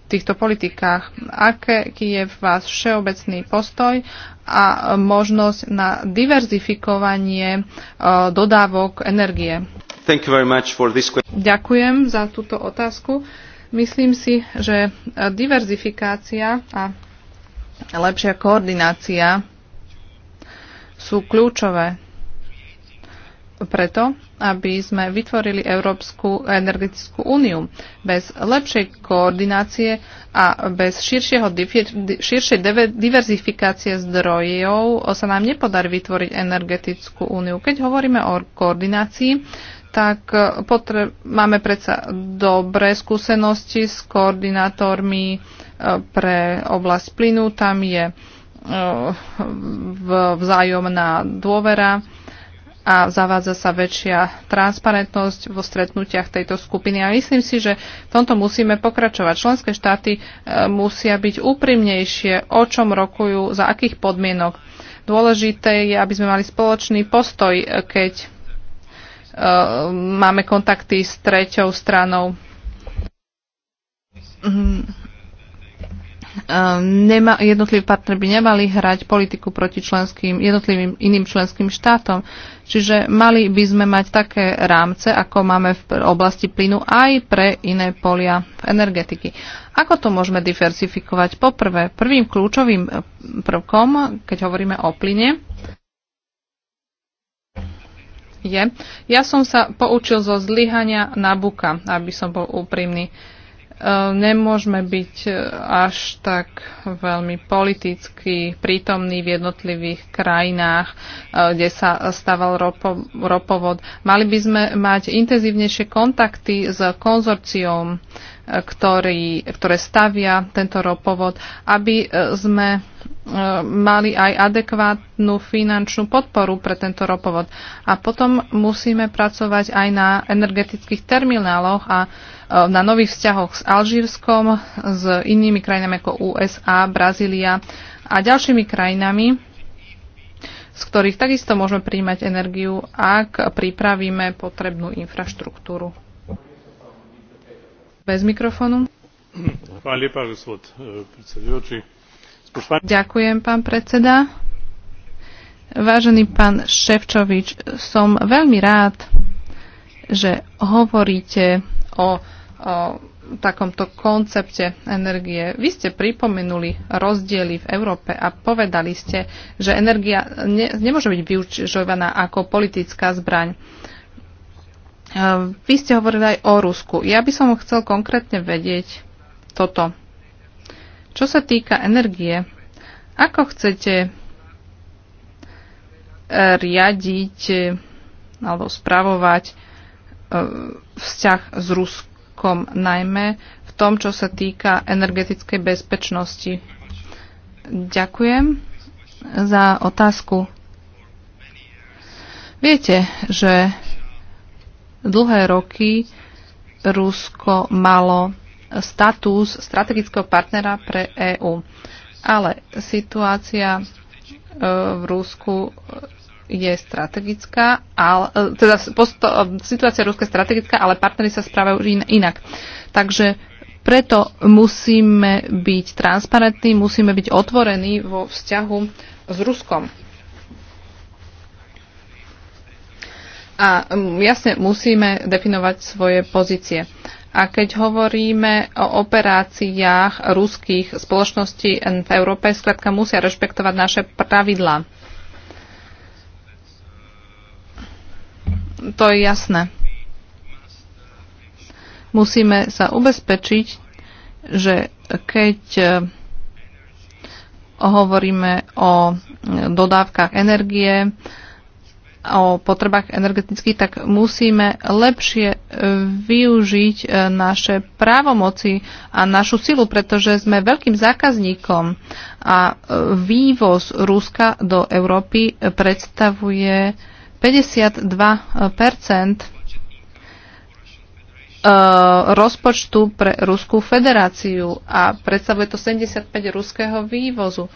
týchto politikách? Aký je váš všeobecný postoj a možnosť na diverzifikovanie e, dodávok energie? Ďakujem za túto otázku. Myslím si, že diverzifikácia a lepšia koordinácia sú kľúčové preto, aby sme vytvorili Európsku energetickú úniu. Bez lepšej koordinácie a bez širšieho, širšej diverzifikácie zdrojov sa nám nepodarí vytvoriť energetickú úniu. Keď hovoríme o koordinácii, tak eh, potre- máme predsa dobré skúsenosti s koordinátormi eh, pre oblasť plynu. Tam je eh, vzájomná dôvera a zavádza sa väčšia transparentnosť vo stretnutiach tejto skupiny. A myslím si, že v tomto musíme pokračovať. Členské štáty e, musia byť úprimnejšie, o čom rokujú, za akých podmienok. Dôležité je, aby sme mali spoločný postoj, e, keď e, máme kontakty s treťou stranou. Mm. Nema, jednotliví partner by nemali hrať politiku proti členským, jednotlivým iným členským štátom. Čiže mali by sme mať také rámce, ako máme v oblasti plynu aj pre iné polia v energetiky. Ako to môžeme diversifikovať? Poprvé, prvým kľúčovým prvkom, keď hovoríme o plyne, je, ja som sa poučil zo zlyhania Nabuka, aby som bol úprimný. Uh, Ehm, nemôžeme byť e, až tak veľmi politicky prítomní v jednotlivých krajinách, e, kde sa staval ropo, ropovod. Mali by sme mať intenzívnejšie kontakty s konzorciom ktorý, ktoré stavia tento ropovod, aby e, sme e, mali aj adekvátnu finančnú podporu pre tento ropovod. A potom musíme pracovať aj na energetických termináloch a e, na nových vzťahoch s Alžírskom, s inými krajinami ako USA, Brazília a ďalšími krajinami, z ktorých takisto môžeme príjmať energiu, ak pripravíme potrebnú infraštruktúru. E, Ďakujem, pán predseda. Vážený pán Ševčovič, som veľmi rád, že hovoríte o, o takomto koncepte energie. Vy ste pripomenuli rozdiely v Európe a povedali ste, že energia ne, nemôže byť využívaná ako politická zbraň. Uh, Ehm, vy ste hovorili aj o Rusku. Ja by som chcel konkrétne vedieť toto. Čo sa týka energie, ako chcete e, riadiť e, alebo spravovať e, vzťah s Ruskom, najmä v tom, čo sa týka energetickej bezpečnosti. Ďakujem za otázku. Viete, že Dlhé roky Rusko malo status strategického partnera pre EÚ. Ale situácia e, v Rusku je strategická, ale, teda posto, e, situácia Ruska je strategická, ale partnery sa správajú inak. Takže preto musíme byť transparentní, musíme byť otvorení vo vzťahu s Ruskom. a mm, jasne musíme definovať svoje pozície. A keď hovoríme o operáciách ruských spoločností v Európe, skrátka musia rešpektovať naše pravidlá. To je jasné. Musíme sa ubezpečiť, že keď e, hovoríme o dodávkach energie, o potrebách energetických, tak musíme lepšie e, využiť e, naše právomoci a našu silu, pretože sme veľkým zákazníkom a e, vývoz Ruska do Európy predstavuje 52 rozpočtu pre Ruskú federáciu a predstavuje to 75 ruského vývozu.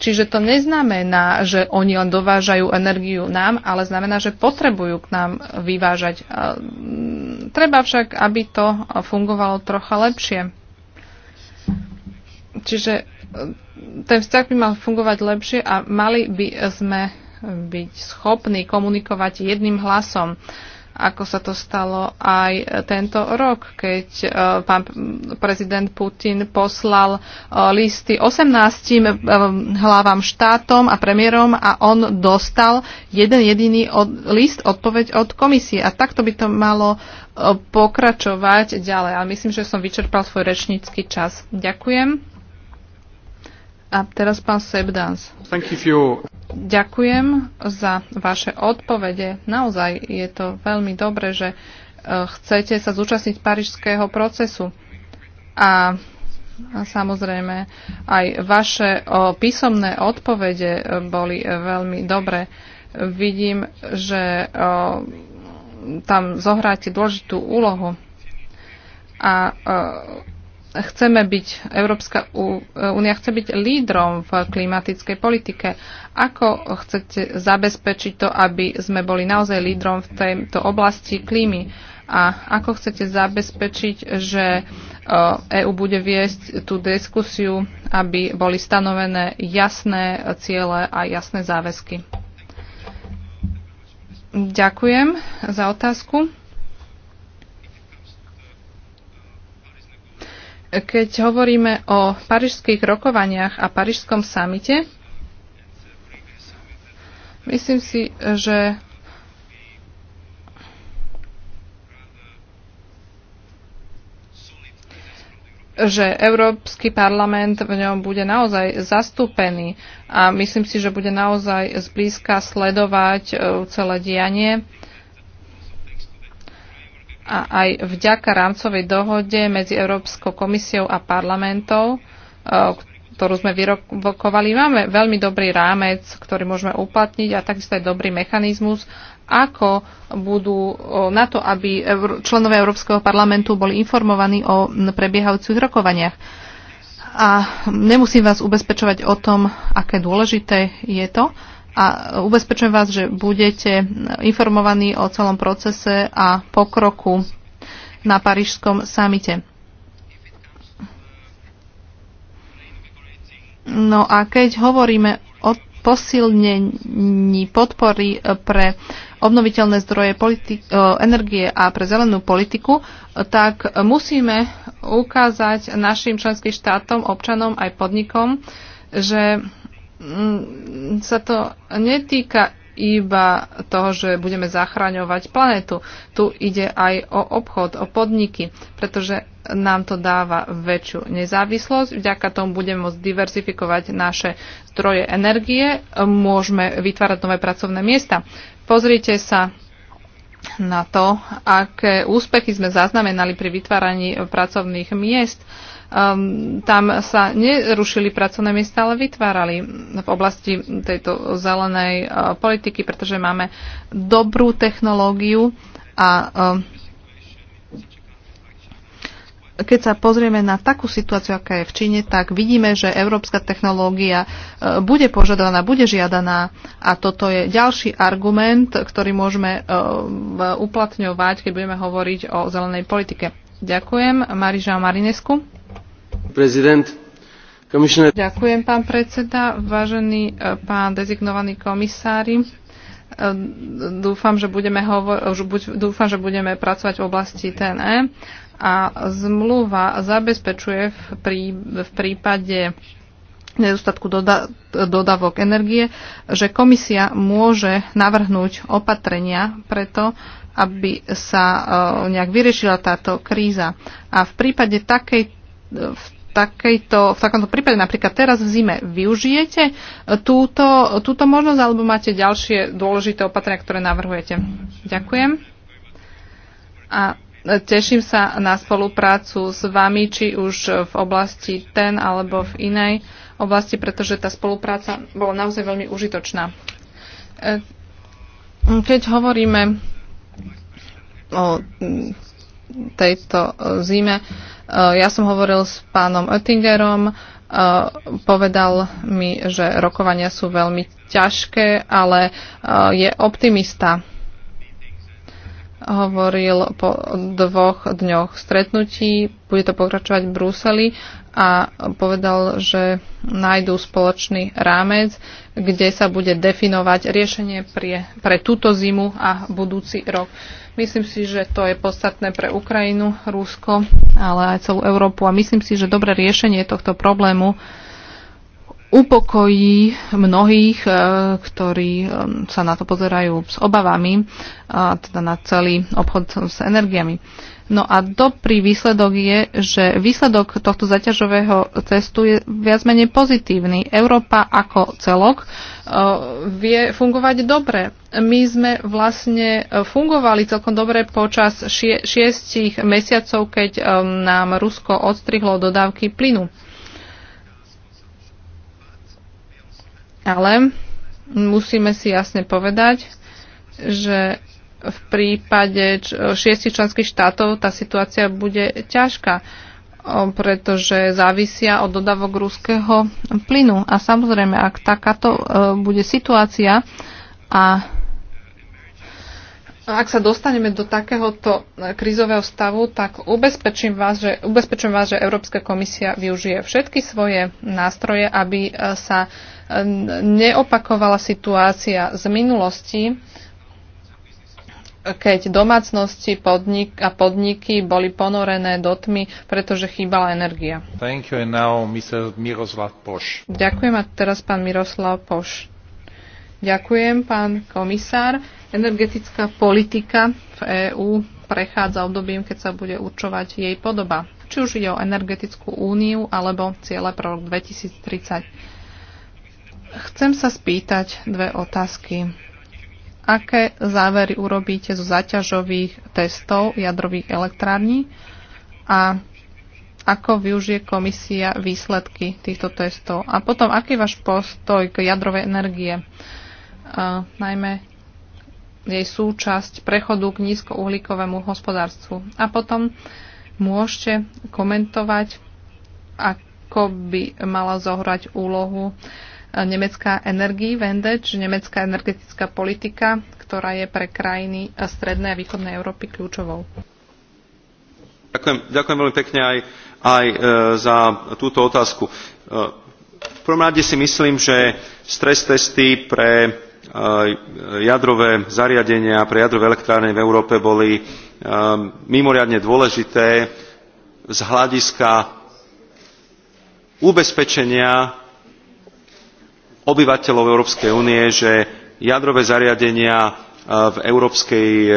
Čiže to neznamená, že oni len dovážajú energiu nám, ale znamená, že potrebujú k nám vyvážať. Mm, treba však, aby to fungovalo trocha lepšie. Čiže e, ten vzťah by mal fungovať lepšie a mali by sme byť schopní komunikovať jedným hlasom. Uh, ako sa to stalo aj tento rok, keď e, pán prezident Putin poslal e, listy 18 e, hlavám štátom a premiérom a on dostal jeden jediný list, odpoveď od komisie. A takto by to malo pokračovať ďalej. Ale myslím, že som vyčerpal svoj rečnícky čas. Ďakujem. A teraz pán Sebdans. Ďakujem za vaše odpovede. Naozaj je to veľmi dobre, že e, chcete sa zúčastniť parížského procesu. A samozrejme aj vaše písomné odpovede e, boli e, veľmi dobré. Vidím, že tam zohráte dôležitú úlohu. A chceme byť, Európska únia chce byť lídrom v klimatickej politike. Ako chcete zabezpečiť to, aby sme boli naozaj lídrom v tejto oblasti klímy? A ako chcete zabezpečiť, že EÚ e bude viesť tú diskusiu, aby boli stanovené jasné ciele a jasné záväzky? Ďakujem za otázku. Keď hovoríme o parížských rokovaniach a parížskom samite, myslím si, že že Európsky parlament v ňom bude naozaj zastúpený a myslím si, že bude naozaj zblízka sledovať e, celé dianie a aj vďaka rámcovej dohode medzi Európskou komisiou a parlamentou, e, ktorú sme vyrokovali, máme veľmi dobrý rámec, ktorý môžeme uplatniť a takisto aj dobrý mechanizmus, ako budú e, na to, aby členovia Európskeho parlamentu boli informovaní o prebiehajúcich rokovaniach. A nemusím vás ubezpečovať o tom, aké dôležité je to, a ubezpečujem vás, že budete informovaní o celom procese a pokroku na Parížskom samite. No a keď hovoríme o posilnení podpory pre obnoviteľné zdroje e, energie a pre zelenú politiku, tak musíme ukázať našim členským štátom, občanom aj podnikom, že sa to netýka iba toho, že budeme zachraňovať planetu. Tu ide aj o obchod, o podniky, pretože nám to dáva väčšiu nezávislosť. Vďaka tomu budeme môcť diverzifikovať naše zdroje energie, môžeme vytvárať nové pracovné miesta. Pozrite sa na to, aké úspechy sme zaznamenali pri vytváraní pracovných miest Um, tam sa nerušili pracovné miesta, ale vytvárali v oblasti tejto zelenej uh, politiky, pretože máme dobrú technológiu a um, keď sa pozrieme na takú situáciu, aká je v Číne, tak vidíme, že európska technológia e, bude požadovaná, bude žiadaná a toto je ďalší argument, ktorý môžeme e, uplatňovať, keď budeme hovoriť o zelenej politike. Ďakujem. Mariža Marinesku. Ďakujem, pán predseda, vážený e, pán dezignovaný komisári. E, dúfam, že budeme, hovor- dúfam, že budeme pracovať v oblasti TNE a zmluva zabezpečuje v, prí- v prípade nedostatku doda- dodavok energie, že komisia môže navrhnúť opatrenia preto, aby sa e, nejak vyriešila táto kríza. A v prípade takejto v takejto, v takomto prípade napríklad teraz v zime využijete túto, túto možnosť alebo máte ďalšie dôležité opatrenia, ktoré navrhujete? Ďakujem. A teším sa na spoluprácu s vami, či už v oblasti TEN alebo v inej oblasti, pretože tá spolupráca bola naozaj veľmi užitočná. E, keď hovoríme o tejto e, zime. E, ja som hovoril s pánom Oettingerom, e, povedal mi, že rokovania sú veľmi ťažké, ale je optimista. Hovoril po dvoch dňoch stretnutí, bude to pokračovať v Bruseli a povedal, že nájdú spoločný rámec, kde sa bude definovať riešenie pre, pre túto zimu a budúci rok. Myslím si, že to je podstatné pre Ukrajinu, Rusko, ale aj celú Európu a myslím si, že dobré riešenie tohto problému upokojí mnohých, eh, ktorí eh, sa na to pozerajú s obavami, eh, teda na celý obchod s energiami. No a dobrý výsledok je, že výsledok tohto zaťažového testu je viac menej pozitívny. Európa ako celok vie fungovať dobre. My sme vlastne fungovali celkom dobre počas šie, šiestich mesiacov, keď nám Rusko odstrihlo dodávky plynu. Ale musíme si jasne povedať, že v prípade šiestich členských štátov tá situácia bude ťažká, pretože závisia od dodavok ruského plynu. A samozrejme, ak takáto e, bude situácia a ak sa dostaneme do takéhoto krízového stavu, tak ubezpečím vás, že, ubezpečím vás, že Európska komisia využije všetky svoje nástroje, aby e, sa neopakovala situácia z minulosti, keď domácnosti podnik a podniky boli ponorené do tmy, pretože chýbala energia. Thank you and now Mr. Miroslav Poš. Ďakujem a teraz pán Miroslav Poš. Ďakujem, pán komisár. Energetická politika v EÚ prechádza obdobím, keď sa bude určovať jej podoba. Či už ide o energetickú úniu alebo ciele pro rok 2030. Chcem sa spýtať dve otázky. Aké závery urobíte zo zaťažových testov jadrových elektrární a ako využije komisia výsledky týchto testov? A potom, aký je váš postoj k jadrovej energie? A najmä jej súčasť prechodu k nízkouhlíkovému hospodárstvu. A potom môžete komentovať, ako by mala zohrať úlohu nemecká Energiewende, čiže nemecká energetická politika, ktorá je pre krajiny strednej a východnej Európy kľúčovou. Ďakujem, ďakujem veľmi pekne aj, aj e, za túto otázku. E, v prvom rade si myslím, že stres testy pre e, jadrové zariadenia, pre jadrové elektrárne v Európe boli e, mimoriadne dôležité z hľadiska ubezpečenia obyvateľov Európskej únie, že jadrové zariadenia e, v Európskej e,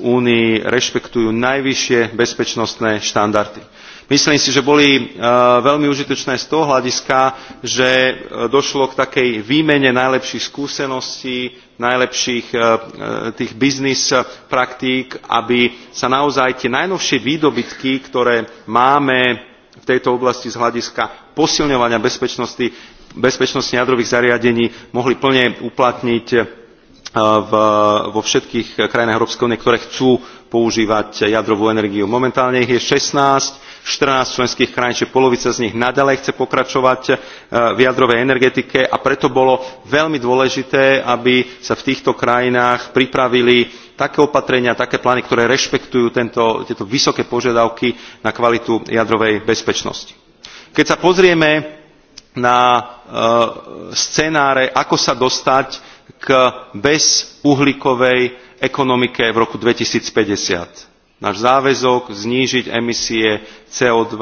únii rešpektujú najvyššie bezpečnostné štandardy. Myslím si, že boli e, veľmi užitočné z toho hľadiska, že došlo k takej výmene najlepších skúseností, najlepších tých biznis praktík, aby sa naozaj tie najnovšie výdobytky, ktoré máme v tejto oblasti z hľadiska posilňovania bezpečnosti bezpečnosti jadrových zariadení mohli plne uplatniť eh, vo všetkých krajinách Európskej únie, ktoré chcú používať jadrovú energiu. Momentálne ich je 16, 14 členských krajín, čiže polovica z nich nadalej chce pokračovať eh, v jadrovej energetike a preto bolo veľmi dôležité, aby sa v týchto krajinách pripravili také opatrenia, také plány, ktoré rešpektujú tento, tieto vysoké požiadavky na kvalitu jadrovej bezpečnosti. Keď sa pozrieme na eh, scenáre, ako sa dostať k bezuhlíkovej ekonomike v roku 2050. Náš záväzok znížiť emisie CO2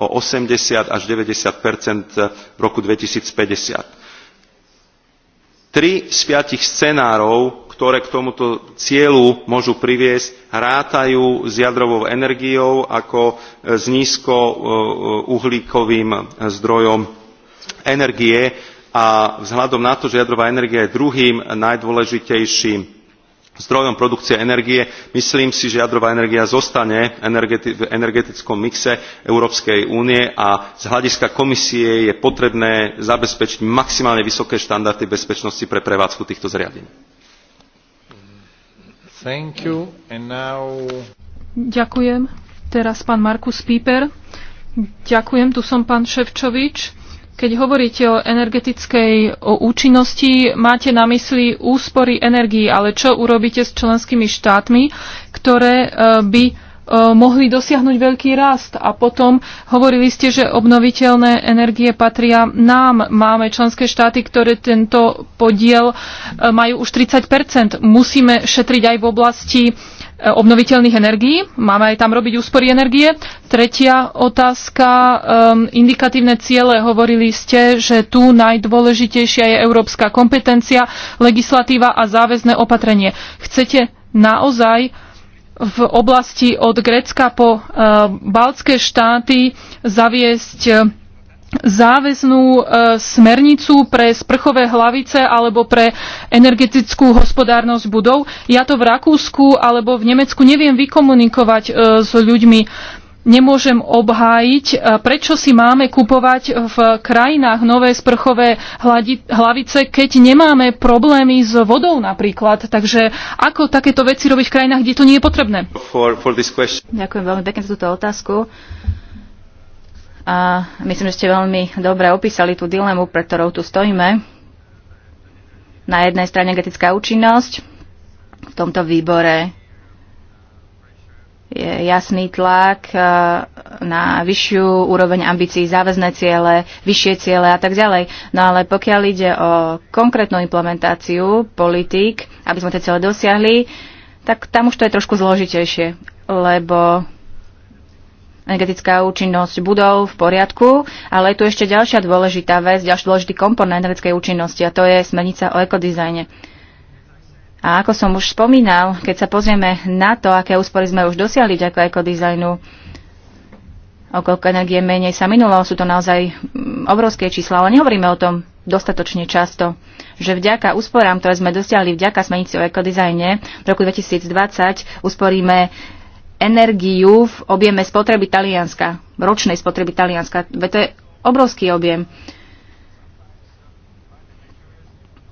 o 80 až 90 v roku 2050. Tri z piatich scenárov, ktoré k tomuto cieľu môžu priviesť, rátajú s jadrovou energiou ako s nízkouhlíkovým eh, eh, zdrojom energie a vzhľadom na to, že jadrová energia je druhým najdôležitejším zdrojom produkcie energie myslím si že jadrová energia zostane v energetickom mixe európskej únie a z hľadiska komisie je potrebné zabezpečiť maximálne vysoké štandardy bezpečnosti pre prevádzku týchto zariadení. Ďakujem. Teraz pán Markus Píper. Ďakujem, tu som pán Ševčovič. Keď hovoríte o energetickej o účinnosti, máte na mysli úspory energii, ale čo urobíte s členskými štátmi, ktoré e, by e, mohli dosiahnuť veľký rast. A potom hovorili ste, že obnoviteľné energie patria nám. Máme členské štáty, ktoré tento podiel e, majú už 30 Musíme šetriť aj v oblasti E, obnoviteľných energií. Máme aj tam robiť úspory energie. Tretia otázka, um, indikatívne ciele. Hovorili ste, že tu najdôležitejšia je európska kompetencia, legislatíva a záväzné opatrenie. Chcete naozaj v oblasti od Grécka po uh, Baltské štáty zaviesť uh, záväznú e, smernicu pre sprchové hlavice alebo pre energetickú hospodárnosť budov. Ja to v Rakúsku alebo v Nemecku neviem vykomunikovať e, s ľuďmi. Nemôžem obhájiť, e, prečo si máme kupovať v krajinách nové sprchové hlavice, keď nemáme problémy s vodou napríklad. Takže ako takéto veci robiť v krajinách, kde to nie je potrebné? For, for Ďakujem veľmi pekne za túto otázku. A myslím, že ste veľmi dobre opísali tú dilemu, pre ktorou tu stojíme. Na jednej strane getická účinnosť. V tomto výbore je jasný tlak e, na vyššiu úroveň ambícií, záväzné ciele, vyššie ciele a tak ďalej. No ale pokiaľ ide o konkrétnu implementáciu politík, aby sme tie ciele dosiahli, tak tam už to je trošku zložitejšie, lebo energetická účinnosť budov v poriadku, ale je tu ešte ďalšia dôležitá vec, ďalší dôležitý komponent energetickej účinnosti a to je smernica o ekodizajne. A ako som už spomínal, keď sa pozrieme na to, aké úspory sme už dosiahli ako ekodizajnu, o koľko energie menej sa minulo, sú to naozaj mm, obrovské čísla, ale nehovoríme o tom dostatočne často, že vďaka úsporám, ktoré sme dosiahli vďaka smernici o ekodizajne v roku 2020, usporíme energiu v objeme spotreby Talianska, ročnej spotreby Talianska. to je obrovský objem.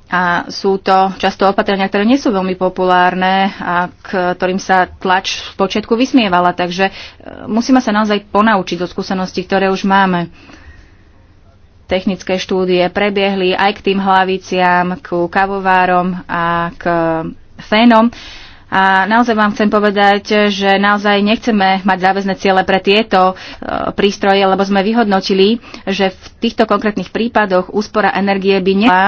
A sú to často opatrenia, ktoré nie sú veľmi populárne a ktorým sa tlač v počiatku vysmievala. Takže e, musíme sa naozaj ponaučiť zo skúseností, ktoré už máme. Technické štúdie prebiehli aj k tým hlaviciam, k kavovárom a k fénom. A naozaj vám chcem povedať, že naozaj nechceme mať záväzne ciele pre tieto e, prístroje, lebo sme vyhodnotili, že v týchto konkrétnych prípadoch úspora energie by nebola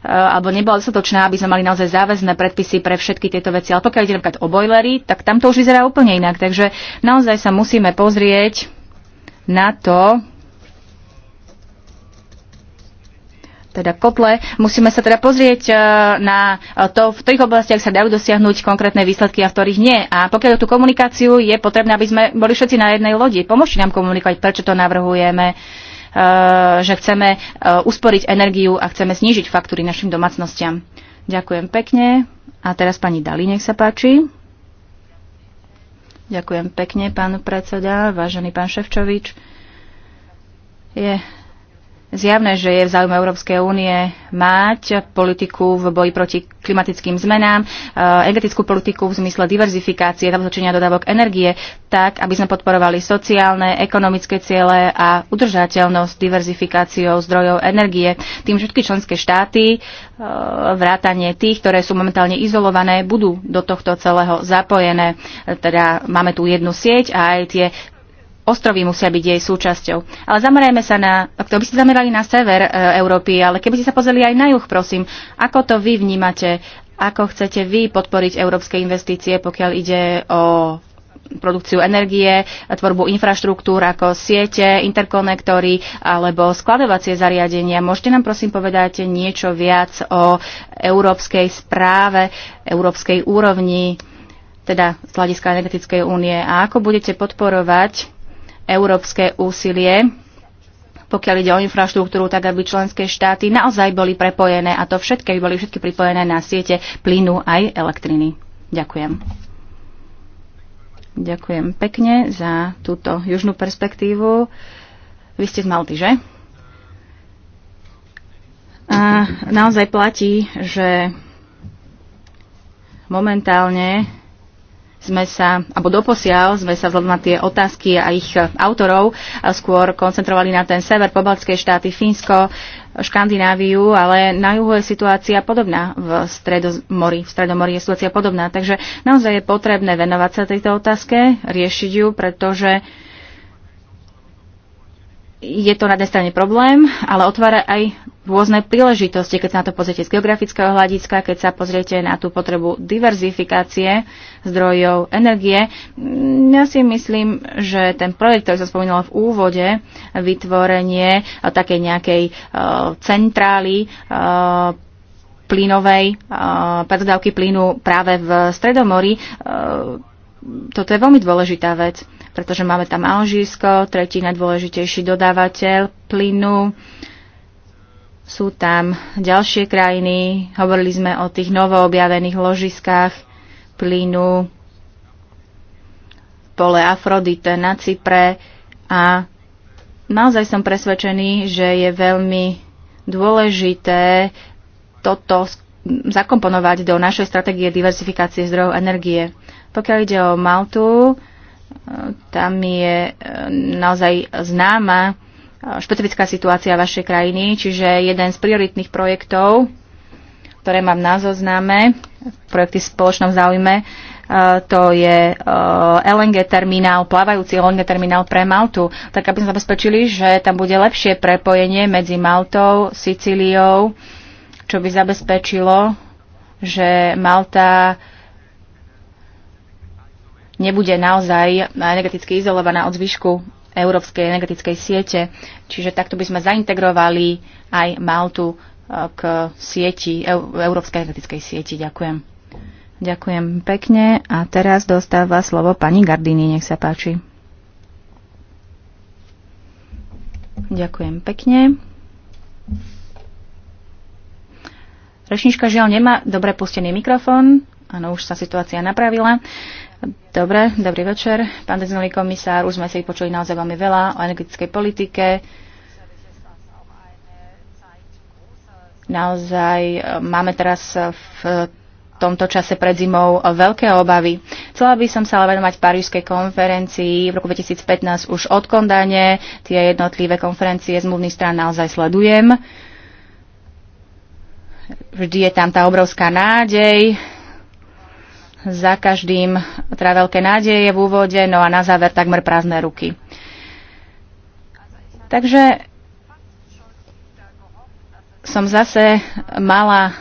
e, alebo nebola dostatočná, aby sme mali naozaj záväzné predpisy pre všetky tieto veci. Ale pokiaľ ide napríklad o boilery, tak tam to už vyzerá úplne inak. Takže naozaj sa musíme pozrieť na to, teda kotle. Musíme sa teda pozrieť e, na e, to, v ktorých oblastiach sa dajú dosiahnuť konkrétne výsledky a v ktorých nie. A pokiaľ o tú komunikáciu je potrebné, aby sme boli všetci na jednej lodi. Pomôžte nám komunikovať, prečo to navrhujeme, e, že chceme usporiť energiu a chceme znížiť faktúry našim domácnostiam. Ďakujem pekne. A teraz pani Dali, nech sa páči. Ďakujem pekne, pán predseda, vážený pán Ševčovič. Je zjavné, že je v záujme Európskej únie mať politiku v boji proti klimatickým zmenám, e, energetickú politiku v zmysle diverzifikácie, zabezpečenia dodávok energie, tak, aby sme podporovali sociálne, ekonomické ciele a udržateľnosť diverzifikáciou zdrojov energie. Tým všetky členské štáty, e, vrátanie tých, ktoré sú momentálne izolované, budú do tohto celého zapojené. E, teda máme tu jednu sieť a aj tie ostrovy musia byť jej súčasťou. Ale zamerajme sa na, kto by ste zamerali na sever e, Európy, ale keby ste sa pozreli aj na juh, prosím, ako to vy vnímate, ako chcete vy podporiť európske investície, pokiaľ ide o produkciu energie, tvorbu infraštruktúr ako siete, interkonektory alebo skladovacie zariadenia. Môžete nám prosím povedať niečo viac o európskej správe, európskej úrovni, teda z hľadiska energetickej únie a ako budete podporovať európske úsilie, pokiaľ ide o infraštruktúru, tak aby členské štáty naozaj boli prepojené a to všetky boli všetky pripojené na siete plynu aj elektriny. Ďakujem. Ďakujem pekne za túto južnú perspektívu. Vy ste z Malty, že? A naozaj platí, že momentálne sme sa, alebo doposiaľ sme sa vzhľadom na tie otázky a ich e, autorov a e, skôr koncentrovali na ten sever, pobaltské štáty, Fínsko, Škandináviu, ale na juhu je situácia podobná v Stredomori. V Stredomori je situácia podobná, takže naozaj je potrebné venovať sa tejto otázke, riešiť ju, pretože je to na jednej strane problém, ale otvára aj rôzne príležitosti, keď sa na to pozriete z geografického hľadiska, keď sa pozriete na tú potrebu diverzifikácie zdrojov energie. Mm, ja si myslím, že ten projekt, ktorý som spomínala v úvode, vytvorenie eh, takej nejakej uh, centrály uh, plynovej, uh, predodávky plynu práve v Stredomori, uh, toto je veľmi dôležitá vec, pretože máme tam Alžísko, tretí najdôležitejší dodávateľ plynu, uh, sú tam ďalšie krajiny. Hovorili sme o tých novoobjavených ložiskách plynu pole Afrodite na Cypre a naozaj som presvedčený, že je veľmi dôležité toto zakomponovať do našej stratégie diversifikácie zdrojov energie. Pokiaľ ide o Maltu, e, tam je e, naozaj známa špecifická situácia vašej krajiny, čiže jeden z prioritných projektov, ktoré mám na zozname, projekty v spoločnom záujme, e, to je e, LNG terminál, plávajúci LNG terminál pre Maltu, tak aby sme zabezpečili, že tam bude lepšie prepojenie medzi Maltou, Sicíliou, čo by zabezpečilo, že Malta nebude naozaj energeticky izolovaná od zvyšku európskej energetickej siete. Čiže takto by sme zaintegrovali aj Maltu e, k sieti, európskej energetickej sieti. Ďakujem. Ďakujem pekne a teraz dostáva slovo pani Gardini, nech sa páči. Ďakujem pekne. Rešnička žiaľ nemá dobre pustený mikrofón. Áno, už sa situácia napravila. Uh, Dobre, dobrý večer. Pán dezinový komisár, už sme si počuli naozaj veľmi veľa o energetickej politike. Naozaj e, máme teraz v tomto čase pred zimou veľké obavy. Chcela by som sa ale venovať Parížskej konferencii v roku 2015 už od Kondane. Tie jednotlivé konferencie zmluvných strán naozaj sledujem. Vždy je tam tá obrovská nádej, za každým teda veľké nádeje v úvode, no a na záver takmer prázdne ruky. Takže som zase mala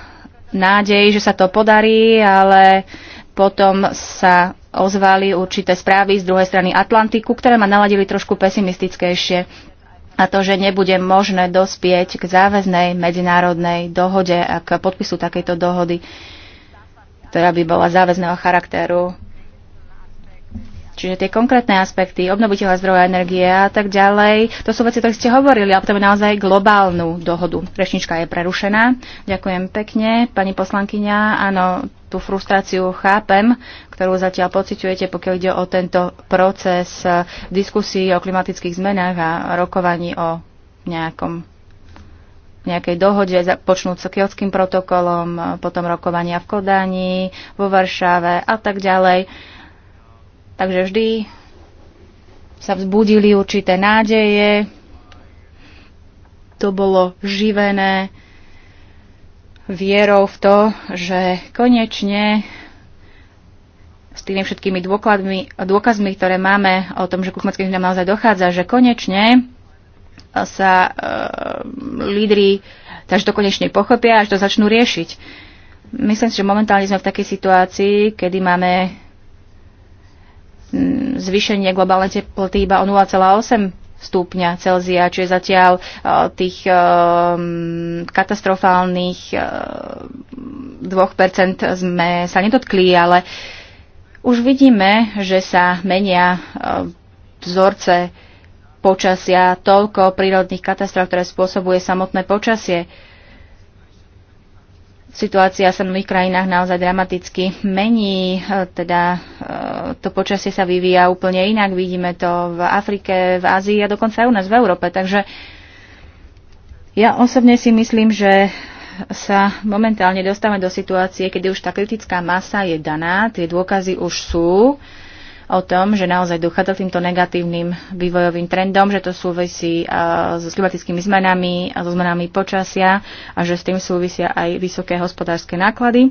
nádej, že sa to podarí, ale potom sa ozvali určité správy z druhej strany Atlantiku, ktoré ma naladili trošku pesimistickejšie a to, že nebude možné dospieť k záväznej medzinárodnej dohode a k podpisu takejto dohody. Uh, ktorá by bola záväzného charakteru. Čiže tie konkrétne aspekty, obnoviteľa zdroja energie a tak ďalej, to sú veci, ktoré ste hovorili, ale je naozaj globálnu dohodu. Rešnička je prerušená. Ďakujem pekne, pani poslankyňa. Áno, tú frustráciu chápem, ktorú zatiaľ pociťujete, pokiaľ ide o tento proces diskusí o klimatických zmenách a rokovaní o nejakom nejakej dohode, počnúť sa kiotským protokolom, potom rokovania v Kodani, vo Varšave a tak ďalej. Takže vždy sa vzbudili určité nádeje, to bolo živené vierou v to, že konečne s tými všetkými dôkladmi, dôkazmi, ktoré máme o tom, že kuchmeckým chmeckým naozaj dochádza, že konečne sa e, lídry až to konečne pochopia, až to začnú riešiť. Myslím si, že momentálne sme v takej situácii, kedy máme zvýšenie globálnej teploty iba o 0,8 stupňa Celzia, čo je zatiaľ e, tých uh, katastrofálnych uh, e, 2% sme sa nedotkli, ale už vidíme, že sa menia uh, vzorce počasia, toľko prírodných katastrof, ktoré spôsobuje samotné počasie. Situácia sa v mnohých krajinách naozaj dramaticky mení, e, teda e, to počasie sa vyvíja úplne inak. Vidíme to v Afrike, v Ázii a dokonca aj u nás v Európe. Takže ja osobne si myslím, že sa momentálne dostávame do situácie, kedy už tá kritická masa je daná, tie dôkazy už sú o tom, že naozaj dochádza k týmto negatívnym vývojovým trendom, že to súvisí eh, so klimatickými zmenami a so zmenami počasia a že s tým súvisia aj vysoké hospodárske náklady.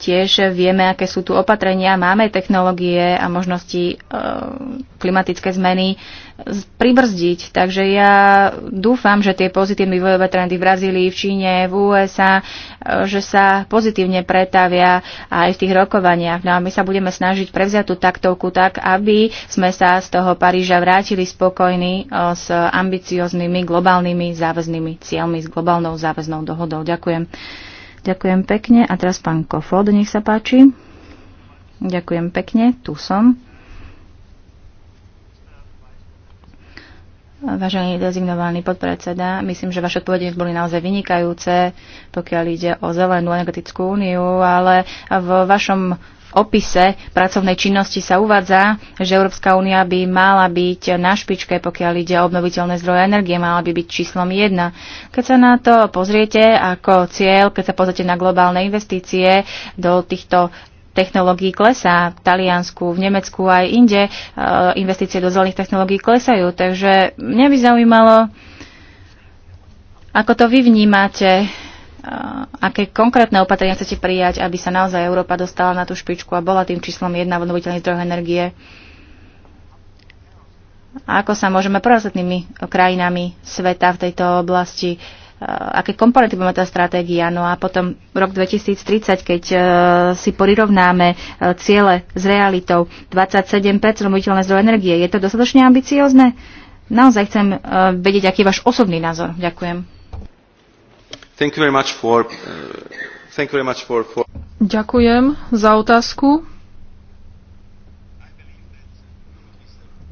Tiež vieme, aké sú tu opatrenia, máme technológie a možnosti e, klimatické zmeny pribrzdiť. Takže ja dúfam, že tie pozitívne vývojové trendy v Brazílii, v Číne, v USA, e, že sa pozitívne pretavia aj v tých rokovaniach. No a my sa budeme snažiť prevziať tú taktovku tak, aby sme sa z toho Paríža vrátili spokojní e, s ambicioznými globálnymi záväznými cieľmi, s globálnou záväznou dohodou. Ďakujem. Ďakujem pekne. A teraz pán Kofod, nech sa páči. Ďakujem pekne, tu som. Vážený dezignovaný podpredseda, myslím, že vaše odpovede boli naozaj vynikajúce, pokiaľ ide o zelenú energetickú úniu, ale v vašom opise pracovnej činnosti sa uvádza, že Európska únia by mala byť na špičke, pokiaľ ide o obnoviteľné zdroje energie, mala by byť číslom 1. Keď sa na to pozriete ako cieľ, keď sa pozriete na globálne investície do týchto technológií klesá v Taliansku, v Nemecku aj inde. E, investície do zelených technológií klesajú. Takže mňa by zaujímalo, ako to vy vnímate, aké konkrétne opatrenia chcete prijať, aby sa naozaj Európa dostala na tú špičku a bola tým číslom jedna v obnoviteľných zdrojoch energie? A ako sa môžeme prvostatnými krajinami sveta v tejto oblasti aké komponenty bude tá stratégia. No a potom rok 2030, keď uh, si porirovnáme uh, e, ciele s realitou 27% obnoviteľné zdroje energie, je to dostatočne ambiciozne? Naozaj chcem uh, vedieť, aký je váš osobný názor. Ďakujem. Thank you very much for, uh, thank you very much for, for... Ďakujem za otázku.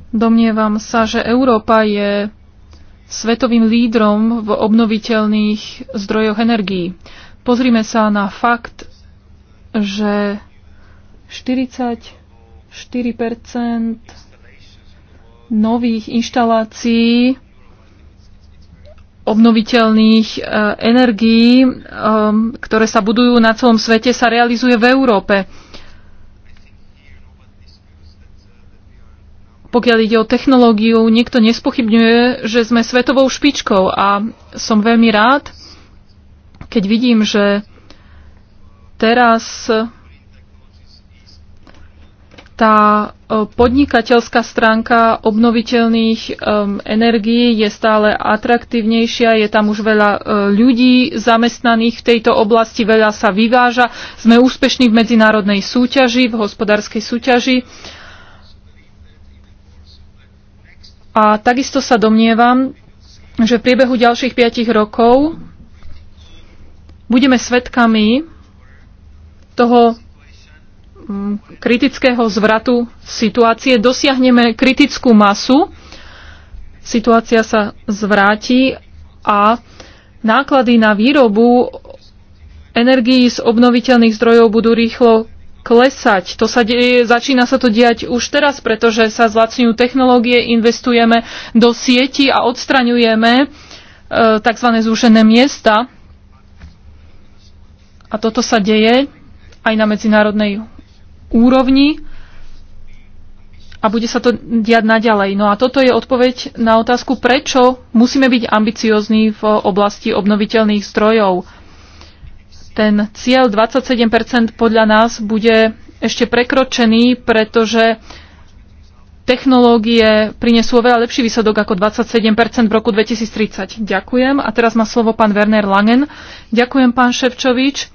Domnievam sa, že Európa je svetovým lídrom v obnoviteľných zdrojoch energií. Pozrime sa na fakt, že 44 nových inštalácií obnoviteľných e, energií, e, ktoré sa budujú na celom svete, sa realizuje v Európe. Pokiaľ ide o technológiu, nikto nespochybňuje, že sme svetovou špičkou a som veľmi rád, keď vidím, že teraz tá e, podnikateľská stránka obnoviteľných um, energií je stále atraktívnejšia, je tam už veľa uh, ľudí zamestnaných v tejto oblasti, veľa sa vyváža, sme úspešní v medzinárodnej súťaži, v hospodárskej súťaži. A takisto sa domnievam, že v priebehu ďalších 5 rokov budeme svedkami toho kritického zvratu situácie dosiahneme kritickú masu, situácia sa zvráti a náklady na výrobu energií z obnoviteľných zdrojov budú rýchlo klesať. To sa deje, začína sa to diať už teraz, pretože sa zlacňujú technológie, investujeme do sieti a odstraňujeme e, tzv. zúšené miesta. A toto sa deje aj na medzinárodnej úrovni a bude sa to diať naďalej. No a toto je odpoveď na otázku, prečo musíme byť ambiciozní v oblasti obnoviteľných zdrojov. Ten cieľ 27% podľa nás bude ešte prekročený, pretože technológie prinesú oveľa lepší výsledok ako 27% v roku 2030. Ďakujem. A teraz má slovo pán Werner Langen. Ďakujem, pán Ševčovič.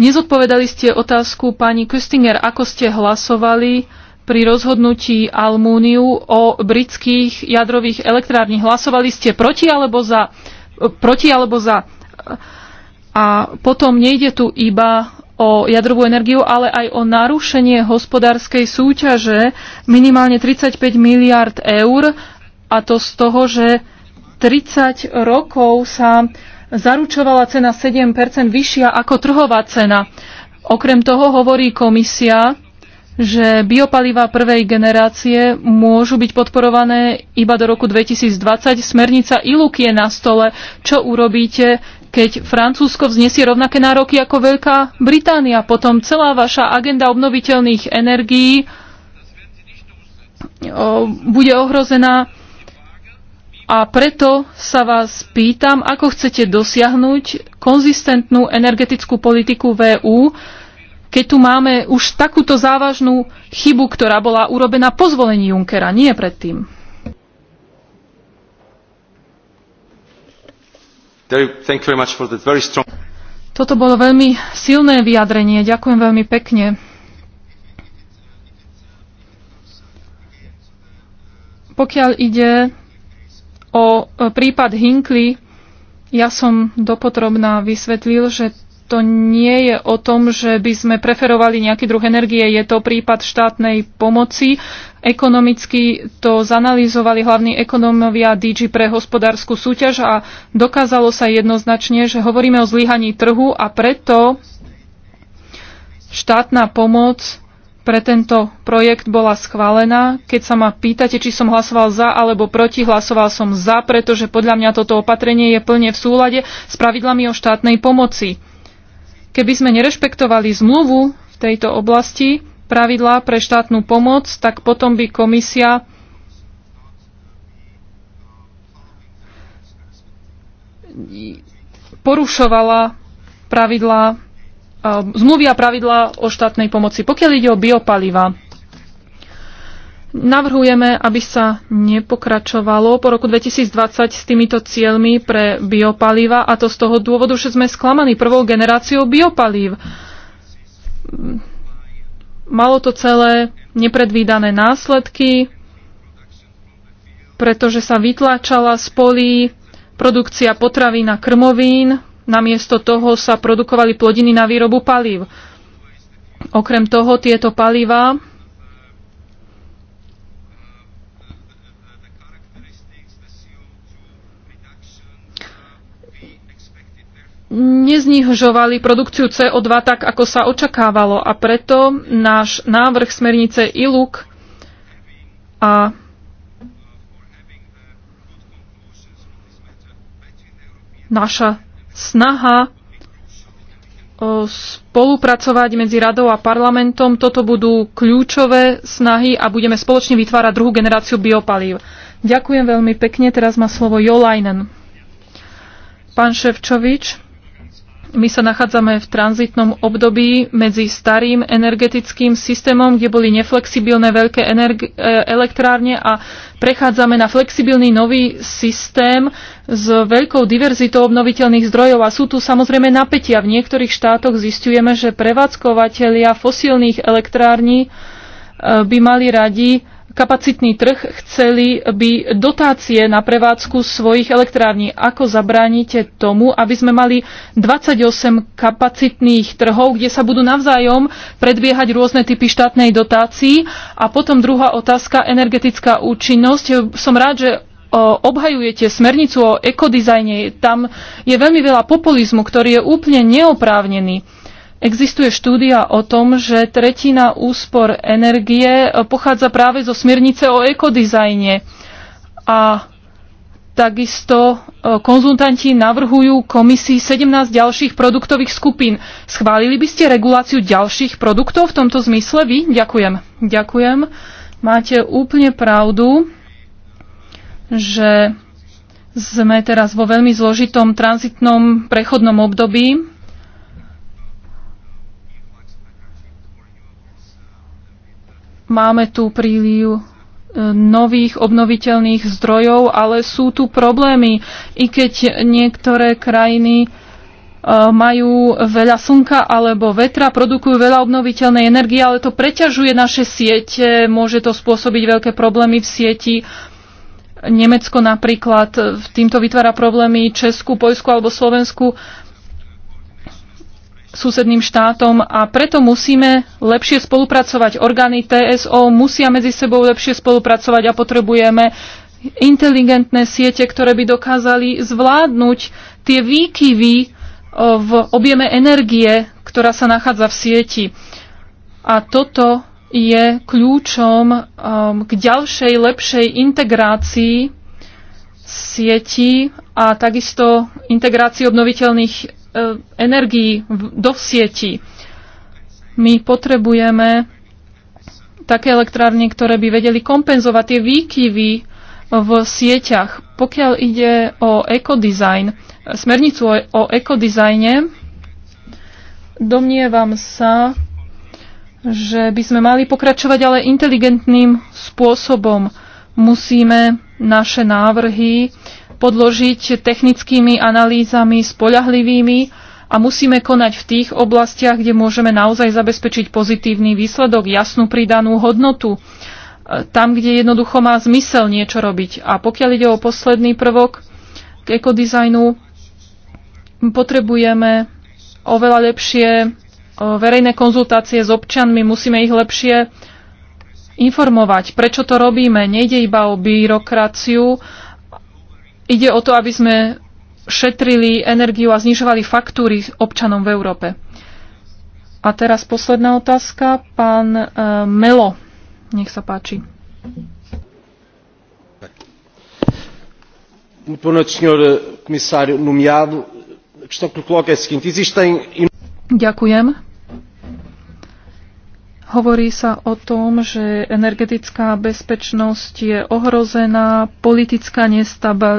Nezodpovedali ste otázku pani Köstinger, ako ste hlasovali pri rozhodnutí Almúniu o britských jadrových elektrárni. Hlasovali ste proti alebo za? Proti alebo za? A potom nejde tu iba o jadrovú energiu, ale aj o narušenie hospodárskej súťaže minimálne 35 miliard eur a to z toho, že 30 rokov sa uh, zaručovala cena 7 vyššia ako trhová cena. Okrem toho hovorí komisia, že biopalíva prvej generácie môžu byť podporované iba do roku 2020. Smernica ILUK je na stole. Čo urobíte, keď Francúzsko vznesie rovnaké nároky ako Veľká Británia? Potom celá vaša agenda obnoviteľných energií bude ohrozená a preto sa vás pýtam, ako chcete dosiahnuť konzistentnú energetickú politiku VÚ, e keď tu máme už takúto závažnú chybu, ktorá bola urobená po zvolení Junckera, nie predtým. Toto bolo veľmi silné vyjadrenie. Ďakujem veľmi pekne. Pokiaľ ide o e, prípad Hinkley ja som dopotrobná vysvetlil, že to nie je o tom, že by sme preferovali nejaký druh energie. Je to prípad štátnej pomoci. Ekonomicky to zanalýzovali hlavní ekonómovia DG pre hospodárskú súťaž a dokázalo sa jednoznačne, že hovoríme o zlyhaní trhu a preto štátna pomoc pre tento projekt bola schválená. Keď sa ma pýtate, či som hlasoval za alebo proti, hlasoval som za, pretože podľa mňa toto opatrenie je plne v súlade s pravidlami o štátnej pomoci. Keby sme nerešpektovali zmluvu v tejto oblasti, pravidlá pre štátnu pomoc, tak potom by komisia porušovala pravidlá Ehm, zmluvy a pravidlá o štátnej pomoci. Pokiaľ ide o biopaliva, navrhujeme, aby sa nepokračovalo po roku 2020 s týmito cieľmi pre biopaliva a to z toho dôvodu, že sme sklamaní prvou generáciou biopalív. Malo to celé nepredvídané následky, pretože sa vytláčala z polí produkcia potravín a krmovín, namiesto toho sa produkovali plodiny na výrobu palív. Okrem toho tieto palíva neznižovali produkciu CO2 tak, ako sa očakávalo. A preto náš návrh smernice ILUK a naša snaha spolupracovať medzi radou a parlamentom. Toto budú kľúčové snahy a budeme spoločne vytvárať druhú generáciu biopalív. Ďakujem veľmi pekne. Teraz má slovo Jolajnen. Pán Ševčovič, my sa nachádzame v tranzitnom období medzi starým energetickým systémom, kde boli neflexibilné veľké e, elektrárne a prechádzame na flexibilný nový systém s veľkou diverzitou obnoviteľných zdrojov a sú tu samozrejme napätia. V niektorých štátoch zistujeme, že prevádzkovateľia fosílnych elektrární e, by mali radi kapacitný trh, chceli by dotácie na prevádzku svojich elektrární. Ako zabránite tomu, aby sme mali 28 kapacitných trhov, kde sa budú navzájom predbiehať rôzne typy štátnej dotácií? A potom druhá otázka, energetická účinnosť. Som rád, že obhajujete smernicu o ekodizajne. Tam je veľmi veľa populizmu, ktorý je úplne neoprávnený. Existuje štúdia o tom, že tretina úspor energie eh, pochádza práve zo smernice o ekodizajne. A takisto eh, konzultanti navrhujú komisii 17 ďalších produktových skupín. Schválili by ste reguláciu ďalších produktov v tomto zmysle vy? Ďakujem. Ďakujem. Máte úplne pravdu, že sme teraz vo veľmi zložitom tranzitnom prechodnom období Máme tu príliv e, nových obnoviteľných zdrojov, ale sú tu problémy. I keď niektoré krajiny e, majú veľa slnka alebo vetra, produkujú veľa obnoviteľnej energie, ale to preťažuje naše siete, môže to spôsobiť veľké problémy v sieti. Nemecko napríklad e, týmto vytvára problémy Česku, Poľsku alebo Slovensku susedným štátom a preto musíme lepšie spolupracovať. Orgány TSO musia medzi sebou lepšie spolupracovať a potrebujeme inteligentné siete, ktoré by dokázali zvládnuť tie výkyvy eh, v objeme energie, ktorá sa nachádza v sieti. A toto je kľúčom eh, k ďalšej, lepšej integrácii sieti a takisto integrácii obnoviteľných Eh, energii do sieti. My potrebujeme také elektrárne, ktoré by vedeli kompenzovať tie výkyvy eh, v sieťach. Pokiaľ ide o ekodizajn, smernicu o, o ekodizajne, domnievam sa, že by sme mali pokračovať ale inteligentným spôsobom. Musíme naše návrhy podložiť technickými analýzami spoľahlivými a musíme konať v tých oblastiach, kde môžeme naozaj zabezpečiť pozitívny výsledok, jasnú pridanú hodnotu, e, tam, kde jednoducho má zmysel niečo robiť. A pokiaľ ide o posledný prvok k ekodizajnu, potrebujeme oveľa lepšie e, verejné konzultácie s občanmi, musíme ich lepšie informovať, prečo to robíme. Nejde iba o byrokraciu, Ide o to, aby sme šetrili energiu a znižovali faktúry občanom v Európe. A teraz posledná otázka. Pán e, Melo, nech sa páči. Eh, Ďakujem. Hovorí sa o tom, že energetická bezpečnosť je ohrozená, politická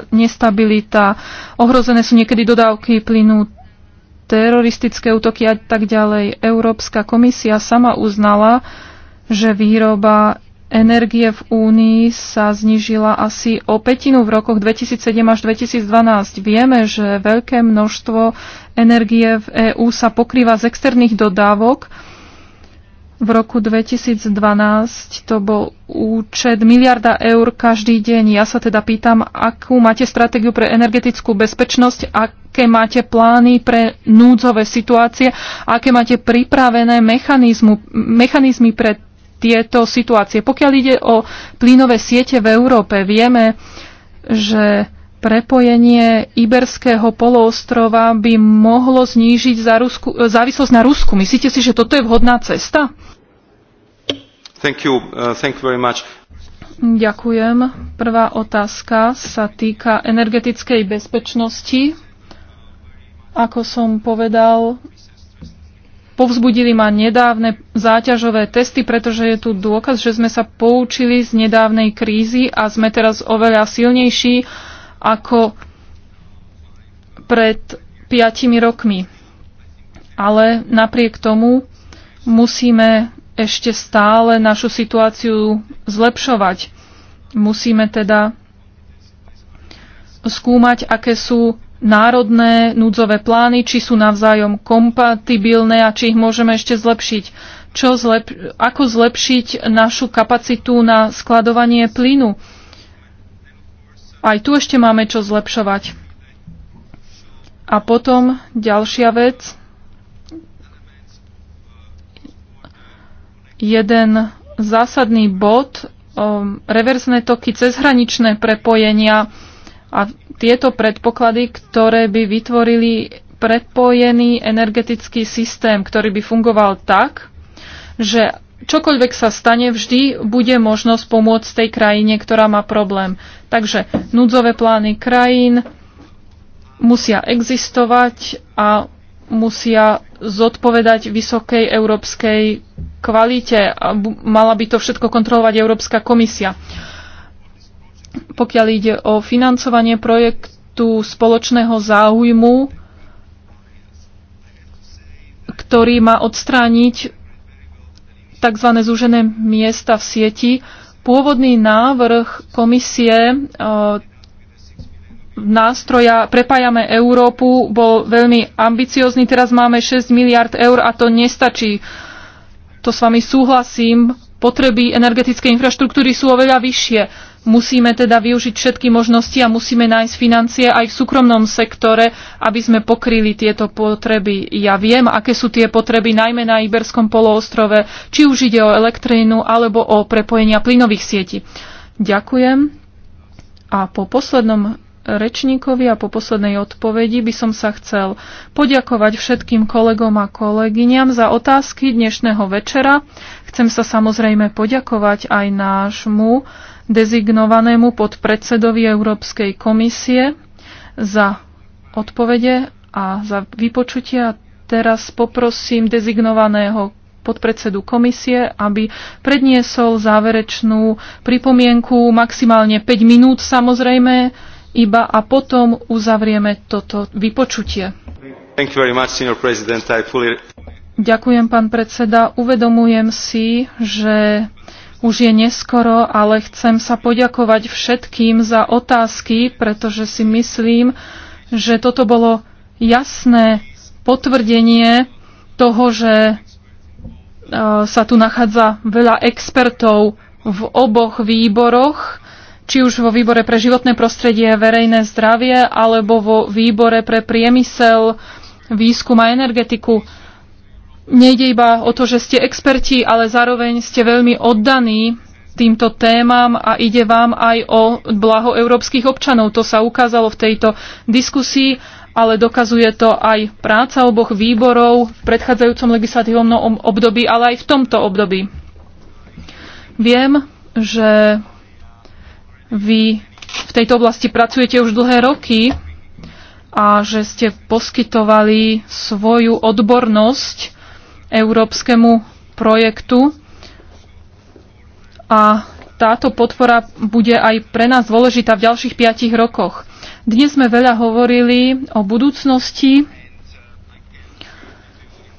nestabilita, ohrozené sú niekedy dodávky plynu, teroristické útoky a tak ďalej. Európska komisia sama uznala, že výroba energie v Únii sa znižila asi o petinu v rokoch 2007 až 2012. Vieme, že veľké množstvo energie v EÚ sa pokrýva z externých dodávok, v roku 2012 to bol účet miliarda eur každý deň. Ja sa teda pýtam, akú máte stratégiu pre energetickú bezpečnosť, aké máte plány pre núdzové situácie, aké máte pripravené mechanizmy pre tieto situácie. Pokiaľ ide o plynové siete v Európe, vieme, že prepojenie Iberského poloostrova by mohlo znížiť e, závislosť na Rusku. Myslíte si, že toto je vhodná cesta? Thank you, uh, thank you very much. Ďakujem. Prvá otázka sa týka energetickej bezpečnosti. Ako som povedal, povzbudili ma nedávne záťažové testy, pretože je tu dôkaz, že sme sa poučili z nedávnej krízy a sme teraz oveľa silnejší ako pred piatimi rokmi. Ale napriek tomu musíme ešte stále našu situáciu zlepšovať. Musíme teda skúmať, aké sú národné núdzové plány, či sú navzájom kompatibilné a či ich môžeme ešte zlepšiť. Čo zlep- ako zlepšiť našu kapacitu na skladovanie plynu? Aj tu ešte máme čo zlepšovať. A potom ďalšia vec. jeden zásadný bod, um, reverzné toky, cezhraničné prepojenia a tieto predpoklady, ktoré by vytvorili prepojený energetický systém, ktorý by fungoval tak, že čokoľvek sa stane, vždy bude možnosť pomôcť tej krajine, ktorá má problém. Takže núdzové plány krajín musia existovať a musia zodpovedať vysokej európskej kvalite. Mala by to všetko kontrolovať Európska komisia. Pokiaľ ide o financovanie projektu spoločného záujmu, ktorý má odstrániť tzv. zúžené miesta v sieti, pôvodný návrh komisie e, nástroja Prepájame Európu bol veľmi ambiciózny. Teraz máme 6 miliard eur a to nestačí to s vami súhlasím, potreby energetickej infraštruktúry sú oveľa vyššie. Musíme teda využiť všetky možnosti a musíme nájsť financie aj v súkromnom sektore, aby sme pokryli tieto potreby. Ja viem, aké sú tie potreby najmä na Iberskom poloostrove, či už ide o elektrínu alebo o prepojenia plynových sietí. Ďakujem. A po poslednom rečníkovi a po poslednej odpovedi by som sa chcel poďakovať všetkým kolegom a kolegyňam za otázky dnešného večera. Chcem sa samozrejme poďakovať aj nášmu dezignovanému podpredsedovi Európskej komisie za odpovede a za vypočutia. Teraz poprosím dezignovaného podpredsedu komisie, aby predniesol záverečnú pripomienku maximálne 5 minút samozrejme iba a potom uzavrieme toto vypočutie. Much, fully... Ďakujem, pán predseda. Uvedomujem si, že už je neskoro, ale chcem sa poďakovať všetkým za otázky, pretože si myslím, že toto bolo jasné potvrdenie toho, že e, sa tu nachádza veľa expertov v oboch výboroch či už vo výbore pre životné prostredie, verejné zdravie, alebo vo výbore pre priemysel, výskum a energetiku. Nejde iba o to, že ste experti, ale zároveň ste veľmi oddaní týmto témam a ide vám aj o blaho európskych občanov. To sa ukázalo v tejto diskusii, ale dokazuje to aj práca oboch výborov v predchádzajúcom legislatívnom období, ale aj v tomto období. Viem, že vy v tejto oblasti pracujete už dlhé roky a že ste poskytovali svoju odbornosť európskemu projektu a táto podpora bude aj pre nás dôležitá v ďalších piatich rokoch. Dnes sme veľa hovorili o budúcnosti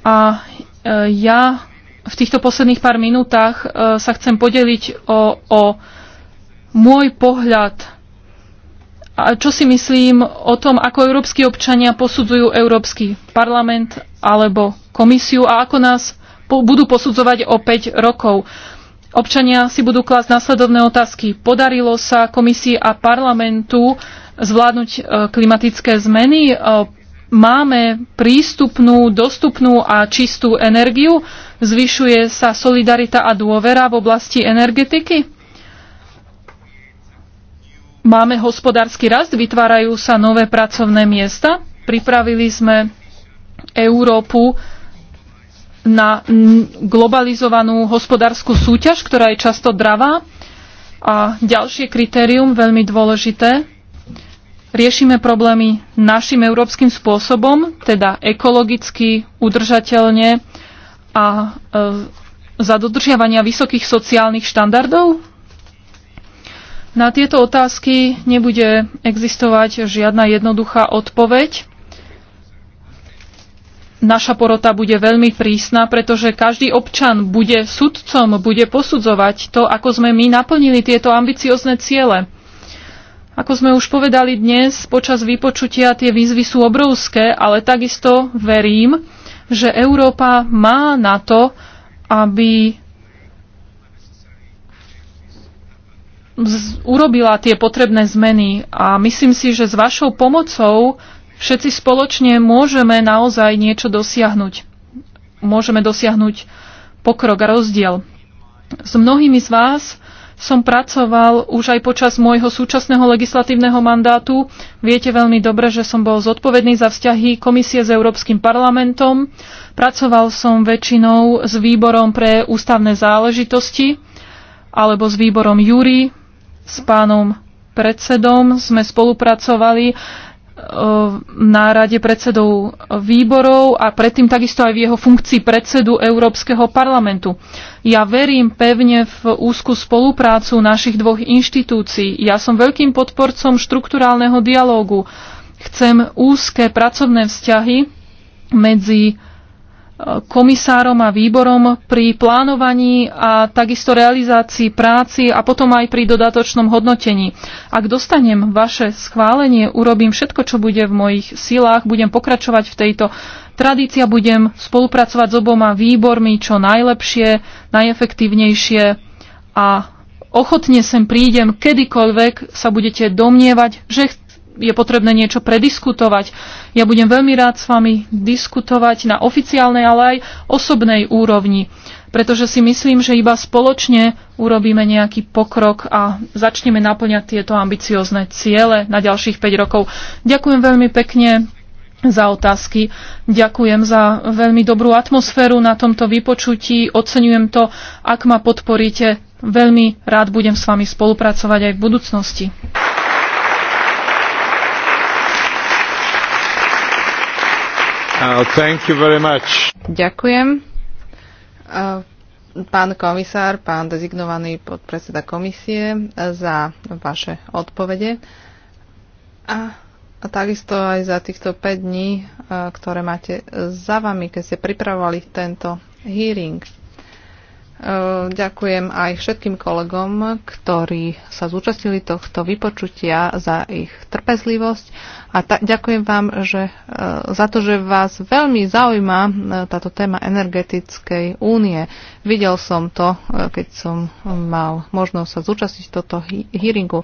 a e, ja v týchto posledných pár minútach e, sa chcem podeliť o, o môj pohľad, a čo si myslím o tom, ako európsky občania posudzujú Európsky parlament alebo komisiu a ako nás budú posudzovať o 5 rokov. Občania si budú klásť následovné otázky. Podarilo sa komisii a parlamentu zvládnuť e, klimatické zmeny? E, máme prístupnú, dostupnú a čistú energiu? Zvyšuje sa solidarita a dôvera v oblasti energetiky? máme hospodársky rast, vytvárajú sa nové pracovné miesta. Pripravili sme Európu na globalizovanú hospodárskú súťaž, ktorá je často dravá. A ďalšie kritérium, veľmi dôležité, riešime problémy našim európskym spôsobom, teda ekologicky, udržateľne a e, za dodržiavania vysokých sociálnych štandardov na tieto otázky nebude existovať žiadna jednoduchá odpoveď. Naša porota bude veľmi prísna, pretože každý občan bude sudcom, bude posudzovať to, ako sme my naplnili tieto ambiciozne ciele. Ako sme už povedali dnes, počas vypočutia tie výzvy sú obrovské, ale takisto verím, že Európa má na to, aby urobila tie potrebné zmeny a myslím si, že s vašou pomocou všetci spoločne môžeme naozaj niečo dosiahnuť. Môžeme dosiahnuť pokrok a rozdiel. S mnohými z vás som pracoval už aj počas môjho súčasného legislatívneho mandátu. Viete veľmi dobre, že som bol zodpovedný za vzťahy komisie s Európskym parlamentom. Pracoval som väčšinou s výborom pre ústavné záležitosti alebo s výborom Júri s pánom predsedom sme spolupracovali e, na rade predsedov výborov a predtým takisto aj v jeho funkcii predsedu Európskeho parlamentu. Ja verím pevne v úzku spoluprácu našich dvoch inštitúcií. Ja som veľkým podporcom štrukturálneho dialógu. Chcem úzke pracovné vzťahy medzi komisárom a výborom pri plánovaní a takisto realizácii práci a potom aj pri dodatočnom hodnotení. Ak dostanem vaše schválenie, urobím všetko, čo bude v mojich silách, budem pokračovať v tejto tradícii a budem spolupracovať s oboma výbormi čo najlepšie, najefektívnejšie a ochotne sem prídem, kedykoľvek sa budete domnievať, že je potrebné niečo prediskutovať. Ja budem veľmi rád s vami diskutovať na oficiálnej, ale aj osobnej úrovni, pretože si myslím, že iba spoločne urobíme nejaký pokrok a začneme naplňať tieto ambiciozne ciele na ďalších 5 rokov. Ďakujem veľmi pekne za otázky. Ďakujem za veľmi dobrú atmosféru na tomto vypočutí. Oceňujem to, ak ma podporíte. Veľmi rád budem s vami spolupracovať aj v budúcnosti. Uh, thank you very much. Ďakujem. pán komisár, pán dezignovaný podpredseda komisie za vaše odpovede a, a takisto aj za týchto 5 dní, uh, ktoré máte za vami, keď ste pripravovali tento hearing. Eh, ďakujem aj všetkým kolegom, ktorí sa zúčastnili tohto vypočutia za ich trpezlivosť a ta- ďakujem vám že, eh, za to, že vás veľmi zaujíma eh, táto téma energetickej únie. Videl som to, keď som mal možnosť sa zúčastniť toto hearingu.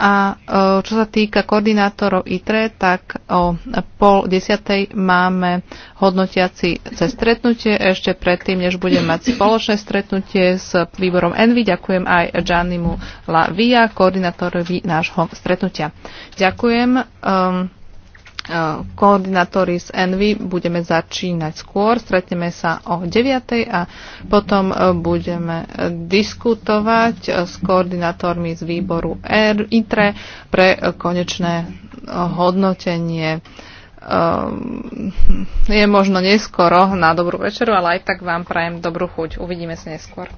A e, čo sa týka koordinátorov ITRE, tak o pol desiatej máme hodnotiaci cez stretnutie. Ešte predtým, než budeme mať spoločné stretnutie s výborom Envy, ďakujem aj Giannimu Lavia, koordinátorovi nášho stretnutia. Ďakujem. Um, Eh, koordinátori z Envy budeme začínať skôr, stretneme sa o 9. a potom eh, budeme eh, diskutovať s koordinátormi z výboru ITRE pre konečné hodnotenie. Je možno neskoro na dobrú večeru, ale aj tak vám prajem dobrú chuť. Uvidíme sa neskôr.